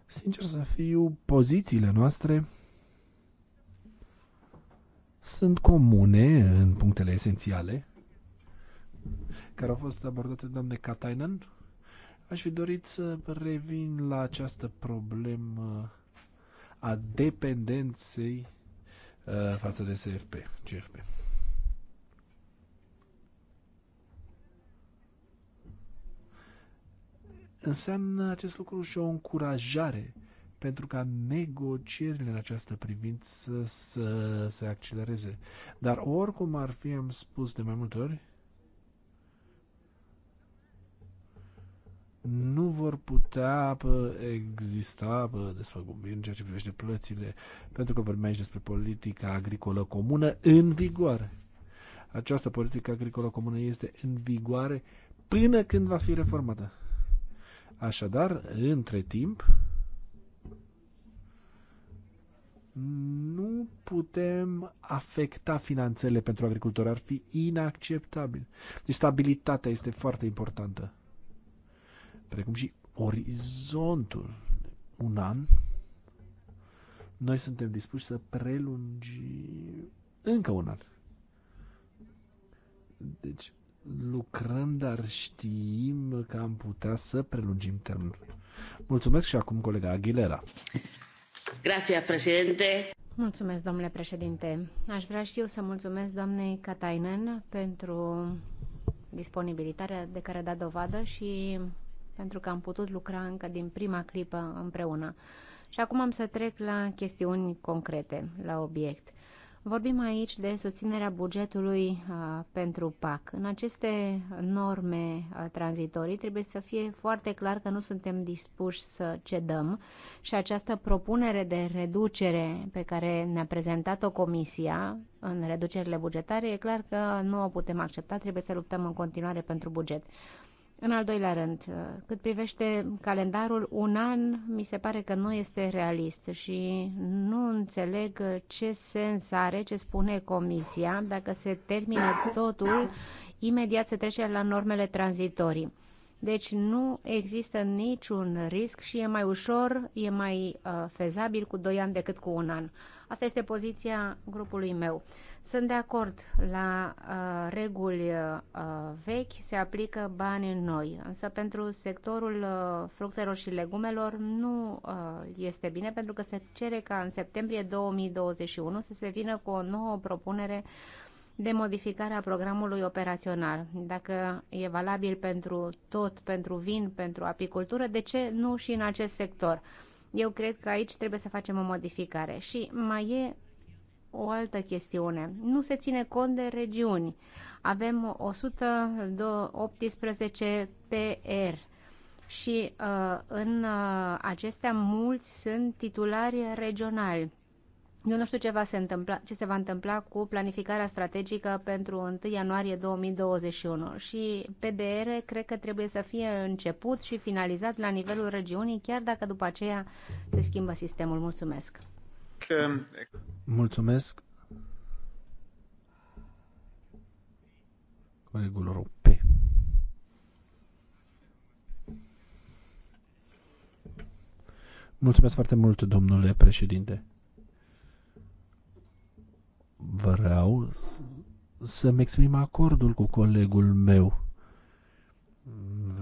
Sincer să fiu, pozițiile noastre sunt comune în punctele esențiale care au fost abordate de doamne Katainen. Aș fi dorit să revin la această problemă a dependenței uh, față de SFP, CFP. Înseamnă acest lucru și o încurajare pentru ca negocierile în această privință să se accelereze. Dar oricum ar fi, am spus de mai multe ori, nu vor putea exista despăgubiri în ceea ce privește plățile, pentru că vorbim aici despre politica agricolă comună în vigoare. Această politică agricolă comună este în vigoare până când va fi reformată. Așadar, între timp, nu putem afecta finanțele pentru agricultori. Ar fi inacceptabil. Deci stabilitatea este foarte importantă precum și orizontul un an, noi suntem dispuși să prelungim încă un an. Deci, lucrăm, dar știm că am putea să prelungim termenul. Mulțumesc și acum colega Aguilera. Grazie, președinte. Mulțumesc, domnule președinte. Aș vrea și eu să mulțumesc doamnei Katainen pentru disponibilitatea de care a dat dovadă și pentru că am putut lucra încă din prima clipă împreună. Și acum am să trec la chestiuni concrete, la obiect. Vorbim aici de susținerea bugetului a, uh, pentru PAC. În aceste norme a, uh, tranzitorii trebuie să fie foarte clar că nu suntem dispuși să cedăm și această propunere de reducere pe care ne-a prezentat-o Comisia în reducerile bugetare, e clar că nu o putem accepta, trebuie să luptăm în continuare pentru buget. În al doilea rând, uh, cât privește calendarul, un an mi se pare că nu este realist și nu înțeleg ce sens are ce spune Comisia dacă se termină totul, imediat se trece la normele tranzitorii. Deci nu există niciun risc și e mai ușor, e mai uh, fezabil cu 2 ani decât cu un an. Asta este poziția grupului meu. Sunt de acord la uh, reguli uh, vechi, se aplică bani noi, însă pentru sectorul uh, fructelor și legumelor nu uh, este bine pentru că se cere ca în septembrie 2021 să se vină cu o nouă propunere de modificare a programului operațional. Dacă e valabil pentru tot, pentru vin, pentru apicultură, de ce nu și în acest sector? Eu cred că aici trebuie să facem o modificare. Și mai e o altă chestiune. Nu se ține cont de regiuni. Avem 118 PR și uh, în uh, acestea mulți sunt titulari regionali. Eu nu știu ce, va se întâmpla, ce se va întâmpla cu planificarea strategică pentru 1 ianuarie 2021 și PDR cred că trebuie să fie început și finalizat la nivelul regiunii, chiar dacă după aceea se schimbă sistemul. Mulțumesc! Mulțumesc! Colegul Rope. Mulțumesc foarte mult, domnule președinte vreau să-mi exprim acordul cu colegul meu.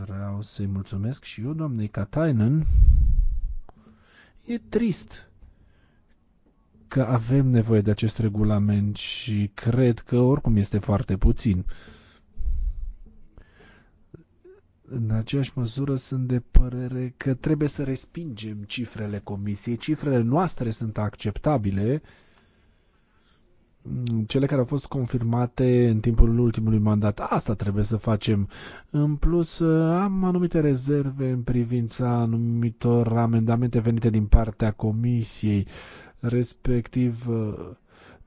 Vreau să-i mulțumesc și eu, doamnei Katainen. E trist că avem nevoie de acest regulament și cred că oricum este foarte puțin. În aceeași măsură sunt de părere că trebuie să respingem cifrele comisiei. Cifrele noastre sunt acceptabile, uh, cele care au fost confirmate în timpul ultimului mandat. Asta trebuie să facem. În plus, am anumite rezerve în privința anumitor amendamente venite din partea Comisiei, respectiv uh,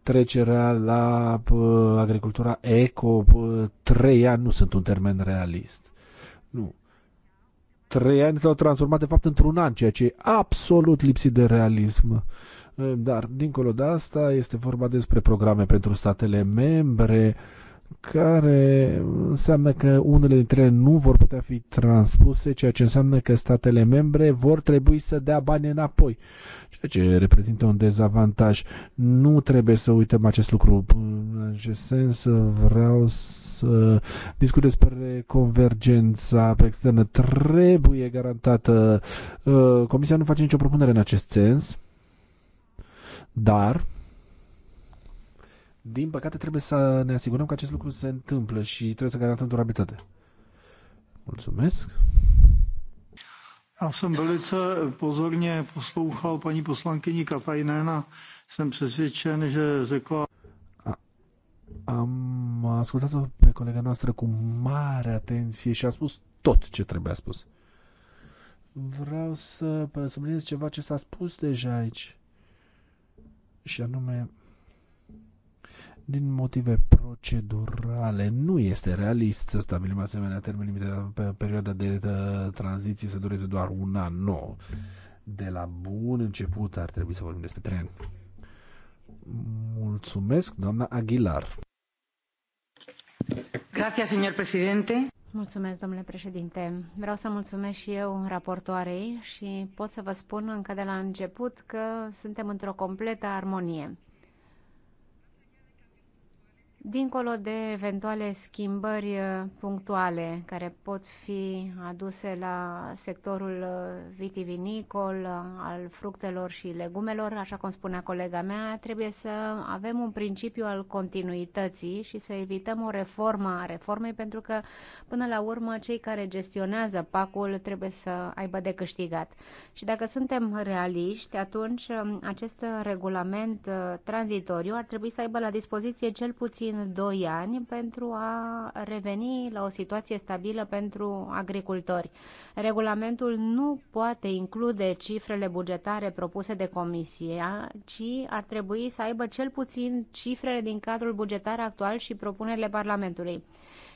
trecerea la uh, agricultura eco. Uh, trei ani nu sunt un termen realist. Nu. Trei ani s-au transformat, de fapt, într-un an, ceea ce e absolut lipsit de realism Eh, dar, dincolo de asta, este vorba despre programe pentru statele membre, care înseamnă că unele dintre ele nu vor putea fi transpuse, ceea ce înseamnă că statele membre vor trebui să dea bani înapoi, ceea ce reprezintă un dezavantaj. Nu trebuie să uităm acest lucru. În acest sens vreau să discut despre convergența externă. Trebuie garantată. Eh, Comisia nu face nicio propunere în acest sens dar, din păcate, trebuie să ne asigurăm că acest lucru se întâmplă și trebuie să garantăm durabilitate. Mulțumesc. Já jsem velice pozorně poslouchal paní poslankyni Katajnéna. Jsem přesvědčen, že řekla... A, am ascultat-o pe colega noastră cu mare atenție și a spus tot ce trebuia spus. Vreau să subliniez ceva ce s-a spus deja aici și anume din motive procedurale nu este realist să stabilim asemenea termen limite pe perioada de tranziție să dureze doar un an, nu. De la bun început ar trebui să vorbim despre trei ani. Mulțumesc, doamna Aguilar. Gracias, señor presidente. Mulțumesc, domnule președinte. Vreau să mulțumesc și eu raportoarei și pot să vă spun încă de la început că suntem într-o completă armonie dincolo de eventuale schimbări uh, punctuale care pot fi aduse la sectorul uh, vitivinicol, uh, al fructelor și legumelor, așa cum spunea colega mea, trebuie să avem un principiu al continuității și să evităm o reformă a reformei, pentru că, până la urmă, cei care gestionează pacul trebuie să aibă de câștigat. Și dacă suntem realiști, atunci um, acest regulament tranzitoriu ar trebui să aibă la dispoziție cel puțin puțin 2 ani pentru a reveni la o situație stabilă pentru agricultori. Regulamentul nu poate include cifrele bugetare propuse de Comisia, ci ar trebui să aibă cel puțin cifrele din cadrul bugetar actual și propunerile Parlamentului.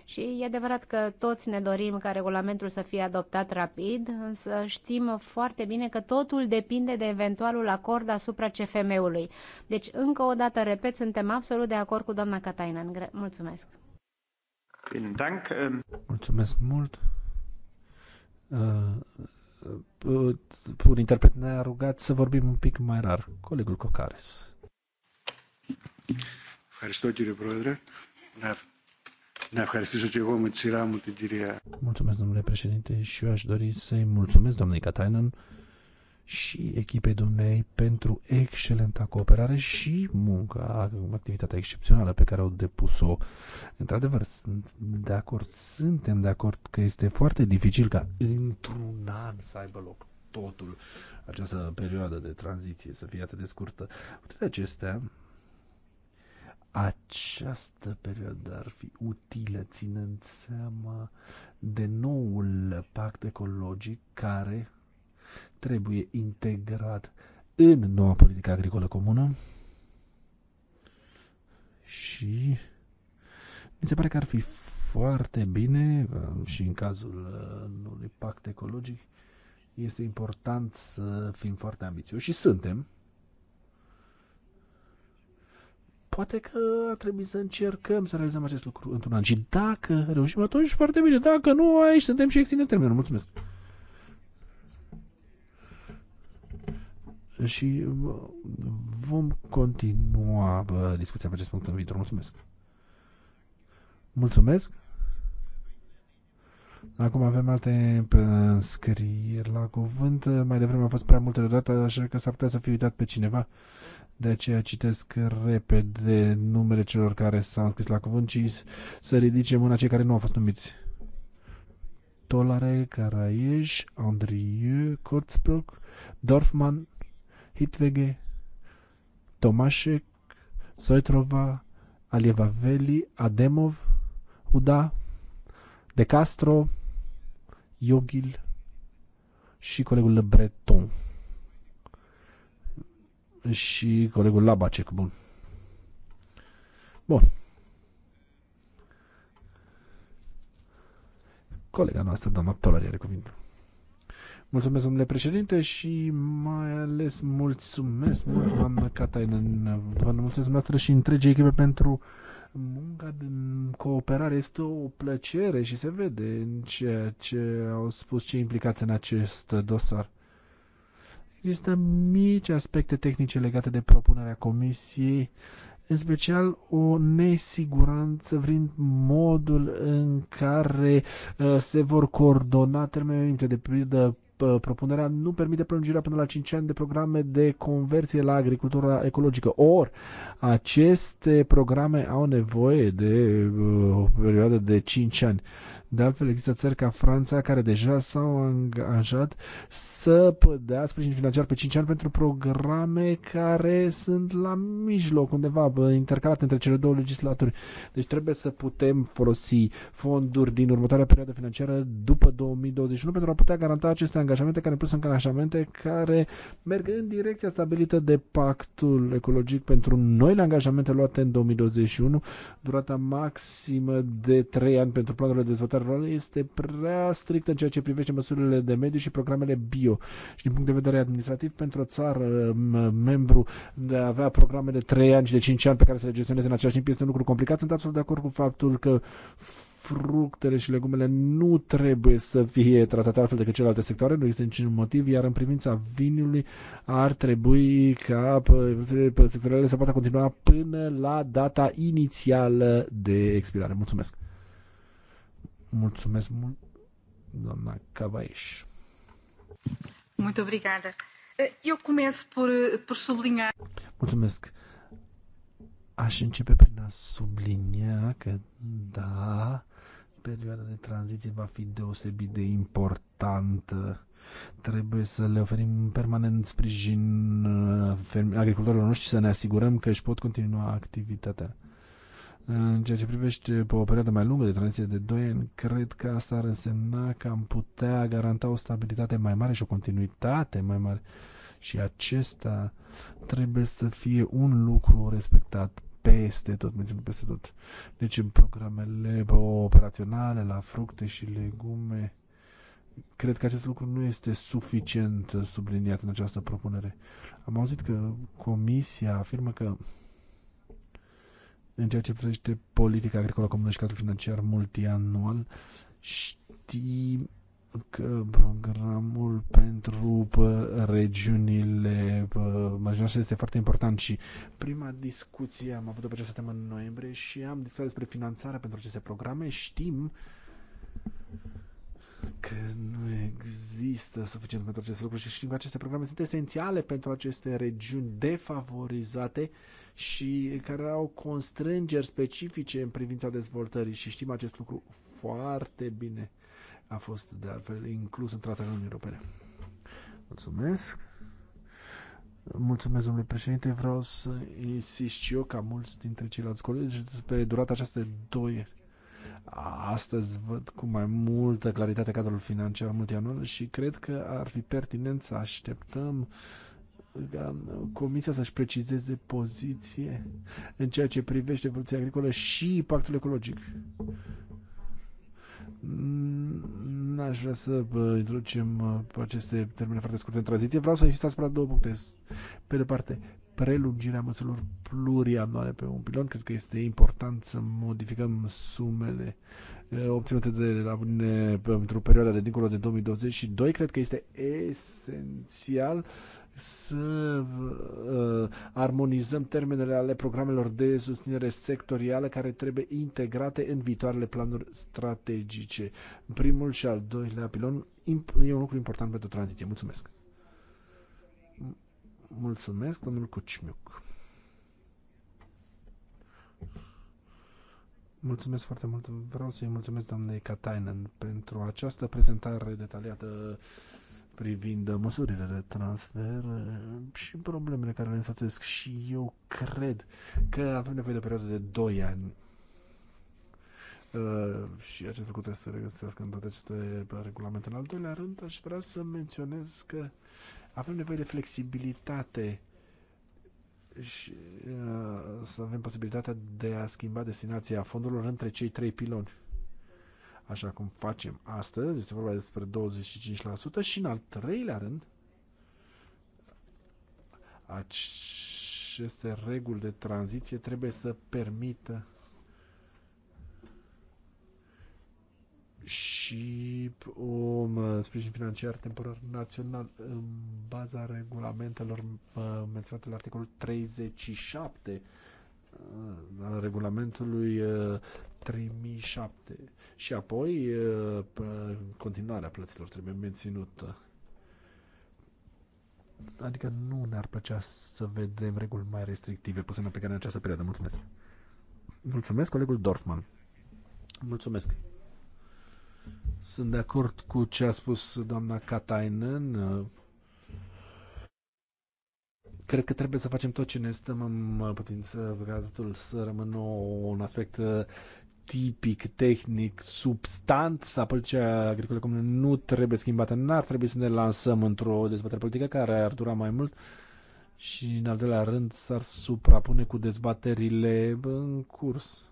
Și e adevărat că toți ne dorim ca regulamentul să fie adoptat rapid, însă știm foarte bine că totul depinde de eventualul acord asupra CFM-ului. Deci, încă o dată, repet, suntem absolut de acord cu doamna Katainen. Mulțumesc! Ähm. Mulțumesc mult! Ă, ă, un interpret ne-a rugat să vorbim un pic mai rar. Colegul Cocares. Ευχαριστώ κύριε Να ευχαριστήσω και εγώ με τη σειρά μου την κυρία. Mulțumesc, domnule președinte, și eu aș dori să-i mulțumesc domnului Katainen și echipei dumnei pentru excelenta cooperare și munca, activitatea excepțională pe care au depus-o. Într-adevăr, sunt de acord, suntem de acord că este foarte dificil ca într-un an să aibă loc totul, această perioadă de tranziție să fie atât de scurtă. Cu toate acestea, această perioadă ar fi utilă ținând seama de noul pact ecologic care trebuie integrat în noua politică agricolă comună și mi se pare că ar fi foarte bine uh, și în cazul uh, noului pact ecologic este important să fim foarte ambițioși și suntem poate că ar trebui să încercăm să realizăm acest lucru într-un an. Și dacă reușim, atunci foarte bine. Dacă nu, aici suntem și extindem termenul. Mulțumesc! Și vom continua bă, discuția pe acest punct în viitor. Mulțumesc! Mulțumesc! Acum avem alte înscrieri la cuvânt. Mai devreme a fost prea multe deodată, așa că s-ar putea să fi uitat pe cineva de aceea citesc repede numele celor care s-au înscris la cuvânt și să ridice mâna cei care nu au fost numiți. Tolare, Caraieș, Andrieu, Kurzbruck, Dorfman, Hitvege, Tomasek, Soitrova, Alievaveli, Ademov, Uda, De Castro, Yogil și colegul Le Breton și colegul Labacek. Bun. Bun. Colega noastră, doamna Tolari, are cuvântul. Mulțumesc, domnule președinte, și mai ales mulțumesc mult, doamnă Katainen. Vă mulțumesc noastră și întregi echipe pentru munca de cooperare. Este o plăcere și se vede în ceea ce au spus cei implicați în acest dosar. Există mici aspecte tehnice legate de propunerea comisiei, în special o nesiguranță vrind modul în care uh, se vor coordona termenele de pildă propunerea nu permite prelungirea până la 5 ani de programe de conversie la agricultura ecologică. Or, aceste programe au nevoie de uh, o perioadă de 5 ani. De altfel, există țări ca Franța care deja s-au angajat să dea sprijin financiar pe 5 ani pentru programe care sunt la mijloc, undeva intercalate între cele două legislaturi. Deci trebuie să putem folosi fonduri din următoarea perioadă financiară după 2021 pentru a putea garanta aceste angajamente angajamente care plus angajamente care merg în direcția stabilită de pactul ecologic pentru noile angajamente luate în 2021. Durata maximă de 3 ani pentru planurile de dezvoltare rurală este prea strictă în ceea ce privește măsurile de mediu și programele bio. Și din punct de vedere administrativ, pentru o țară membru de a avea programele 3 ani și de 5 ani pe care să le gestioneze în același timp este un lucru complicat. Sunt absolut de acord cu faptul că fructele și legumele nu trebuie să fie tratate altfel decât celelalte sectoare, nu există niciun motiv, iar în privința vinului ar trebui ca sectoarele să poată continua până la data inițială de expirare. Mulțumesc! Mulțumesc mult, doamna Cavaiș! Muito obrigada. Eu começo por, por sublinhar. Muito obrigado. Acho prin a sublinia că, da, perioada de tranziție va fi deosebit de importantă. Trebuie să le oferim permanent sprijin uh, agricultorilor noștri să ne asigurăm că își pot continua activitatea. În ceea ce privește pe o perioadă mai lungă de tranziție de 2 ani, cred că asta ar însemna că am putea garanta o stabilitate mai mare și o continuitate mai mare. Și acesta trebuie să fie un lucru respectat peste tot, menținut peste tot. Deci în programele operaționale, la fructe și legume, cred că acest lucru nu este suficient subliniat în această propunere. Am auzit că Comisia afirmă că în ceea ce privește politica agricolă comună și cadrul financiar multianual, știi programul pentru regiunile marginale este foarte important și prima discuție am avut-o pe această temă în noiembrie și am discutat despre finanțarea pentru aceste programe. Știm că nu există suficient pentru aceste lucruri și știm că aceste programe sunt esențiale pentru aceste regiuni defavorizate și care au constrângeri specifice în privința dezvoltării și știm acest lucru foarte bine a fost de altfel inclus în tratarea Uniunii Europene. Mulțumesc! Mulțumesc, domnule președinte. Vreau să insist și eu, ca mulți dintre ceilalți colegi, pe durata aceasta de 2 Astăzi văd cu mai multă claritate cadrul financiar multianual și cred că ar fi pertinent să așteptăm ca Comisia să-și precizeze poziție în ceea ce privește evoluția agricolă și pactul ecologic. Mm, n-aș vrea să introducem aceste termene foarte scurte în tranziție. Vreau să insist asupra două puncte. Pe de parte, prelungirea măsurilor plurianuale pe un pilon. Cred că este important să modificăm sumele obținute de la Uniune pentru perioada de dincolo de 2022. Cred că este esențial să uh, armonizăm termenele ale programelor de susținere sectorială care trebuie integrate în viitoarele planuri strategice. Primul și al doilea pilon e un lucru important pentru tranziție. Mulțumesc! Mulțumesc, domnul Cucimiuc. Mulțumesc foarte mult. Vreau să-i mulțumesc doamnei Katainen pentru această prezentare detaliată privind măsurile de transfer eh, și problemele care le însoțesc și eu cred că avem nevoie de o perioadă de 2 ani Uh, și acest lucru trebuie să se regăsească în toate aceste regulamente. În al doilea rând, aș vrea să menționez că avem nevoie de flexibilitate și uh, să avem posibilitatea de a schimba destinația fondurilor între cei trei piloni așa cum facem astăzi, este vorba despre 25% și în al treilea rând aceste reguli de tranziție trebuie să permită și un uh, sprijin financiar temporar național în baza regulamentelor uh, menționate la articolul 37 uh, al regulamentului 3007. Și apoi uh, continuarea plăților trebuie menținută. Adică nu ne-ar plăcea să vedem reguli mai restrictive puse în aplicare în această perioadă. Mulțumesc. Mulțumesc, colegul Dorfman. Mulțumesc. Sunt de acord cu ce a spus doamna Katainen cred că trebuie să facem tot ce ne stăm în putință ca totul să rămână un aspect tipic, tehnic, substanța politicii agricole comune nu trebuie schimbată. N-ar trebui să ne lansăm într-o dezbatere politică care ar dura mai mult și, în al doilea rând, s-ar suprapune cu dezbaterile în curs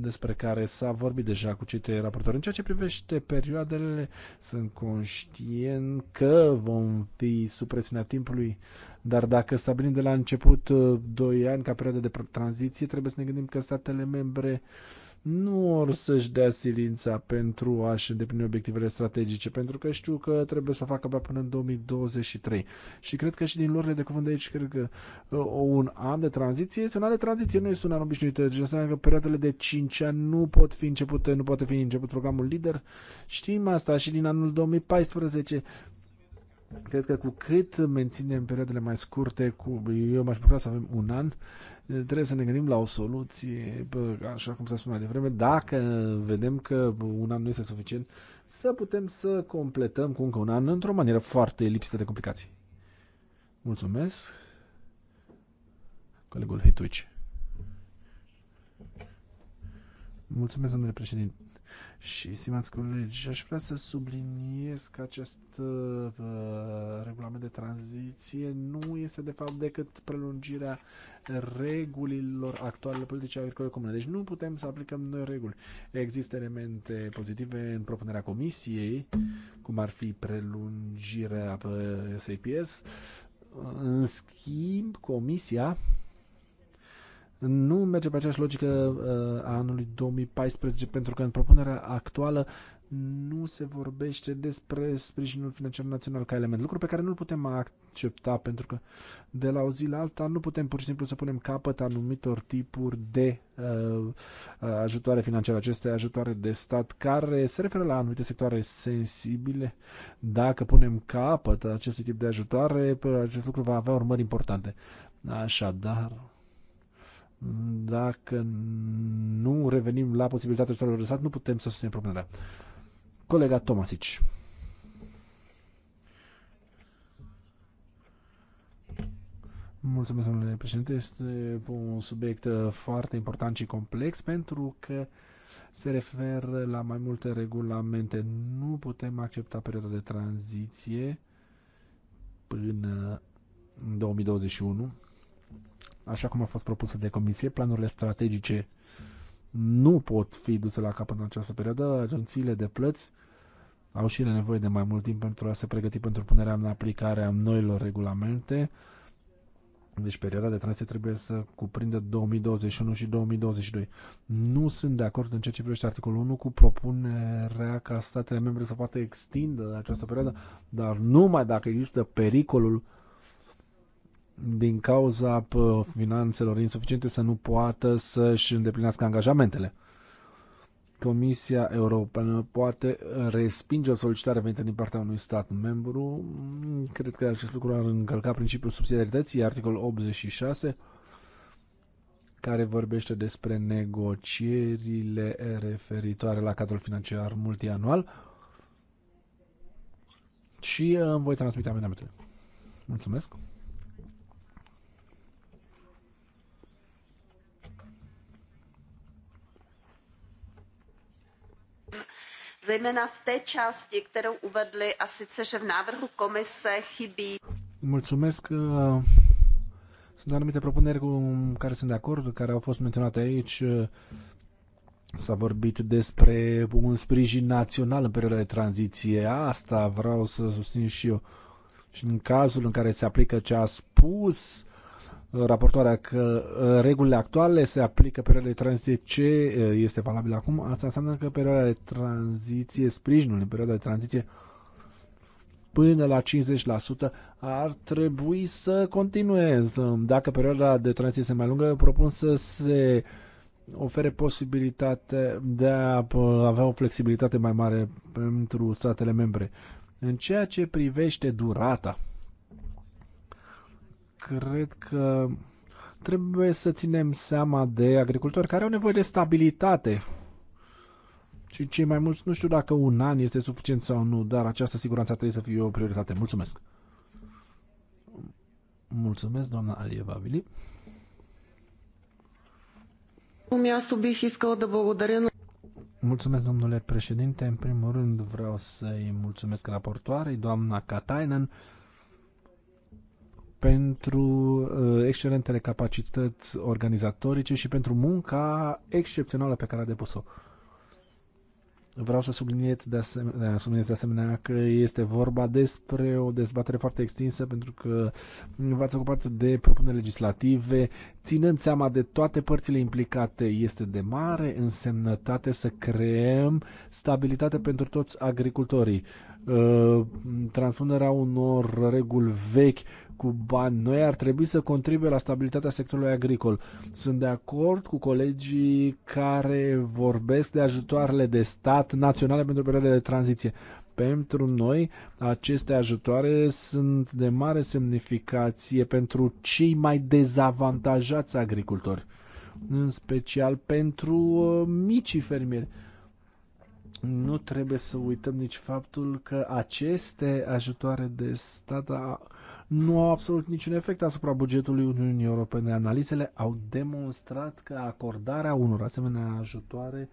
despre care s-a vorbit deja cu cei trei raportori. În ceea ce privește perioadele, sunt conștient că vom fi sub presiunea timpului, dar dacă stabilim de la început 2 uh, ani ca perioadă de tranziție, trebuie să ne gândim că statele membre uh, nu or să-și dea silința pentru a-și îndeplini obiectivele strategice, pentru că știu că trebuie să facă abia până în 2023. Și cred că și din lorile de cuvânt de aici, cred că uh, un an de tranziție este un an de tranziție, nu este un an obișnuit. Deci, înseamnă că perioadele de 5 ani nu pot fi începute, nu poate fi început programul lider. Știm asta și din anul 2014. Cred că cu cât menținem perioadele mai scurte, cu, eu m-aș bucura să avem un an, trebuie să ne gândim la o soluție, așa cum s-a spus mai devreme, dacă vedem că un an nu este suficient, să putem să completăm cu încă un an într-o manieră foarte lipsită de complicații. Mulțumesc, colegul Hituici. Mulțumesc, domnule președinte și stimați colegi, aș vrea să subliniez că acest uh, uh, regulament de tranziție nu este de fapt decât prelungirea regulilor actuale politice agricole comune. Deci nu putem să aplicăm noi reguli. Există elemente pozitive în propunerea comisiei, cum ar fi prelungirea pe uh, SAPS. În schimb, comisia nu merge pe aceeași logică uh, a anului 2014, pentru că în propunerea actuală nu se vorbește despre sprijinul financiar național ca element, lucru pe care nu-l putem accepta, pentru că de la o zi la alta nu putem pur și simplu să punem capăt anumitor tipuri de uh, uh ajutoare financiare, aceste ajutoare de stat care se referă la anumite sectoare sensibile. Dacă punem capăt acestui tip de ajutoare, acest lucru va avea urmări importante. Așadar, dacă nu revenim la posibilitatea ajutorului de nu putem să susținem propunerea. Colega Tomasici. Mulțumesc, domnule președinte. Este un subiect uh, foarte important și complex pentru că se referă la mai multe regulamente. Nu putem accepta perioada de tranziție până în 2021 așa cum a fost propusă de comisie, planurile strategice nu pot fi duse la capăt în această perioadă. Agențiile de plăți au și ele nevoie de mai mult timp pentru a se pregăti pentru punerea în aplicare a noilor regulamente. Deci perioada de tranziție trebuie să cuprindă 2021 și 2022. Nu sunt de acord în ceea ce privește articolul 1 cu propunerea ca statele membre să poată extinde această perioadă, dar numai dacă există pericolul uh, din cauza finanțelor insuficiente să nu poată să-și îndeplinească angajamentele. Comisia Europeană poate respinge o solicitare venită din partea unui stat membru. Cred că acest lucru ar încălca principiul subsidiarității, articolul 86, care vorbește despre negocierile referitoare la cadrul financiar multianual. Și îmi uh, voi transmite amendamentele. Mulțumesc! zejména v té části, kterou uvedli, a sice, že v návrhu komise chybí. Mulțumesc. Uh, sunt anumite propuneri cu care sunt de acord, care au fost menționate aici. S-a vorbit despre un sprijin național în perioada de tranziție. Asta vreau să susțin și eu. Și în cazul în care se aplică ce a spus raportoarea că uh, regulile actuale se aplică perioada de tranziție ce uh, este valabil acum, asta înseamnă că perioada de tranziție, sprijinul în perioada de tranziție până la 50% ar trebui să continue. Dacă perioada de tranziție se mai lungă, propun să se ofere posibilitate de a uh, avea o flexibilitate mai mare pentru statele membre. În ceea ce privește durata, cred că trebuie să ținem seama de agricultori care au nevoie de stabilitate. Și cei mai mulți, nu știu dacă un an este suficient sau nu, dar această siguranță trebuie să fie o prioritate. Mulțumesc! Mulțumesc, doamna Alieva Vili. Mulțumesc, domnule președinte. În primul rând vreau să-i mulțumesc raportoarei, doamna Katainen, pentru uh, excelentele capacități organizatorice și pentru munca excepțională pe care a depus-o. Vreau să subliniez de, asemenea, subliniez de asemenea că este vorba despre o dezbatere foarte extinsă pentru că v-ați ocupat de propuneri legislative, ținând seama de toate părțile implicate, este de mare însemnătate să creăm stabilitate pentru toți agricultorii. Uh, transpunerea unor reguli vechi cu bani noi ar trebui să contribuie la stabilitatea sectorului agricol. Sunt de acord cu colegii care vorbesc de ajutoarele de stat naționale pentru perioada de tranziție. Pentru noi, aceste ajutoare sunt de mare semnificație pentru cei mai dezavantajați agricultori, în special pentru uh, micii fermieri nu trebuie să uităm nici faptul că aceste ajutoare de stat nu au absolut niciun efect asupra bugetului Uniunii Europene. Analizele au demonstrat că acordarea unor asemenea ajutoare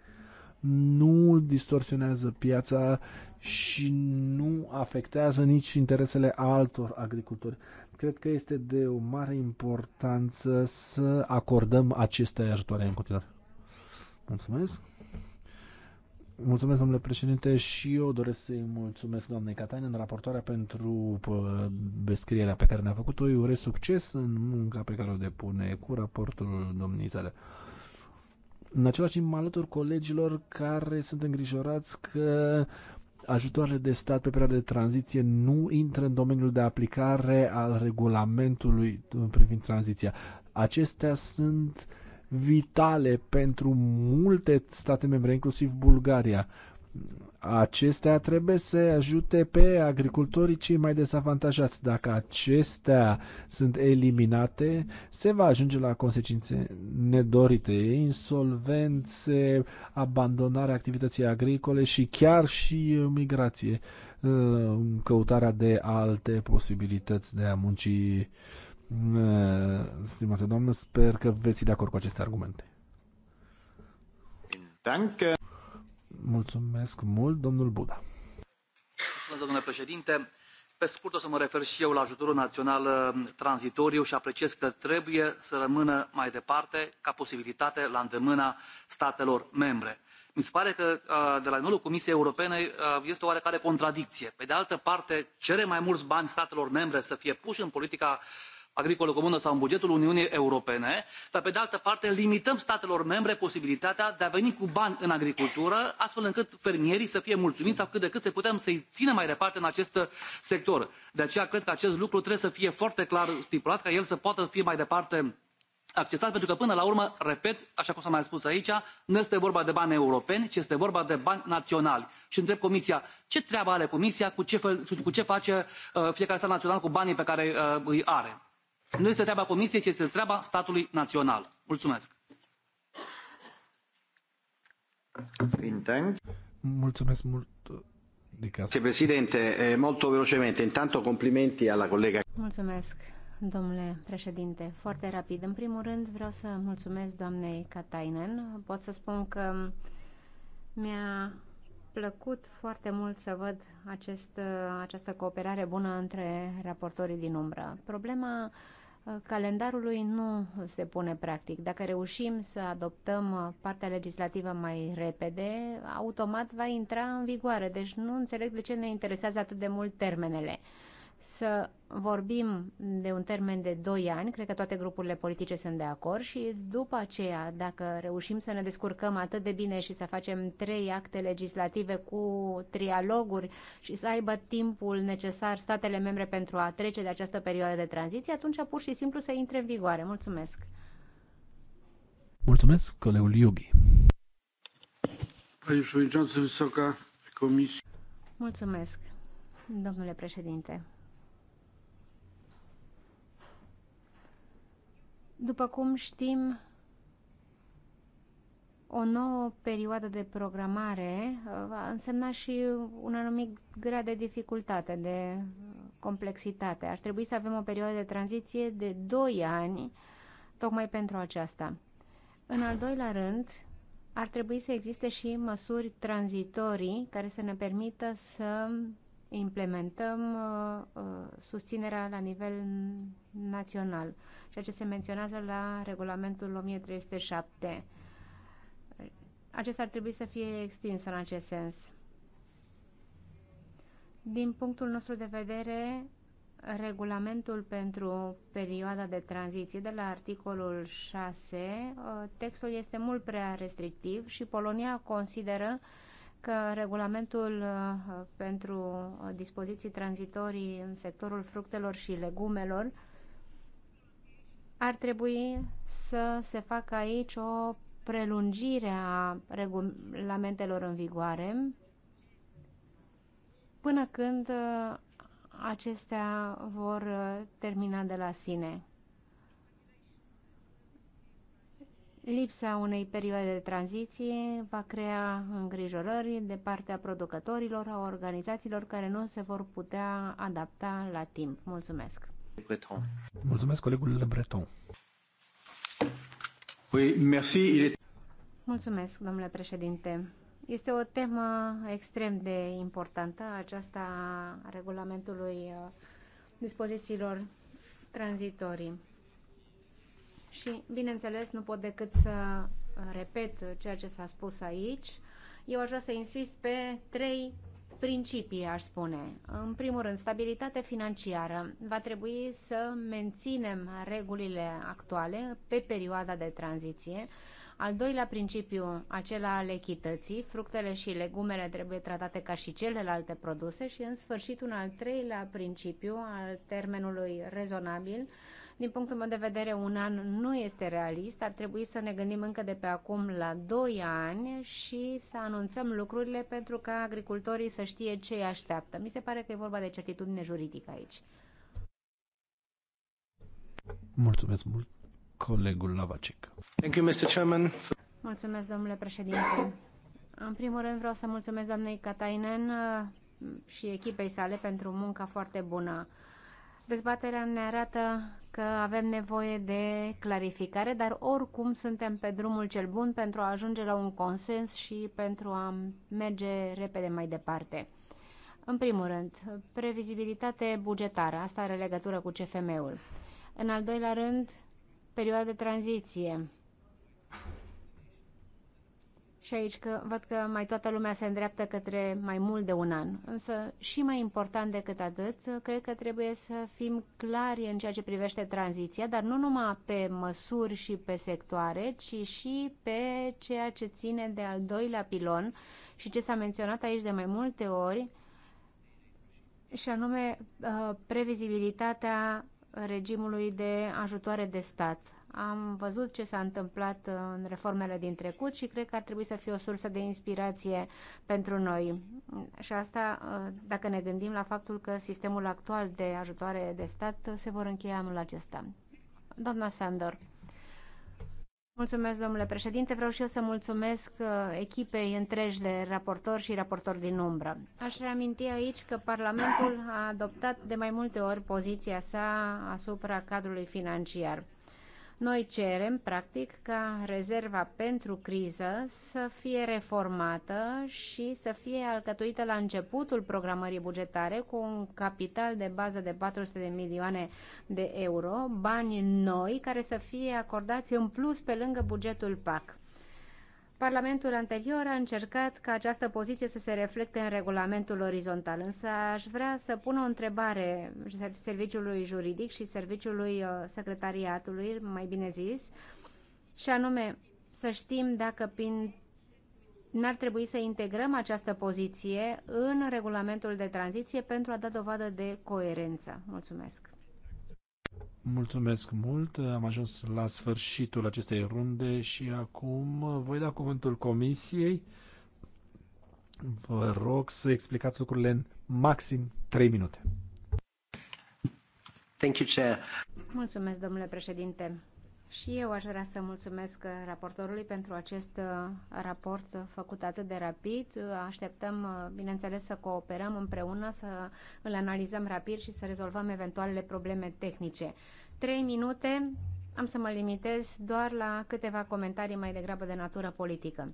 nu distorsionează piața și nu afectează nici interesele altor agricultori. Cred că este de o mare importanță să acordăm aceste ajutoare în continuare. Mulțumesc! Mulțumesc, domnule președinte, și eu doresc să-i mulțumesc doamnei în raportoarea, pentru descrierea pe care ne-a făcut-o. Eu urez succes în munca pe care o depune cu raportul domnii sale. În același timp, mă alătur colegilor care sunt îngrijorați că ajutoarele de stat pe perioada de tranziție nu intră în domeniul de aplicare al regulamentului privind tranziția. Acestea sunt uh, vitale pentru multe state membre, inclusiv Bulgaria. Acestea trebuie să ajute pe agricultorii cei mai dezavantajați. Dacă acestea sunt eliminate, se va ajunge la consecințe nedorite, insolvențe, abandonarea activității agricole și chiar și uh, migrație, uh, căutarea de alte posibilități de a munci Stimate doamnă, sper că veți fi de acord cu aceste argumente. Danke. Mulțumesc mult, domnul Buda. Mulțumesc, domnule președinte. Pe scurt, o să mă refer și eu la ajutorul național uh, tranzitoriu și apreciez că trebuie să rămână mai departe ca posibilitate la îndemâna statelor membre. Mi se pare că uh, de la nivelul Comisiei Europene uh, este o oarecare contradicție. Pe de altă parte, cere mai mulți bani statelor membre să fie puși în politica agricolă comună sau în bugetul uniunii europene dar pe de altă parte limităm statelor membre posibilitatea de a veni cu bani în agricultură astfel încât fermierii să fie mulțumiți sau cât de cât să putem să i ținem mai departe în acest sector. de aceea cred că acest lucru trebuie să fie foarte clar stipulat ca el să poată fi mai departe accesat pentru că până la urmă repet așa cum s a mai spus aici nu este vorba de bani europeni ci este vorba de bani naționali și întreb comisia ce treabă are comisia cu ce, fel, cu ce face uh, fiecare stat național cu banii pe care uh, îi are? Nu este treaba Comisiei, ci este treaba statului național. Mulțumesc! Mulțumesc mult! Grazie Presidente, molto velocemente, intanto complimenti alla collega. Mulțumesc, domnule președinte. Foarte rapid. În primul rând vreau să mulțumesc doamnei Katainen. Pot să spun că mi-a plăcut foarte mult să văd acest, această cooperare bună între raportorii din umbră. Problema uh, calendarului nu se pune practic. Dacă reușim să adoptăm uh, partea legislativă mai repede, automat va intra în vigoare. Deci nu înțeleg de ce ne interesează atât de mult termenele să vorbim de un termen de 2 ani, cred că toate grupurile politice sunt de acord și după aceea, dacă reușim să ne descurcăm atât de bine și să facem trei acte legislative cu trialoguri și să aibă timpul necesar statele membre pentru a trece de această perioadă de tranziție, atunci pur și simplu să intre în vigoare. Mulțumesc! Mulțumesc, colegul Iughi! Mulțumesc, domnule președinte. După cum știm, o nouă perioadă de programare uh, va însemna și un anumit grad de dificultate, de complexitate. Ar trebui să avem o perioadă de tranziție de 2 ani tocmai pentru aceasta. În al doilea rând, ar trebui să existe și măsuri tranzitorii care să ne permită să implementăm uh, uh, susținerea la nivel național, ceea ce se menționează la regulamentul 1307. Acesta ar trebui să fie extins în acest sens. Din punctul nostru de vedere, regulamentul pentru perioada de tranziție de la articolul 6, uh, textul este mult prea restrictiv și Polonia consideră că regulamentul uh, pentru uh, dispoziții tranzitorii în sectorul fructelor și legumelor ar trebui să se facă aici o prelungire a regulamentelor în vigoare până când uh, acestea vor termina de la sine. Lipsa unei perioade de tranziție va crea îngrijorări de partea producătorilor, a organizațiilor care nu se vor putea adapta la timp. Mulțumesc! Breton. Mulțumesc, colegul Le Breton. Mulțumesc, domnule președinte. Este o temă extrem de importantă, aceasta a regulamentului uh, dispozițiilor tranzitorii. Și, bineînțeles, nu pot decât să uh, repet ceea ce s-a spus aici. Eu aș vrea să insist pe trei principii, aș spune. În primul rând, stabilitate financiară. Va trebui să menținem regulile actuale pe perioada de tranziție. Al doilea principiu, acela al echității, fructele și legumele trebuie tratate ca și celelalte produse și, în sfârșit, un al treilea principiu al termenului rezonabil, din punctul meu de vedere, un an nu este realist, ar trebui să ne gândim încă de pe acum la 2 ani și să anunțăm lucrurile pentru ca agricultorii să știe ce îi așteaptă. Mi se pare că e vorba de certitudine juridică aici. Mulțumesc mult, colegul Lavacek. Thank you, Mr. Chairman. Mulțumesc, domnule președinte. În primul rând vreau să mulțumesc doamnei Catainen uh, și echipei sale pentru munca foarte bună. Dezbaterea ne arată că avem nevoie de clarificare, dar oricum suntem pe drumul cel bun pentru a ajunge la un consens și pentru a merge repede mai departe. În primul rând, previzibilitate bugetară, asta are legătură cu CFM-ul. În al doilea rând, perioada de tranziție. Și aici că, văd că mai toată lumea se îndreaptă către mai mult de un an. Însă și mai important decât atât, cred că trebuie să fim clari în ceea ce privește tranziția, dar nu numai pe măsuri și pe sectoare, ci și pe ceea ce ține de al doilea pilon și ce s-a menționat aici de mai multe ori, și anume uh, previzibilitatea regimului de ajutoare de stat am văzut ce s-a întâmplat uh, în reformele din trecut și cred că ar trebui să fie o sursă de inspirație pentru noi. Și asta uh, dacă ne gândim la faptul că sistemul actual de ajutoare de stat se vor încheia anul acesta. Doamna Sandor. Mulțumesc, domnule președinte. Vreau și eu să mulțumesc uh, echipei întregi de raportori și raportori din umbră. Aș reaminti aici că Parlamentul a adoptat de mai multe ori poziția sa asupra cadrului financiar. Noi cerem, practic, ca rezerva pentru criză să fie reformată și să fie alcătuită la începutul programării bugetare cu un capital de bază de 400 de milioane de euro, bani noi care să fie acordați în plus pe lângă bugetul PAC. Parlamentul anterior a încercat ca această poziție să se reflecte în regulamentul orizontal, însă aș vrea să pun o întrebare serviciului juridic și serviciului uh, secretariatului, mai bine zis, și anume să știm dacă prin n-ar trebui să integrăm această poziție în regulamentul de tranziție pentru a da dovadă de coerență. Mulțumesc! Mulțumesc mult. Am ajuns la sfârșitul acestei runde și acum voi da cuvântul comisiei. Vă rog să explicați lucrurile în maxim 3 minute. Thank you, Chair. Mulțumesc, domnule președinte. Și eu aș vrea să mulțumesc raportorului pentru acest uh, raport făcut atât de rapid. Așteptăm, uh, bineînțeles, să cooperăm împreună, să îl analizăm rapid și să rezolvăm eventualele probleme tehnice. Trei minute, am să mă limitez doar la câteva comentarii mai degrabă de natură politică.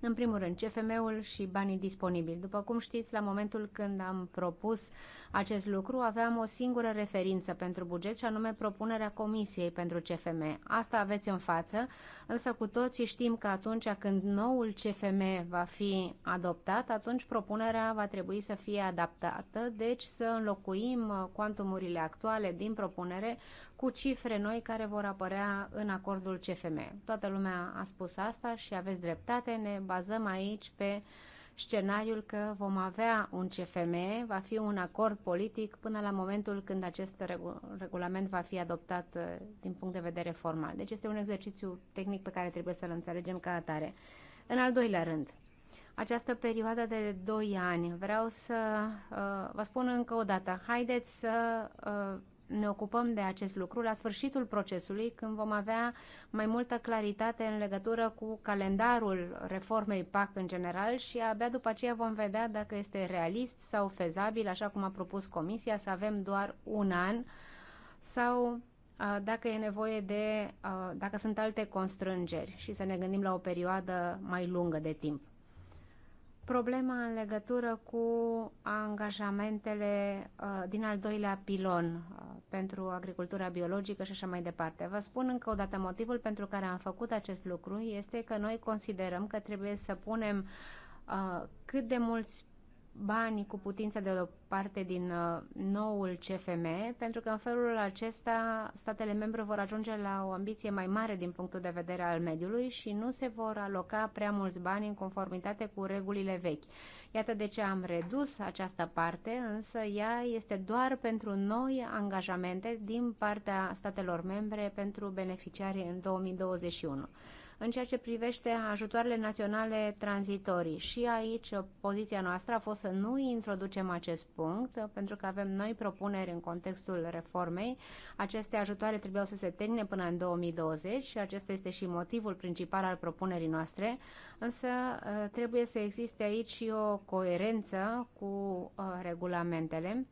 În primul rând, CFM-ul și banii disponibili. După cum știți, la momentul când am propus acest lucru, aveam o singură referință pentru buget și anume propunerea Comisiei pentru CFM. Asta aveți în față, însă cu toții știm că atunci când noul CFM va fi adoptat, atunci propunerea va trebui să fie adaptată, deci să înlocuim cuantumurile actuale din propunere cu cifre noi care vor apărea în acordul CFM. Toată lumea a spus asta și aveți dreptate, ne bazăm aici pe scenariul că vom avea un CFM, va fi un acord politic până la momentul când acest regulament va fi adoptat uh, din punct de vedere formal. Deci este un exercițiu tehnic pe care trebuie să-l înțelegem ca atare. În al doilea rând, această perioadă de 2 ani. Vreau să uh, vă spun încă o dată, haideți să uh, ne ocupăm de acest lucru la sfârșitul procesului, când vom avea mai multă claritate în legătură cu calendarul reformei PAC în general și abia după aceea vom vedea dacă este realist sau fezabil, așa cum a propus Comisia, să avem doar un an sau dacă e nevoie de, dacă sunt alte constrângeri și să ne gândim la o perioadă mai lungă de timp problema în legătură cu angajamentele uh, din al doilea pilon uh, pentru agricultura biologică și așa mai departe. Vă spun încă o dată motivul pentru care am făcut acest lucru este că noi considerăm că trebuie să punem uh, cât de mulți banii cu putință de o parte din uh, noul CFM, pentru că în felul acesta statele membre vor ajunge la o ambiție mai mare din punctul de vedere al mediului și nu se vor aloca prea mulți bani în conformitate cu regulile vechi. Iată de ce am redus această parte, însă ea este doar pentru noi angajamente din partea statelor membre pentru beneficiarii în 2021 în ceea ce privește ajutoarele naționale tranzitorii. Și aici uh, poziția noastră a fost să nu introducem acest punct, uh, pentru că avem noi propuneri în contextul reformei. Aceste ajutoare trebuiau să se termine până în 2020 și acesta este și motivul principal al propunerii noastre, însă uh, trebuie să existe aici și o coerență cu regulamentele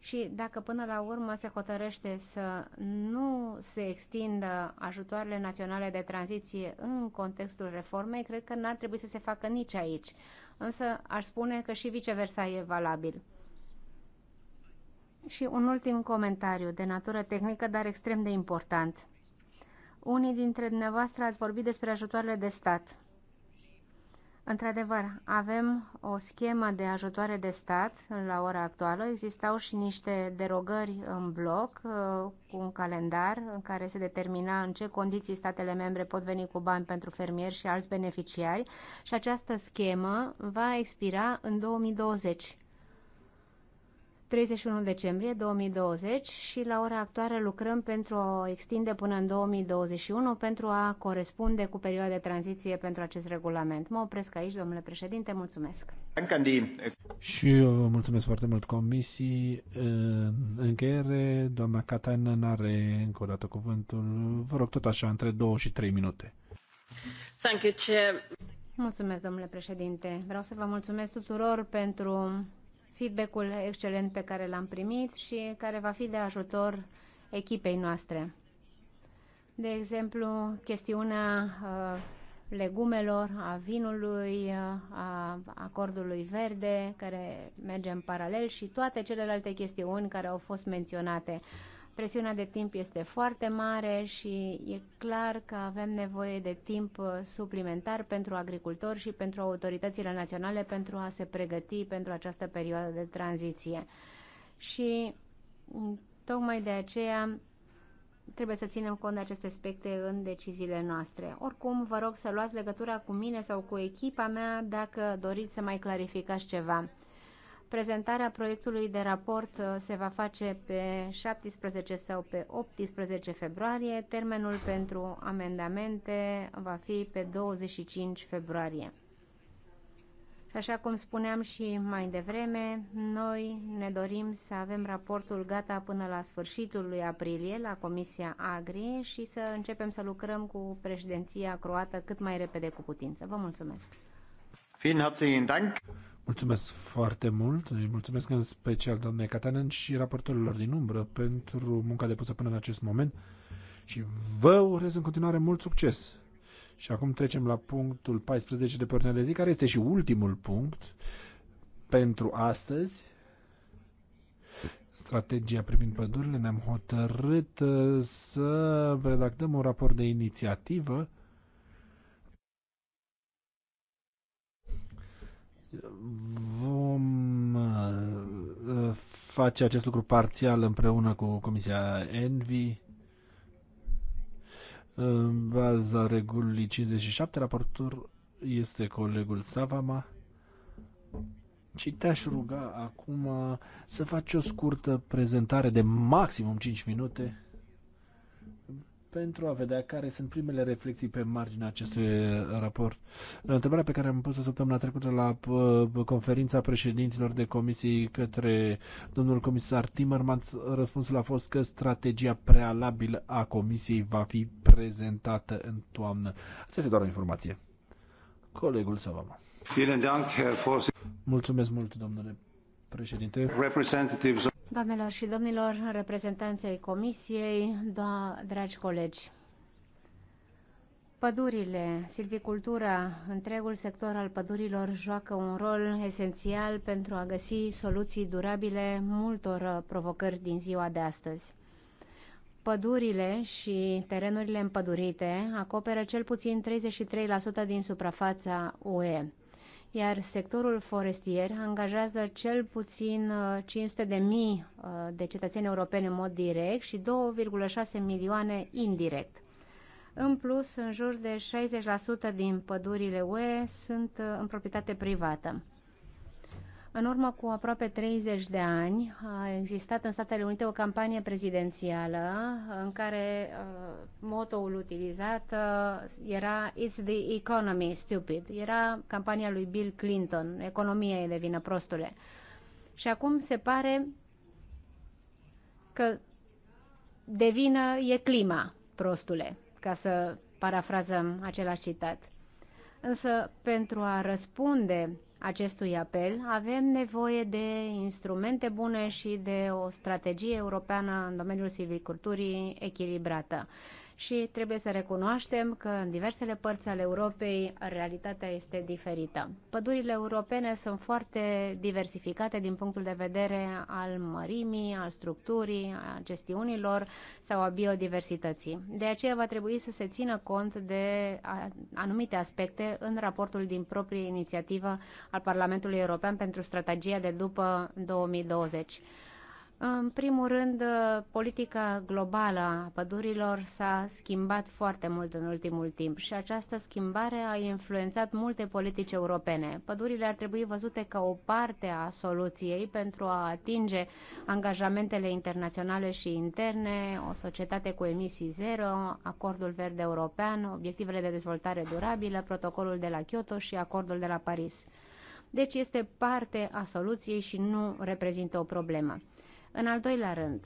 și dacă până la urmă se hotărăște să nu se extindă ajutoarele naționale de tranziție în contextul reformei, cred că n-ar trebui să se facă nici aici. Însă aș spune că și viceversa e valabil. Și un ultim comentariu de natură tehnică, dar extrem de important. Unii dintre dumneavoastră ați vorbit despre ajutoarele de stat. Într-adevăr, avem o schemă de ajutoare de stat la ora actuală. Existau și niște derogări în bloc uh, cu un calendar în care se determina în ce condiții statele membre pot veni cu bani pentru fermieri și alți beneficiari și această schemă va expira în 2020. 31 decembrie 2020 și la ora actuală lucrăm pentru a o extinde până în 2021 pentru a corespunde cu perioada de tranziție pentru acest regulament. Mă opresc aici, domnule președinte, mulțumesc. Și eu vă mulțumesc foarte mult comisii. încheiere, doamna Catainan are încă o dată cuvântul. Vă rog tot așa, între 2 și 3 minute. Thank you, Chair. Mulțumesc, domnule președinte. Vreau să vă mulțumesc tuturor pentru feedback-ul excelent pe care l-am primit și care va fi de ajutor echipei noastre. De exemplu, chestiunea uh, legumelor, a vinului, uh, a acordului verde, care merge în paralel și toate celelalte chestiuni care au fost menționate. Presiunea de timp este foarte mare și e clar că avem nevoie de timp suplimentar pentru agricultori și pentru autoritățile naționale pentru a se pregăti pentru această perioadă de tranziție. Și tocmai de aceea trebuie să ținem cont de aceste aspecte în deciziile noastre. Oricum, vă rog să luați legătura cu mine sau cu echipa mea dacă doriți să mai clarificați ceva. Prezentarea proiectului de raport uh, se va face pe 17 sau pe 18 februarie. Termenul pentru amendamente va fi pe 25 februarie. Și așa cum spuneam și mai devreme, noi ne dorim să avem raportul gata până la sfârșitul lui aprilie la Comisia Agri și să începem să lucrăm cu președinția croată cât mai repede cu putință. Vă mulțumesc! Vielen herzlichen Dank! Mulțumesc foarte mult, îi mulțumesc în special doamnei Catanen și raportorilor din umbră pentru munca depusă până în acest moment și vă urez în continuare mult succes. Și acum trecem la punctul 14 de pe ordinea de zi, care este și ultimul punct pentru astăzi. Strategia privind pădurile ne-am hotărât uh, să redactăm un raport de inițiativă Vom uh, face acest lucru parțial împreună cu Comisia Envi. În baza regulii 57, raportor este colegul Savama. Și te-aș ruga acum să faci o scurtă prezentare de maximum 5 minute pentru a vedea care sunt primele reflexii pe marginea acestui uh, raport. Întrebarea pe care am pus-o săptămâna trecută la uh, conferința președinților de comisii către domnul comisar Timmermans, răspunsul a fost că strategia prealabilă a comisiei va fi prezentată în toamnă. Asta este doar o informație. Colegul Savama. Mulțumesc mult, domnule președinte. Representatives Doamnelor și domnilor, reprezentanței Comisiei, dragi colegi, Pădurile, silvicultura, întregul sector al pădurilor joacă un rol esențial pentru a găsi soluții durabile multor uh, provocări din ziua de astăzi. Pădurile și terenurile împădurite acoperă cel puțin 33% din suprafața UE iar sectorul forestier angajează cel puțin 500.000 uh, de uh, de cetățeni europeni în mod direct și 2,6 milioane indirect. În plus, în jur de 60% din pădurile UE sunt uh, în proprietate privată. În urmă cu aproape 30 de ani a existat în Statele Unite o campanie prezidențială în care uh, motoul utilizat uh, era It's the economy, stupid. Era campania lui Bill Clinton, economia e de vină, prostule. Și acum se pare că de vină e clima, prostule, ca să parafrazăm același citat. Însă, pentru a răspunde acestui apel, avem nevoie de instrumente bune și de o strategie europeană în domeniul silviculturii echilibrată și trebuie să recunoaștem că în diversele părți ale Europei realitatea este diferită. Pădurile europene sunt foarte diversificate din punctul de vedere al mărimii, al structurii, a gestiunilor sau a biodiversității. De aceea va trebui să se țină cont de anumite aspecte în raportul din proprie inițiativă al Parlamentului European pentru strategia de după 2020. În primul rând, politica globală a pădurilor s-a schimbat foarte mult în ultimul timp și această schimbare a influențat multe politici europene. Pădurile ar trebui văzute ca o parte a soluției pentru a atinge angajamentele internaționale și interne, o societate cu emisii zero, acordul verde european, obiectivele de dezvoltare durabilă, protocolul de la Kyoto și acordul de la Paris. Deci este parte a soluției și nu reprezintă o problemă. În al doilea rând,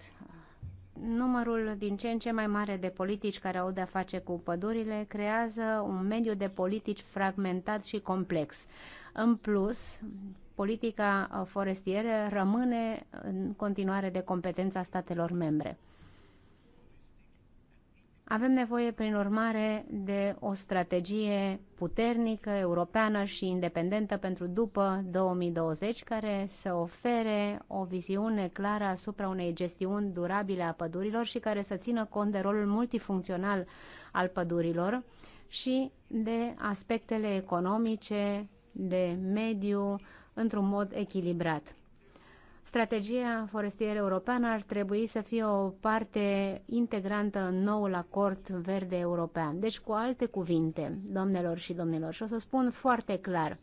numărul din ce în ce mai mare de politici care au de-a face cu pădurile creează un mediu de politici fragmentat și complex. În plus, politica forestieră rămâne în continuare de competența statelor membre. Avem nevoie, prin urmare, de o strategie puternică, europeană și independentă pentru după 2020, care să ofere o viziune clară asupra unei gestiuni durabile a pădurilor și care să țină cont de rolul multifuncțional al pădurilor și de aspectele economice, de mediu, într-un mod echilibrat. Strategia forestieră europeană ar trebui să fie o parte integrantă în noul acord verde european. Deci, cu alte cuvinte, domnilor și domnilor, și o să spun foarte clar,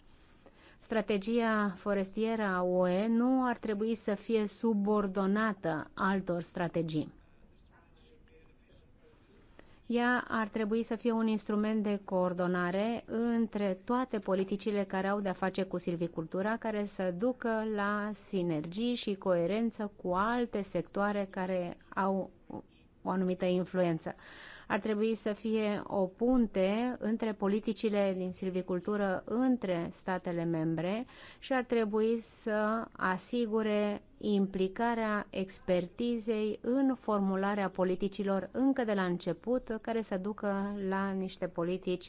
strategia forestieră a UE nu ar trebui să fie subordonată altor strategii. Ea ar trebui să fie un instrument de coordonare între toate politicile care au de-a face cu silvicultura, care să ducă la sinergii și coerență cu alte sectoare care au o anumită influență ar trebui să fie o punte între politicile din silvicultură între statele membre și ar trebui să asigure implicarea expertizei în formularea politicilor încă de la început, care să ducă la niște politici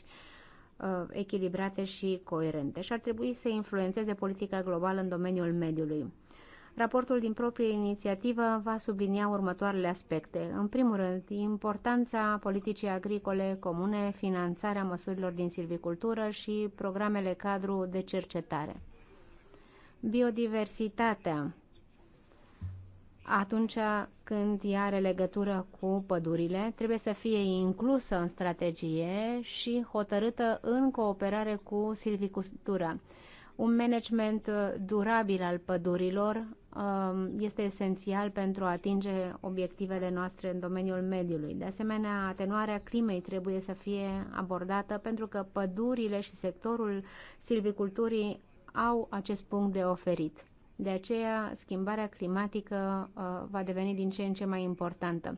uh, echilibrate și coerente și ar trebui să influențeze politica globală în domeniul mediului. Raportul din proprie inițiativă va sublinia următoarele aspecte. În primul rând, importanța politicii agricole comune, finanțarea măsurilor din silvicultură și programele cadru de cercetare. Biodiversitatea atunci când ea are legătură cu pădurile, trebuie să fie inclusă în strategie și hotărâtă în cooperare cu silvicultura. Un management uh, durabil al pădurilor um, este esențial pentru a atinge obiectivele noastre în domeniul mediului. De asemenea, atenuarea climei trebuie să fie abordată pentru că pădurile și sectorul silviculturii au acest punct de oferit. De aceea, schimbarea climatică uh, va deveni din ce în ce mai importantă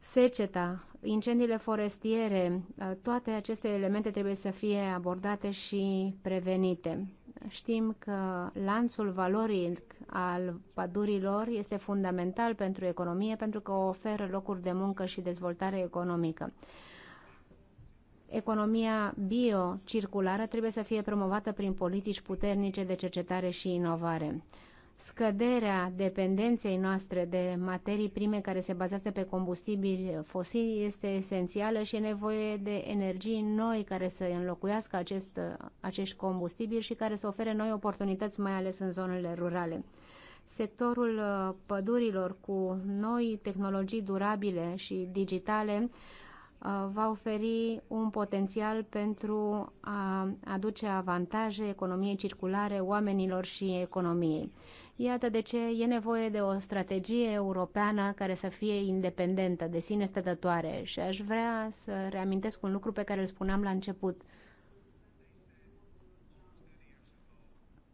seceta, incendiile forestiere, uh, toate aceste elemente trebuie să fie abordate și prevenite. Știm că lanțul valoric al pădurilor este fundamental pentru economie pentru că oferă locuri de muncă și dezvoltare economică. Economia bio-circulară trebuie să fie promovată prin politici puternice de cercetare și inovare. Scăderea dependenței noastre de materii prime care se bazează pe combustibili fosili este esențială și e nevoie de energii noi care să înlocuiască acest, acești combustibili și care să ofere noi oportunități, mai ales în zonele rurale. Sectorul uh, pădurilor cu noi tehnologii durabile și digitale uh, va oferi un potențial pentru a aduce avantaje economiei circulare, oamenilor și economiei. Iată de ce e nevoie de o strategie europeană care să fie independentă, de sine stătătoare. Și aș vrea să reamintesc un lucru pe care îl spuneam la început.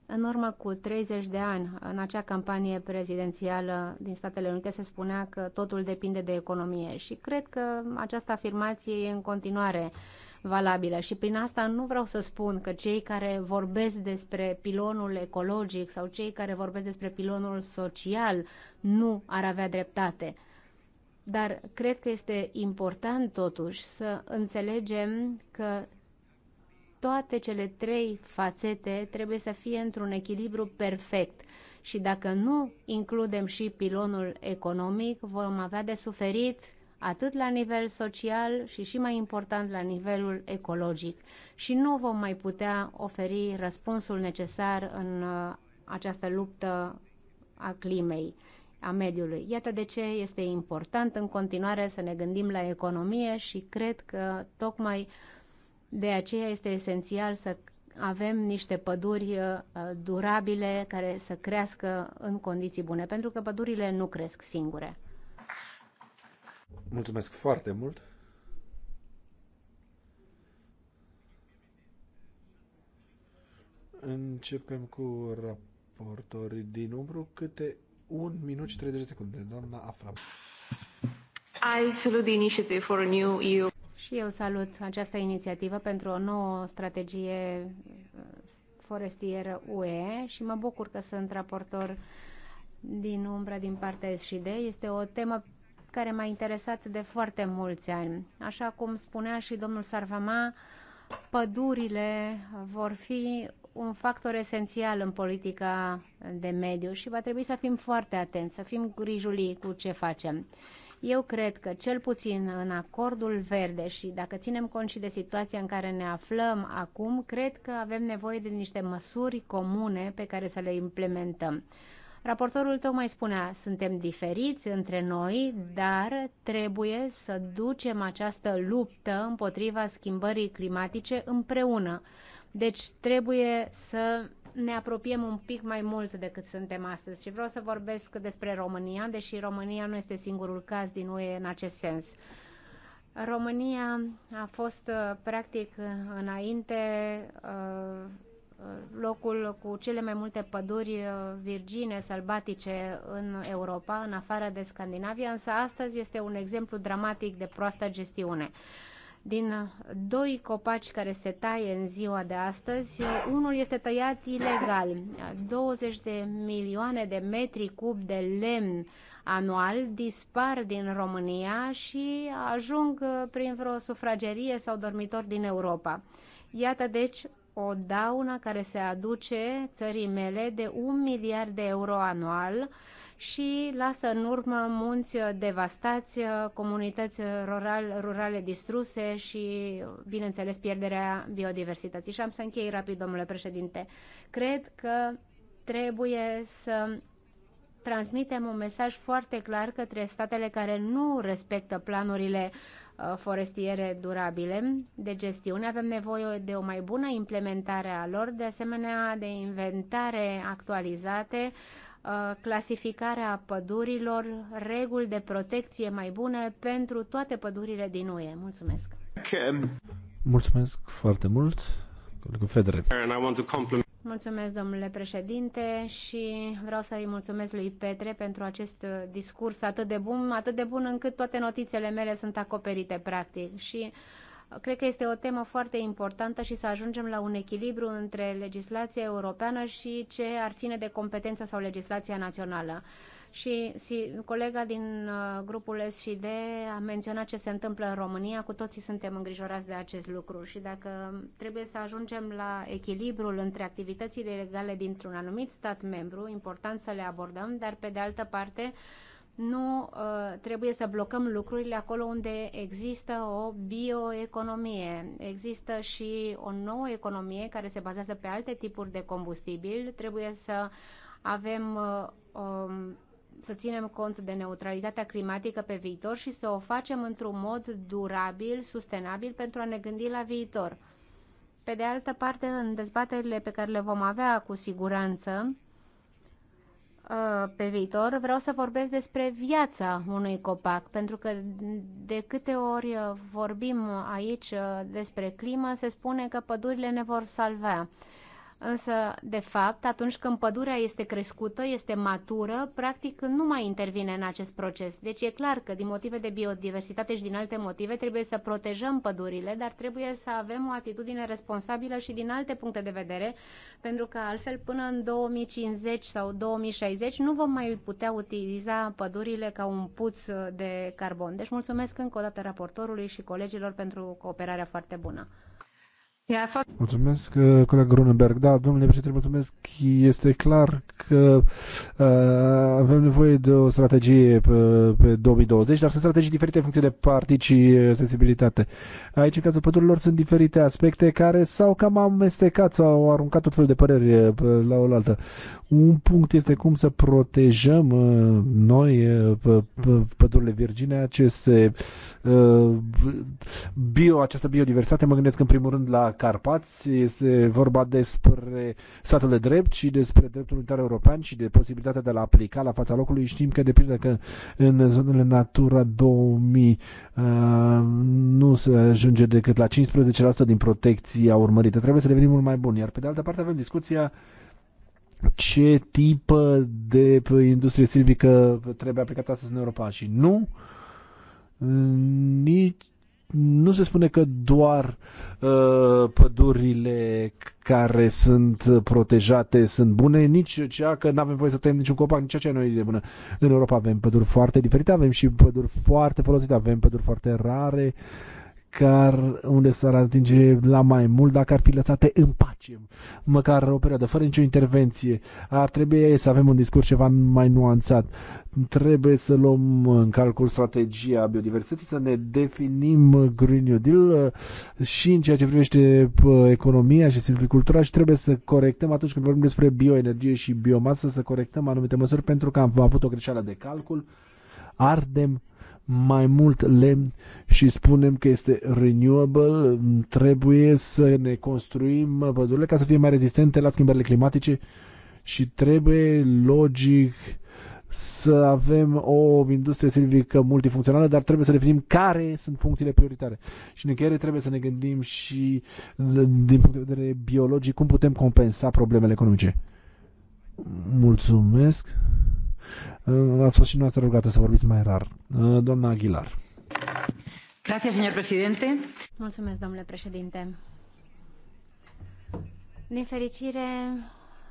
În urmă cu 30 de ani, în acea campanie prezidențială din Statele Unite se spunea că totul depinde de economie și cred că această afirmație e în continuare uh, valabilă. Și prin asta nu vreau să spun că cei care vorbesc despre pilonul ecologic sau cei care vorbesc despre pilonul social nu ar avea dreptate. Dar cred că este important totuși să înțelegem că toate cele trei fațete trebuie să fie într-un echilibru perfect și dacă nu includem și pilonul economic, vom avea de suferit atât la nivel social și și mai important la nivelul ecologic și nu vom mai putea oferi răspunsul necesar în uh, această luptă a climei, a mediului. Iată de ce este important în continuare să ne gândim la economie și cred că tocmai de aceea este esențial să avem niște păduri uh, durabile care să crească în condiții bune, pentru că pădurile nu cresc singure. Mulțumesc foarte mult! Începem cu raportorii din umbru, câte 1 minut și 30 secunde. Doamna Afra. I salut the initiative for a new EU. Și eu salut această inițiativă pentru o nouă strategie uh, forestieră UE și mă bucur că sunt raportor din umbra din partea SD. Este o temă care m-a interesat de foarte mulți ani. Așa cum spunea și domnul Sarvama, pădurile vor fi un factor esențial în politica de mediu și va trebui să fim foarte atenți, să fim grijulii cu ce facem. Eu cred că, cel puțin în acordul verde și dacă ținem cont și de situația în care ne aflăm acum, cred că avem nevoie de niște măsuri comune pe care să le implementăm. Raportorul tocmai spunea, suntem diferiți între noi, dar trebuie să ducem această luptă împotriva schimbării climatice împreună. Deci trebuie să ne apropiem un pic mai mult decât suntem astăzi și vreau să vorbesc despre România, deși România nu este singurul caz din UE în acest sens. România a fost practic înainte uh, locul cu cele mai multe păduri uh, virgine, sălbatice în Europa, în afară de Scandinavia, însă astăzi este un exemplu dramatic de proastă gestiune. Din doi copaci care se taie în ziua de astăzi, unul este tăiat ilegal. 20 de milioane de metri cub de lemn anual dispar din România și ajung uh, prin vreo sufragerie sau dormitor din Europa. Iată deci o daună care se aduce țării mele de un miliard de euro anual și lasă în urmă munți devastați, comunități rural, rurale distruse și, bineînțeles, pierderea biodiversității. Și am să închei rapid, domnule președinte. Cred că trebuie să transmitem un mesaj foarte clar către statele care nu respectă planurile uh, Uh, forestiere durabile de gestiune. Avem nevoie de o mai bună implementare a lor, de asemenea de inventare actualizate, uh, clasificarea pădurilor, reguli de protecție mai bune pentru toate pădurile din UE. Mulțumesc! Mulțumesc foarte mult, colegul Mulțumesc, domnule președinte, și vreau să-i mulțumesc lui Petre pentru acest uh, discurs atât de bun, atât de bun încât toate notițele mele sunt acoperite, practic. Și uh, cred că este o temă foarte importantă și să ajungem la un echilibru între legislația europeană și ce ar ține de competența sau legislația națională. Și si, colega din uh, grupul SD a menționat ce se întâmplă în România, cu toții suntem îngrijorați de acest lucru și dacă trebuie să ajungem la echilibrul între activitățile legale dintr-un anumit stat membru, important să le abordăm, dar pe de altă parte nu uh, trebuie să blocăm lucrurile acolo unde există o bioeconomie. Există și o nouă economie care se bazează pe alte tipuri de combustibil. Trebuie să avem uh, um, să ținem cont de neutralitatea climatică pe viitor și să o facem într-un mod durabil, sustenabil pentru a ne gândi la viitor. Pe de altă parte, în dezbaterile pe care le vom avea cu siguranță ă, pe viitor, vreau să vorbesc despre viața unui copac, pentru că de câte ori vorbim aici despre climă, se spune că pădurile ne vor salva. Însă, de fapt, atunci când pădurea este crescută, este matură, practic nu mai intervine în acest proces. Deci e clar că din motive de biodiversitate și din alte motive trebuie să protejăm pădurile, dar trebuie să avem o atitudine responsabilă și din alte puncte de vedere, pentru că altfel până în 2050 sau 2060 nu vom mai putea utiliza pădurile ca un puț de carbon. Deci mulțumesc încă o dată raportorului și colegilor pentru cooperarea foarte bună. Mulțumesc, uh, coleg Grunenberg. Da, domnule președinte, mulțumesc. Este clar că uh, avem nevoie de o strategie pe, pe 2020, dar sunt strategii diferite în funcție de partii și uh, sensibilitate. Aici, în cazul pădurilor, sunt diferite aspecte care s-au cam amestecat sau au aruncat tot felul de păreri uh, la oaltă. Un punct este cum să protejăm uh, noi pe pădurile virgine, aceste uh, bio, această biodiversitate. Mă gândesc în primul rând la Carpați, este vorba despre statul de drept și despre dreptul unitar european și de posibilitatea de a-l aplica la fața locului. Știm că, de pildă, că în zonele Natura 2000 uh, nu se ajunge decât la 15% din protecția urmărită. Trebuie să devenim mult mai buni. Iar, pe de altă parte, avem discuția ce tip de industrie silvică trebuie aplicată astăzi în Europa și nu nici nu se spune că doar uh, pădurile care sunt protejate sunt bune, nici cea că nu avem voie să tăiem niciun copac, nici aceea nu e de bună. În Europa avem păduri foarte diferite, avem și păduri foarte folosite, avem păduri foarte rare, măcar unde s-ar atinge la mai mult dacă ar fi lăsate în pace, măcar o perioadă, fără nicio intervenție. Ar trebui să avem un discurs ceva mai nuanțat. Trebuie să luăm în calcul strategia biodiversității, să ne definim Green New Deal uh, și în ceea ce privește uh, economia și silvicultura și trebuie să corectăm atunci când vorbim despre bioenergie și biomasă, să corectăm anumite măsuri pentru că am avut o greșeală de calcul. Ardem mai mult lemn și spunem că este renewable, trebuie să ne construim pădurile ca să fie mai rezistente la schimbările climatice și trebuie logic să avem o industrie silvică multifuncțională, dar trebuie să definim care sunt funcțiile prioritare. Și în încheiere trebuie să ne gândim și din punct de vedere biologic cum putem compensa problemele economice. Mulțumesc. Ați fost și noastră rugată să vorbiți mai rar. Doamna Aguilar. Gracias, señor presidente. Mulțumesc, domnule președinte. Din fericire,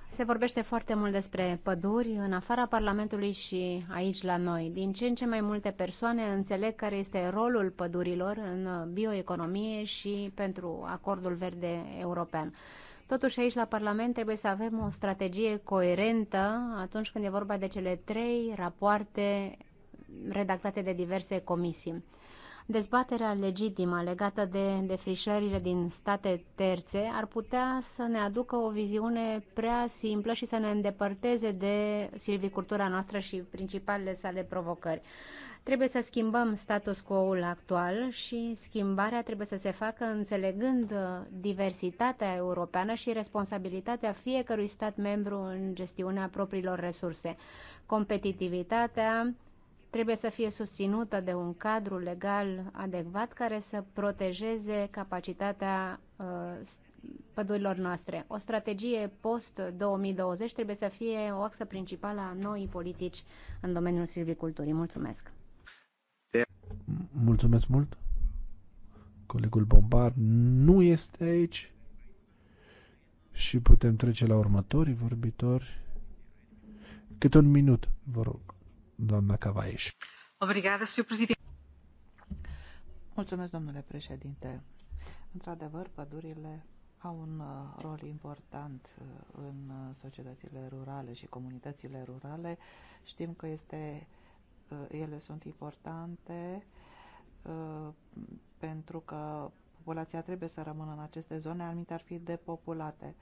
se vorbește foarte mult despre păduri în afara Parlamentului și aici la noi. Din ce în ce mai multe persoane înțeleg care este rolul pădurilor în bioeconomie și pentru acordul verde european. Totuși aici la Parlament trebuie să avem o strategie coerentă atunci când e vorba de cele trei rapoarte redactate de diverse comisii. Dezbaterea legitimă legată de defrișările din state terțe ar putea să ne aducă o viziune prea simplă și să ne îndepărteze de silvicultura noastră și principalele sale provocări. Trebuie să schimbăm status quo-ul actual și schimbarea trebuie să se facă înțelegând uh, diversitatea europeană și responsabilitatea fiecărui stat membru în gestiunea propriilor resurse. Competitivitatea trebuie să fie susținută de un cadru legal adecvat care să protejeze capacitatea uh, pădurilor noastre. O strategie post-2020 trebuie să fie o axă principală a noii politici în domeniul silviculturii. Mulțumesc! Mulțumesc mult. Colegul Bombar nu este aici și putem trece la următorii vorbitori. Câte un minut, vă rog, doamna Cavaieș. Obrigada, Sr. presidente. Mulțumesc, domnule președinte. Într-adevăr, pădurile au un uh, rol important uh, în uh, societățile rurale și comunitățile rurale. Știm că este, ele sunt importante uh, Uh, pentru că populația trebuie să rămână în aceste zone, anumite ar fi depopulate.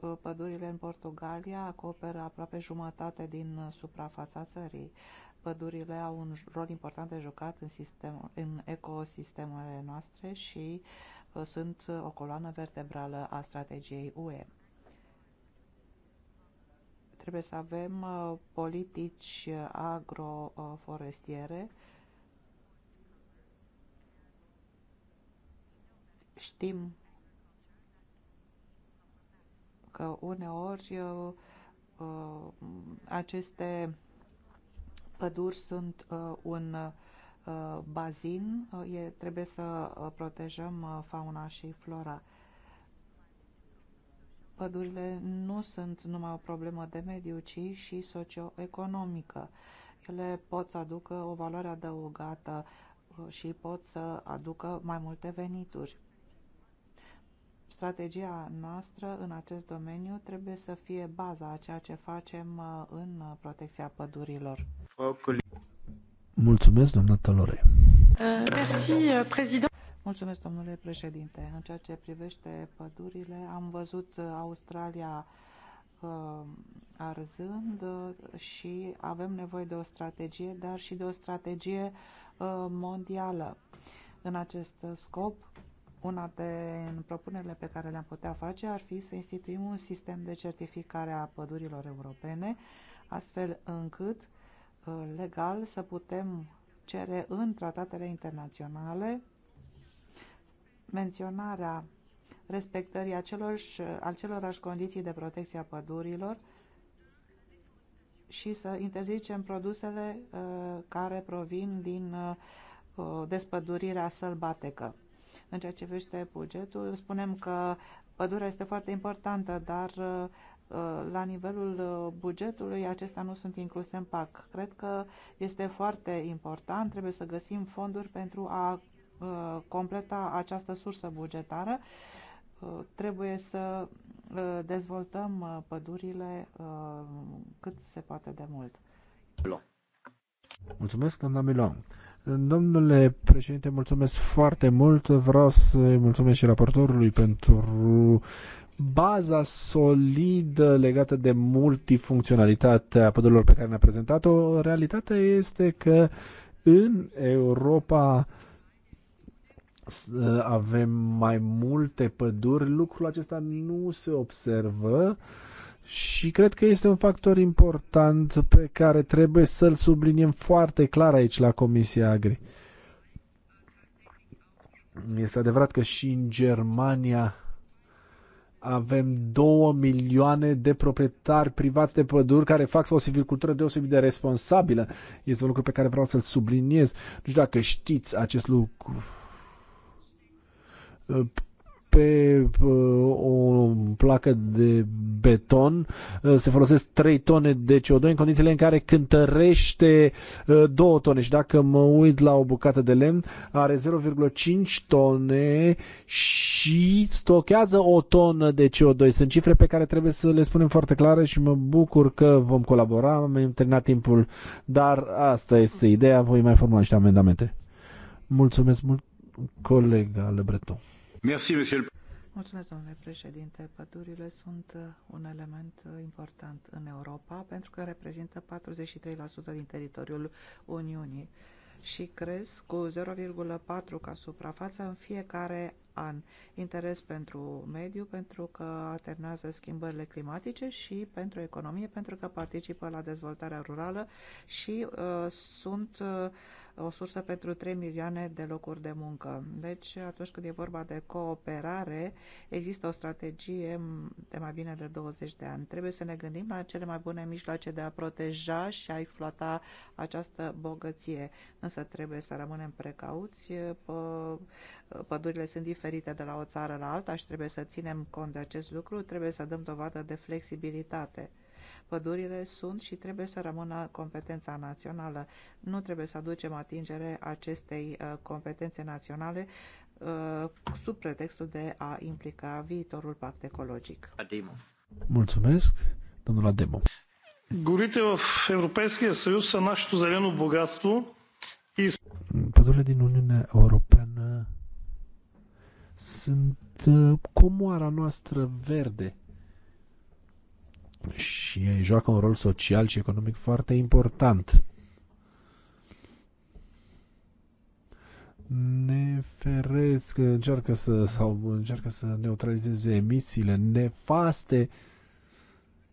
Uh, pădurile în Portugalia acoperă aproape jumătate din suprafața țării. Pădurile au un rol important de jucat în, sistem, în ecosistemele noastre și uh, sunt o coloană vertebrală a strategiei UE. Trebuie să avem uh, politici agroforestiere. Știm că uneori uh, uh, aceste păduri sunt un bazin, trebuie să protejăm fauna și flora pădurile nu sunt numai o problemă de mediu, ci și socioeconomică. Ele pot să aducă o valoare adăugată uh, și pot să aducă mai multe venituri. Strategia noastră în acest domeniu trebuie să fie baza a ceea ce facem uh, în protecția pădurilor. Mulțumesc, doamna Tălore. Uh, merci, uh, Mulțumesc, domnule președinte. În ceea ce privește pădurile, am văzut uh, Australia uh, arzând uh, și avem nevoie de o strategie, dar și de o strategie mondială. În acest scop, una din propunerile pe care le-am putea face ar fi să instituim un sistem de certificare a pădurilor europene, astfel încât legal să putem cere în tratatele internaționale menționarea respectării acelorași condiții de protecție a pădurilor și să interzicem produsele uh, care provin din uh, uh despădurirea sălbatecă. În ceea ce privește bugetul, spunem că pădurea este foarte importantă, dar uh, uh la nivelul uh, bugetului, acestea nu sunt incluse în PAC. Cred că este foarte important, trebuie să găsim fonduri pentru a Uh, completa această sursă bugetară. Uh, trebuie să uh, dezvoltăm pădurile cât se poate de mult. Mulțumesc, doamna Milan. Domnule președinte, mulțumesc foarte mult. Vreau să mulțumesc și raportorului pentru baza solidă legată de multifuncționalitatea pădurilor pe care ne-a prezentat-o. Realitatea este că în Europa uh, să uh, avem mai multe păduri, lucrul acesta nu se observă și cred că este un factor important pe care trebuie să-l subliniem foarte clar aici la Comisia Agri. Este adevărat că și în Germania avem 2 milioane de proprietari privați de păduri care fac o silvicultură deosebit de responsabilă. Este un lucru pe care vreau să-l subliniez. Nu știu dacă știți acest lucru pe o placă de beton uh, se folosesc 3 tone de CO2 în condițiile în care cântărește 2 uh, tone și dacă mă uit la o bucată de lemn are 0,5 tone și stochează o tonă de CO2. Sunt cifre pe care trebuie să le spunem foarte clare și mă bucur că vom colabora, am terminat timpul, dar asta este ideea, voi mai formula niște amendamente. Mulțumesc mult, colega Lebreton. Merci, monsieur. Mulțumesc, domnule președinte. Pădurile sunt uh, un element uh, important în Europa pentru că reprezintă 43% din teritoriul Uniunii și cresc cu 0,4 ca suprafață în fiecare an. Interes pentru mediu pentru că alternează schimbările climatice și pentru economie pentru că participă la dezvoltarea rurală și uh, sunt uh, o sursă pentru 3 milioane de locuri de muncă. Deci, atunci când e vorba de cooperare, există o strategie de mai bine de 20 de ani. Trebuie să ne gândim la cele mai bune mijloace de a proteja și a exploata această bogăție. Însă trebuie să rămânem precauți. Pădurile sunt diferite de la o țară la alta și trebuie să ținem cont de acest lucru. Trebuie să dăm dovadă de flexibilitate Pădurile sunt și trebuie să rămână competența națională. Nu trebuie să aducem atingere acestei uh, competențe naționale uh, sub pretextul de a implica viitorul pact ecologic. Ademo. Mulțumesc, domnul Ademo. Gurite в Европейския съюз са нашето зелено богатство и... Pădurile din Uniunea Europeană sunt uh, comoara noastră verde și joacă un rol social și economic foarte important. neferesc, încearcă să, sau încearcă să neutralizeze emisiile nefaste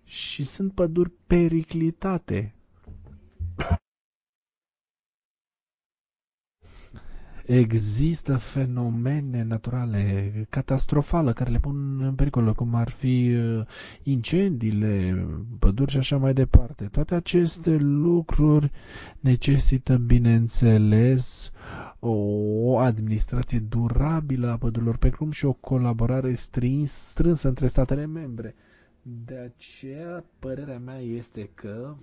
și sunt păduri periclitate. există fenomene naturale catastrofale care le pun în pericol, cum ar fi uh, incendiile, păduri și așa mai departe. Toate aceste lucruri necesită, bineînțeles, o administrație durabilă a pădurilor, precum și o colaborare strins, strânsă între statele membre. De aceea, părerea mea este că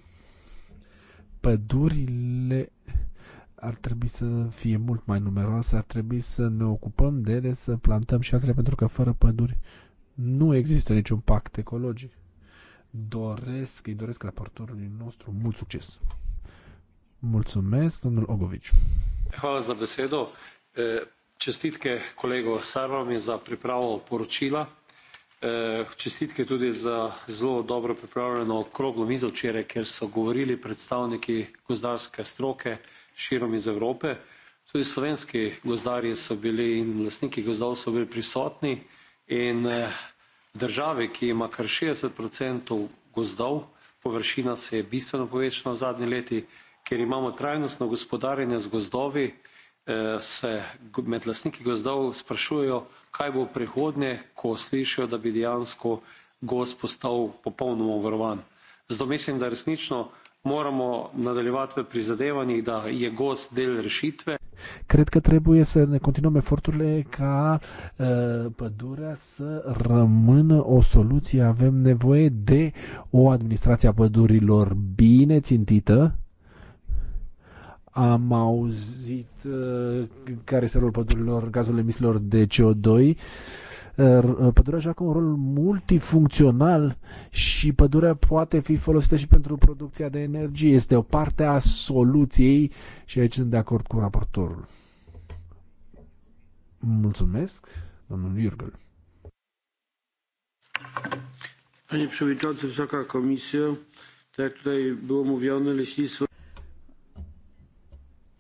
pădurile ar trebui să fie mult mai numeroase, ar trebui să ne ocupăm de ele, să plantăm și altele, pentru că fără păduri nu există niciun pact ecologic. Doresc, îi doresc raportorului nostru mult succes. Mulțumesc, domnul Ogovici. Hvala za besedo. Čestitke kolego je za pripravo poročila. Čestitke tudi za zelo dobro pripravljeno okroglo mizo včeraj, kjer so govorili predstavniki gozdarske stroke, širom iz Evrope. Tudi slovenski gozdarji so bili in lastniki gozdov so bili prisotni in eh, v državi, ki ima kar 60 gozdov, površina se je bistveno povečala v zadnjih letih, ker imamo trajnostno gospodarjenje z gozdovi, eh, se med lastniki gozdov sprašujejo, kaj bo v prihodnje, ko slišijo, da bi dejansko gozd postal popolnoma varovan. Zato mislim, da resnično moramo nadaljevati v prizadevanjih, da je gost del rešitve. Cred că trebuie să ne continuăm eforturile ca uh, pădurea să rămână o soluție. Avem nevoie de o administrație a pădurilor bine țintită. Am auzit uh, care este rolul pădurilor, gazul emisilor de CO2. Uh, Pădurea joacă un rol multifuncțional și pădurea poate fi folosită și pentru producția de energie. Este o parte a soluției și aici sunt de acord cu raportorul. Mulțumesc, domnul Iurgăl. Panie Przewodniczący, Wysoka Komisjo, tak jak tutaj było mówione, leśnictwo...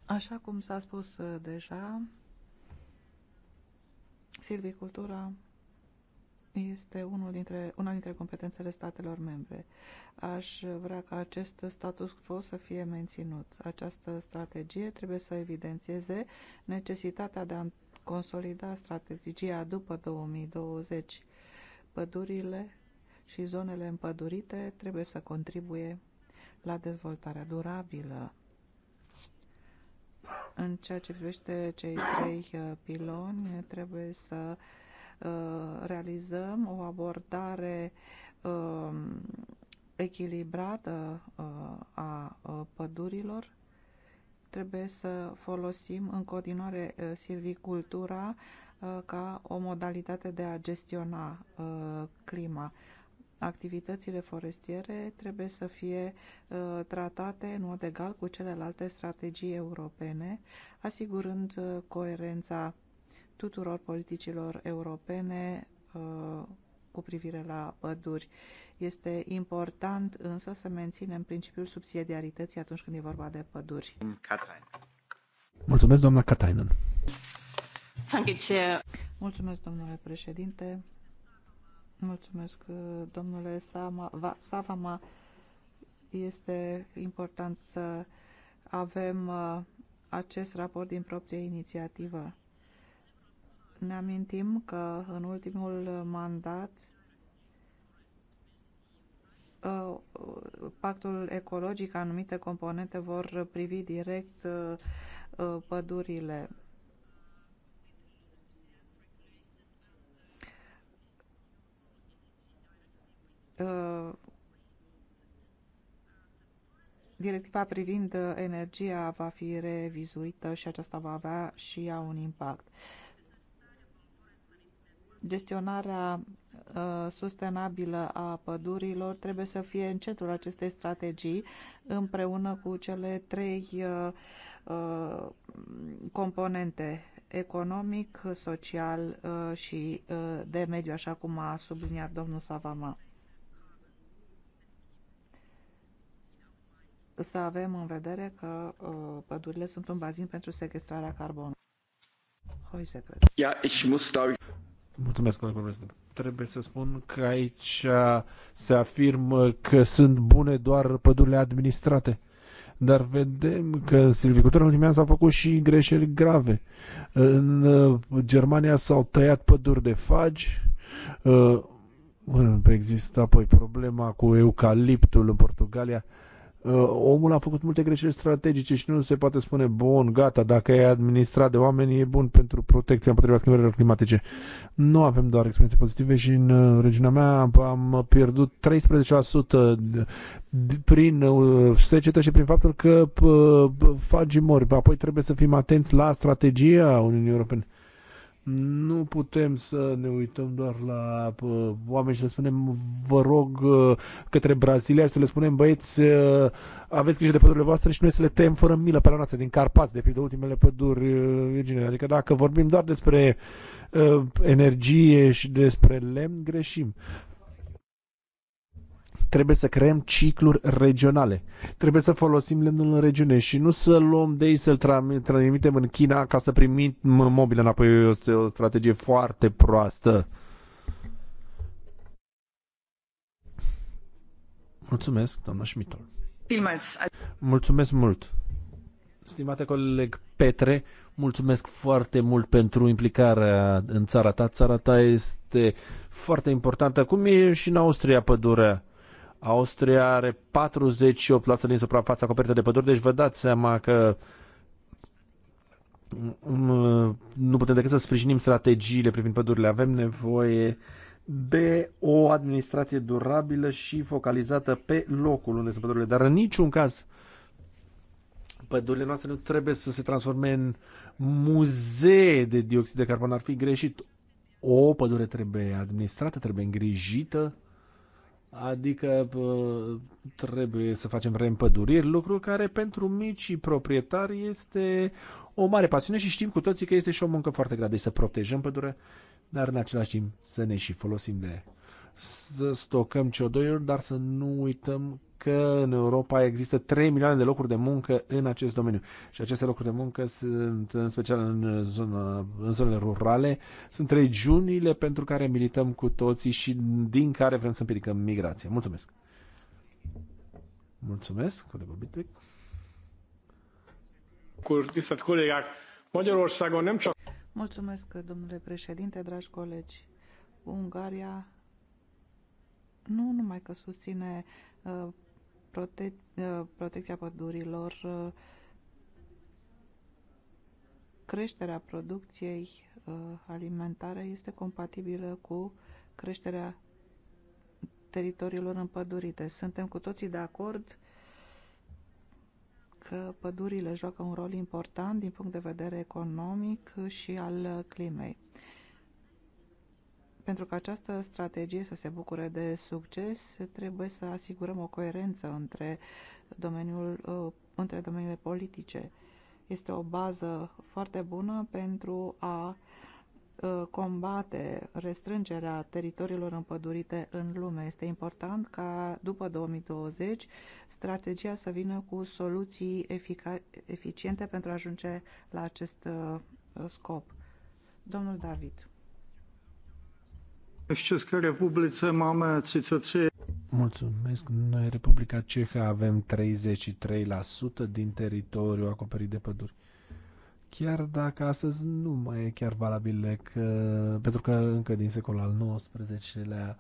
Așa cum s-a spus uh, deja, silvicultura este unul dintre, una dintre competențele statelor membre. Aș vrea ca acest status quo să fie menținut. Această strategie trebuie să evidențieze necesitatea de a consolida strategia după 2020. Pădurile și zonele împădurite trebuie să contribuie la dezvoltarea durabilă. În ceea ce privește cei trei uh, piloni, trebuie să uh, Uh, realizăm o abordare um, echilibrată uh, a uh, pădurilor. Trebuie să folosim în continuare silvicultura ca o modalitate de a gestiona clima. Activitățile forestiere trebuie să fie tratate în mod egal cu celelalte strategii europene, asigurând coerența tuturor politicilor europene uh, cu privire la păduri. Este important însă să menținem principiul subsidiarității atunci când e vorba de păduri. Mulțumesc, doamna Katainen. Mulțumesc, domnule președinte. Mulțumesc, uh, domnule Savama. Este important să avem uh, acest raport din proprie inițiativă ne amintim că în ultimul mandat uh, pactul ecologic, anumite componente vor privi direct uh, pădurile. Uh, directiva privind energia va fi revizuită și aceasta va avea și ea un impact. Uh, Gestionarea uh, sustenabilă a pădurilor trebuie să fie în centrul acestei strategii împreună cu cele trei uh, uh, componente economic, social și de mediu, așa cum a subliniat domnul Savama. Să avem în vedere că pădurile sunt un bazin pentru sequestrarea carbonului. Ja, ich muss, glaube ich... Mulțumesc, domnule președinte. Trebuie să spun că aici se afirmă că sunt bune doar pădurile administrate dar vedem că în silvicultura în ultimii ani s-au făcut și greșeli grave. În uh, Germania s-au tăiat păduri de fagi, uh, Există apoi problema cu eucaliptul în Portugalia, Uh, omul a făcut multe greșeli strategice și nu se poate spune, bun, gata, dacă e administrat de oameni, e bun pentru protecția împotriva schimbărilor climatice. Nu avem doar experiențe pozitive și în uh, regiunea mea am pierdut 13% prin uh, secetă și prin faptul că fagii mori. Apoi trebuie să fim atenți la strategia Uniunii Europene nu putem să ne uităm doar la uh, oameni și le spunem, vă rog, uh, către Brazilia să le spunem, băieți, uh, aveți grijă de pădurile voastre și noi să le tem fără milă pe la noastră, din Carpați, de pildă, ultimele păduri uh, virgine. Adică dacă vorbim doar despre uh, energie și despre lemn, greșim. Trebuie să creăm cicluri regionale. Trebuie să folosim lemnul în regiune și nu să luăm de ei să-l transmitem în China ca să primim mobile înapoi. Este o strategie foarte proastă. Mulțumesc, doamna Schmitol. Mulțumesc mult. Stimate coleg Petre, mulțumesc foarte mult pentru implicarea în țara ta. Țara ta este foarte importantă, cum e și în Austria pădurea. Austria are 48% din suprafața acoperită de păduri, deci vă dați seama că mm, mm, nu putem decât să sprijinim strategiile privind pădurile. Avem nevoie de o administrație durabilă și focalizată pe locul unde sunt pădurile. Dar în niciun caz pădurile noastre nu trebuie să se transforme în muzee de dioxid de carbon. Ar fi greșit. O pădure trebuie administrată, trebuie îngrijită Adică trebuie să facem reîmpăduriri, lucru care pentru micii proprietari este o mare pasiune și știm cu toții că este și o muncă foarte grea. Deci să protejăm pădurea, dar în același timp să ne și folosim de să stocăm CO2-uri, dar să nu uităm că în Europa există 3 milioane de locuri de muncă în acest domeniu. Și aceste locuri de muncă sunt în special în, zona, în zonele rurale, sunt regiunile pentru care milităm cu toții și din care vrem să împiedicăm migrația. Mulțumesc! Mulțumesc, colegul Bitwick. Cu distat colegac, Magyarországon nem csak... Mulțumesc, domnule președinte, dragi colegi. Ungaria nu numai că susține uh, prote uh, protecția pădurilor, uh, creșterea producției uh, alimentare este compatibilă cu creșterea teritoriilor împădurite. Suntem cu toții de acord că pădurile joacă un rol important din punct de vedere economic și al climei pentru că această strategie să se bucure de succes, trebuie să asigurăm o coerență între, domeniul, uh, între domeniile politice. Este o bază foarte bună pentru a uh, combate restrângerea teritoriilor împădurite în lume. Este important ca după 2020 strategia să vină cu soluții eficiente pentru a ajunge la acest uh, scop. Domnul David. V České republice máme 33... Mulțumesc. Noi, în Republica Cehă, avem 33% din teritoriu acoperit de păduri. Chiar dacă astăzi nu mai e chiar valabil, că, pentru că încă din secolul al XIX-lea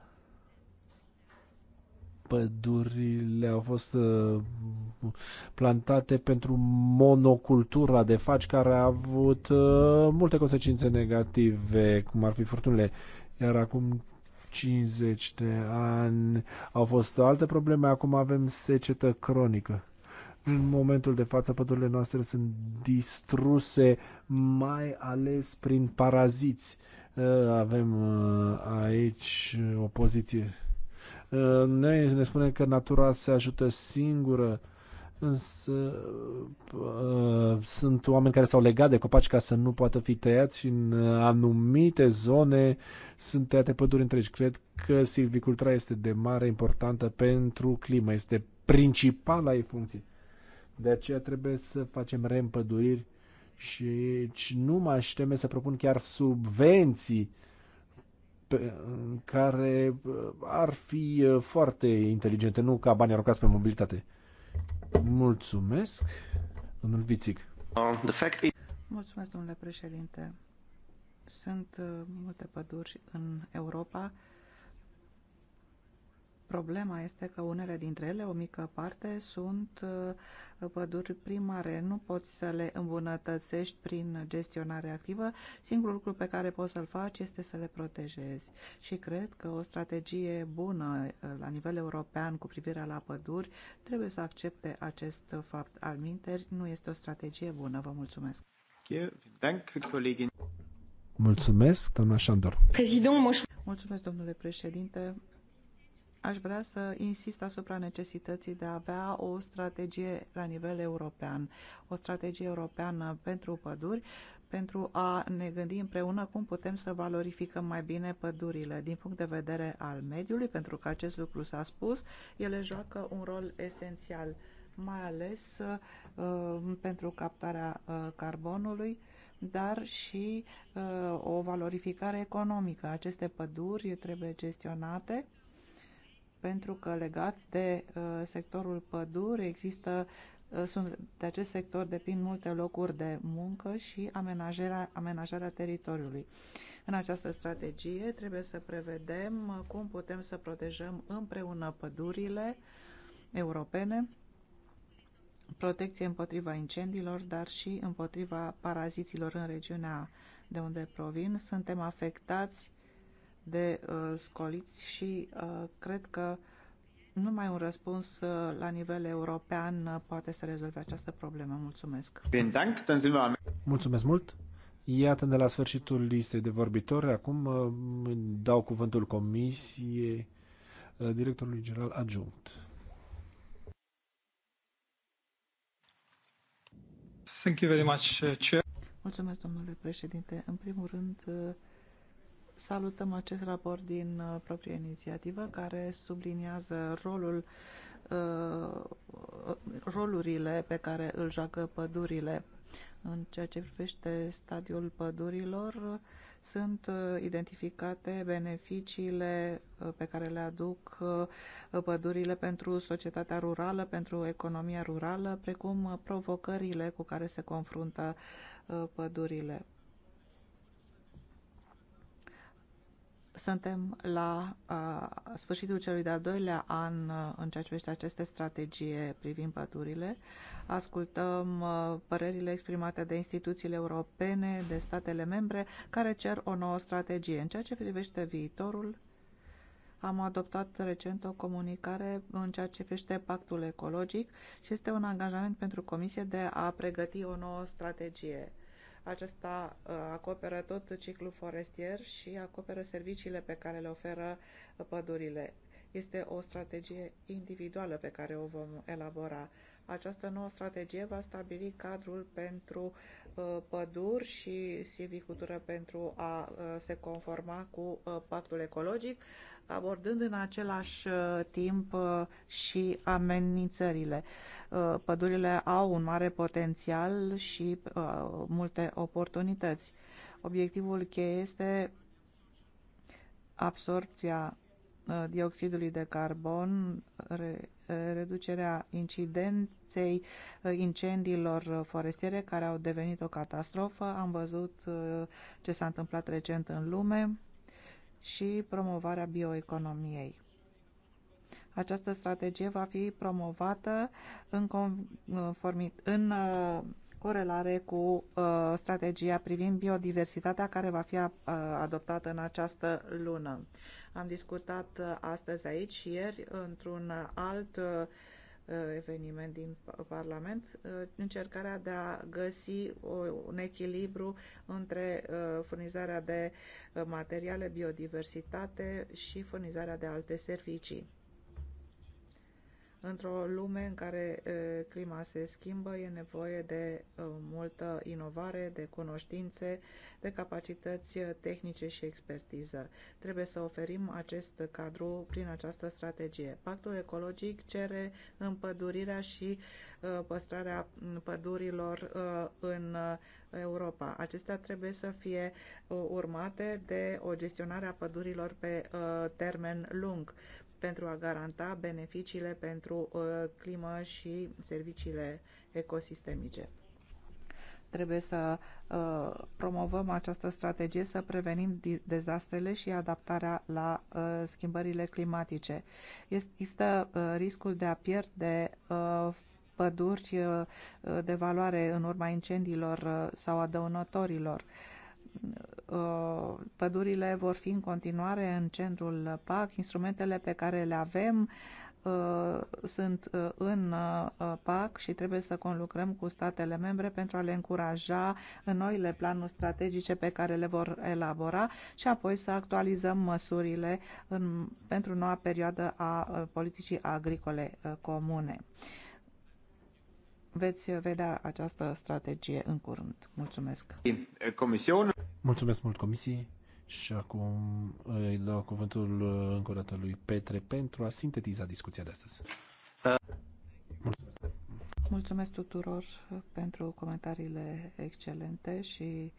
pădurile au fost uh, plantate pentru monocultura de faci care a avut uh, multe consecințe negative, cum ar fi furtunile iar acum 50 de ani au fost alte probleme, acum avem secetă cronică. În momentul de față, pădurile noastre sunt distruse, mai ales prin paraziți. Uh, avem uh, aici o poziție. Uh, Noi ne spune că natura se ajută singură Însă uh, sunt oameni care s-au legat de copaci ca să nu poată fi tăiați și în anumite zone sunt tăiate păduri întregi. Cred că silvicultura este de mare importantă pentru climă, este principala ei funcție. De aceea trebuie să facem reîmpăduriri și nu m-aș teme să propun chiar subvenții pe, care uh, ar fi uh, foarte inteligente, nu ca bani aruncați pe mobilitate. Mulțumesc, domnul Vițic. Mulțumesc, domnule președinte. Sunt uh, multe păduri în Europa Problema este că unele dintre ele, o mică parte, sunt uh, păduri primare. Nu poți să le îmbunătățești prin gestionare activă. Singurul lucru pe care poți să-l faci este să le protejezi. Și cred că o strategie bună uh, la nivel european cu privire la păduri trebuie să accepte acest fapt. Al minteri nu este o strategie bună. Vă mulțumesc. Mulțumesc, doamna Șandor. Mulțumesc, domnule președinte. Aș vrea să insist asupra necesității de a avea o strategie la nivel european, o strategie europeană pentru păduri, pentru a ne gândi împreună cum putem să valorificăm mai bine pădurile din punct de vedere al mediului, pentru că acest lucru s-a spus, ele joacă un rol esențial, mai ales uh, pentru captarea uh, carbonului, dar și uh, o valorificare economică. Aceste păduri trebuie gestionate pentru că legat de uh, sectorul păduri există uh, sunt, de acest sector depind multe locuri de muncă și amenajarea, amenajarea teritoriului. În această strategie trebuie să prevedem uh, cum putem să protejăm împreună pădurile europene, protecție împotriva incendiilor, dar și împotriva paraziților în regiunea de unde provin. Suntem afectați de uh, scoliți și uh, cred că numai un răspuns uh, la nivel european uh, poate să rezolve această problemă. Mulțumesc! Mulțumesc mult! Iată de la sfârșitul listei de vorbitori. Acum uh, dau cuvântul comisiei uh, directorului general adjunct. Thank you very much, uh, Chair. Mulțumesc, domnule președinte. În primul rând, uh, salutăm acest raport din uh, proprie inițiativă care subliniază rolul uh, rolurile pe care îl joacă pădurile. În ceea ce privește stadiul pădurilor, sunt uh, identificate beneficiile pe care le aduc pădurile pentru societatea rurală, pentru economia rurală, precum provocările cu care se confruntă pădurile Suntem la uh, sfârșitul celui de-al doilea an uh, în ceea ce privește aceste strategie privind pădurile. Ascultăm uh, părerile exprimate de instituțiile europene, de statele membre, care cer o nouă strategie. În ceea ce privește viitorul, am adoptat recent o comunicare în ceea ce privește pactul ecologic și este un angajament pentru Comisie de a pregăti o nouă strategie acesta uh, acoperă tot ciclul forestier și acoperă serviciile pe care le oferă uh, pădurile. Este o strategie individuală pe care o vom elabora. Această nouă strategie va stabili cadrul pentru uh, păduri și silvicultură pentru a uh, se conforma cu uh, pactul ecologic, abordând în același timp și amenințările. Pădurile au un mare potențial și multe oportunități. Obiectivul cheie este absorpția dioxidului de carbon, reducerea incidenței uh, incendiilor forestiere care au devenit o catastrofă. Am văzut uh, ce s-a întâmplat recent în lume și promovarea bioeconomiei. Această strategie va fi promovată în, conformit, în uh, corelare cu uh, strategia privind biodiversitatea care va fi uh, adoptată în această lună. Am discutat uh, astăzi aici și ieri într-un alt uh, eveniment din Parlament, uh, încercarea de a găsi o, un echilibru între uh, furnizarea de materiale, biodiversitate și furnizarea de alte servicii Într-o lume în care clima se schimbă, e nevoie de multă inovare, de cunoștințe, de capacități tehnice și expertiză. Trebuie să oferim acest cadru prin această strategie. Pactul ecologic cere împădurirea și păstrarea pădurilor în Europa. Acestea trebuie să fie urmate de o gestionare a pădurilor pe termen lung pentru a garanta beneficiile pentru uh, climă și serviciile ecosistemice. Trebuie să uh, promovăm această strategie, să prevenim dezastrele și adaptarea la uh, schimbările climatice. Este, există uh, riscul de a pierde uh, păduri uh, de valoare în urma incendiilor uh, sau a dăunătorilor. Uh, pădurile vor fi în continuare în centrul PAC, instrumentele pe care le avem uh, sunt uh, în PAC și trebuie să conlucrăm cu statele membre pentru a le încuraja în noile planuri strategice pe care le vor elabora și apoi să actualizăm măsurile în, pentru noua perioadă a politicii agricole comune veți vedea această strategie în curând. Mulțumesc! Comisiune. Mulțumesc mult comisiei și acum îi dau cuvântul uh, încă o dată lui Petre pentru a sintetiza discuția de astăzi. Mulțumesc, Mulțumesc tuturor pentru comentariile excelente și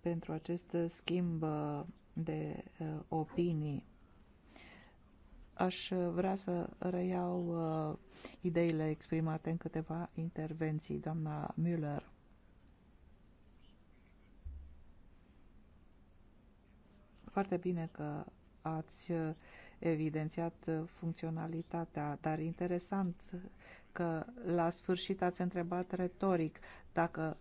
pentru acest schimb de uh, opinii Aș vrea să reiau uh, ideile exprimate în câteva intervenții, doamna Müller. Foarte bine că ați evidențiat funcționalitatea, dar interesant că la sfârșit ați întrebat retoric dacă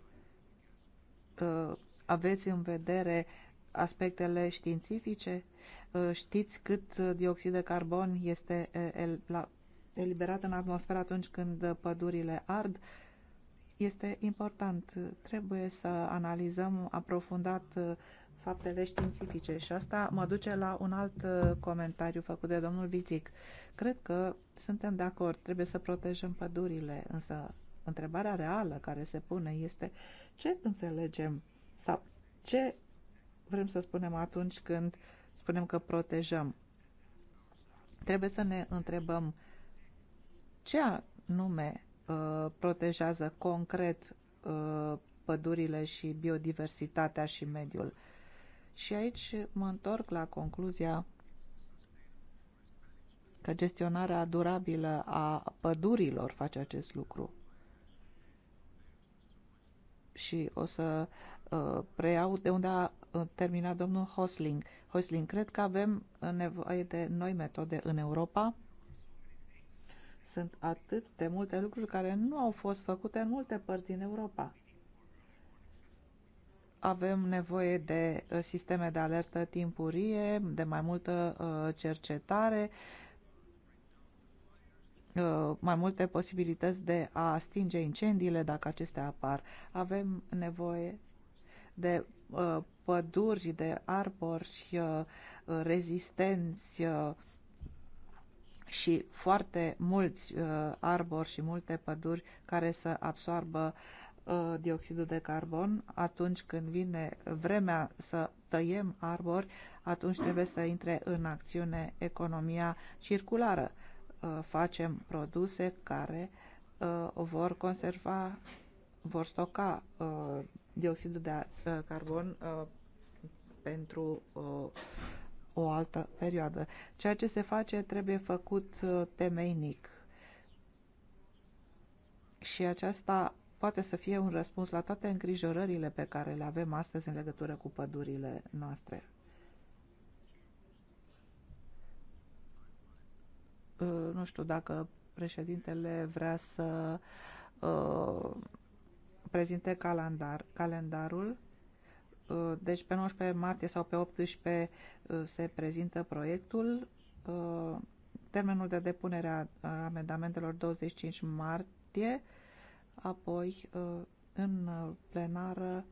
uh, aveți în vedere aspectele științifice. Uh, știți cât dioxid de carbon este uh, eliberat în atmosferă atunci când pădurile ard? Este important. Trebuie să analizăm aprofundat uh, faptele științifice și asta mă duce la un alt comentariu făcut de domnul Vițic. Cred că suntem de acord, trebuie să protejăm pădurile, însă întrebarea reală care se pune este ce înțelegem sau ce vrem să spunem atunci când spunem că protejăm? Trebuie să ne întrebăm ce anume uh, protejează concret uh, pădurile și biodiversitatea și mediul. Și aici mă întorc la concluzia că gestionarea durabilă a pădurilor face acest lucru. Și o să uh, preiau de unde a termina domnul Hosling. Hosling, cred că avem uh, nevoie de noi metode în Europa. Sunt atât de multe lucruri care nu au fost făcute în multe părți din Europa. Avem nevoie de uh, sisteme de alertă timpurie, de mai multă uh, cercetare, mai multe posibilități de a stinge incendiile dacă acestea apar. Avem nevoie de Uh, păduri, de arbori uh, rezistenți uh, și foarte mulți arbori și multe păduri care să absoarbă dioxidul de carbon, atunci când vine vremea să tăiem arbori, atunci trebuie să intre în acțiune economia circulară. Facem produse care vor conserva, vor stoca dioxidul de uh, carbon uh, pentru uh, o altă perioadă. Ceea ce se face trebuie făcut temeinic. Și aceasta poate să fie un răspuns la toate îngrijorările pe care le avem astăzi în legătură cu pădurile noastre. Nu știu dacă președintele vrea să prezinte calendar, calendarul. Uh, deci pe 19 martie sau pe 18 uh, se prezintă proiectul. Uh, termenul de depunere a amendamentelor 25 martie, apoi în plenară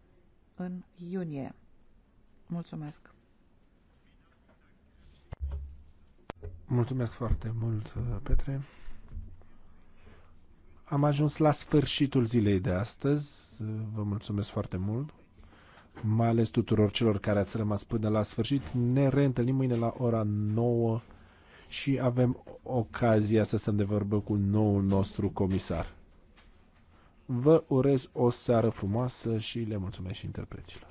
în iunie. Mulțumesc! Mulțumesc foarte mult, Petre! Am ajuns la sfârșitul zilei de astăzi. Vă mulțumesc foarte mult, mai ales tuturor celor care ați rămas până la sfârșit. Ne reîntâlnim mâine la ora 9 și avem ocazia să stăm de vorbă cu noul nostru comisar. Vă urez o seară frumoasă și le mulțumesc și interpreților.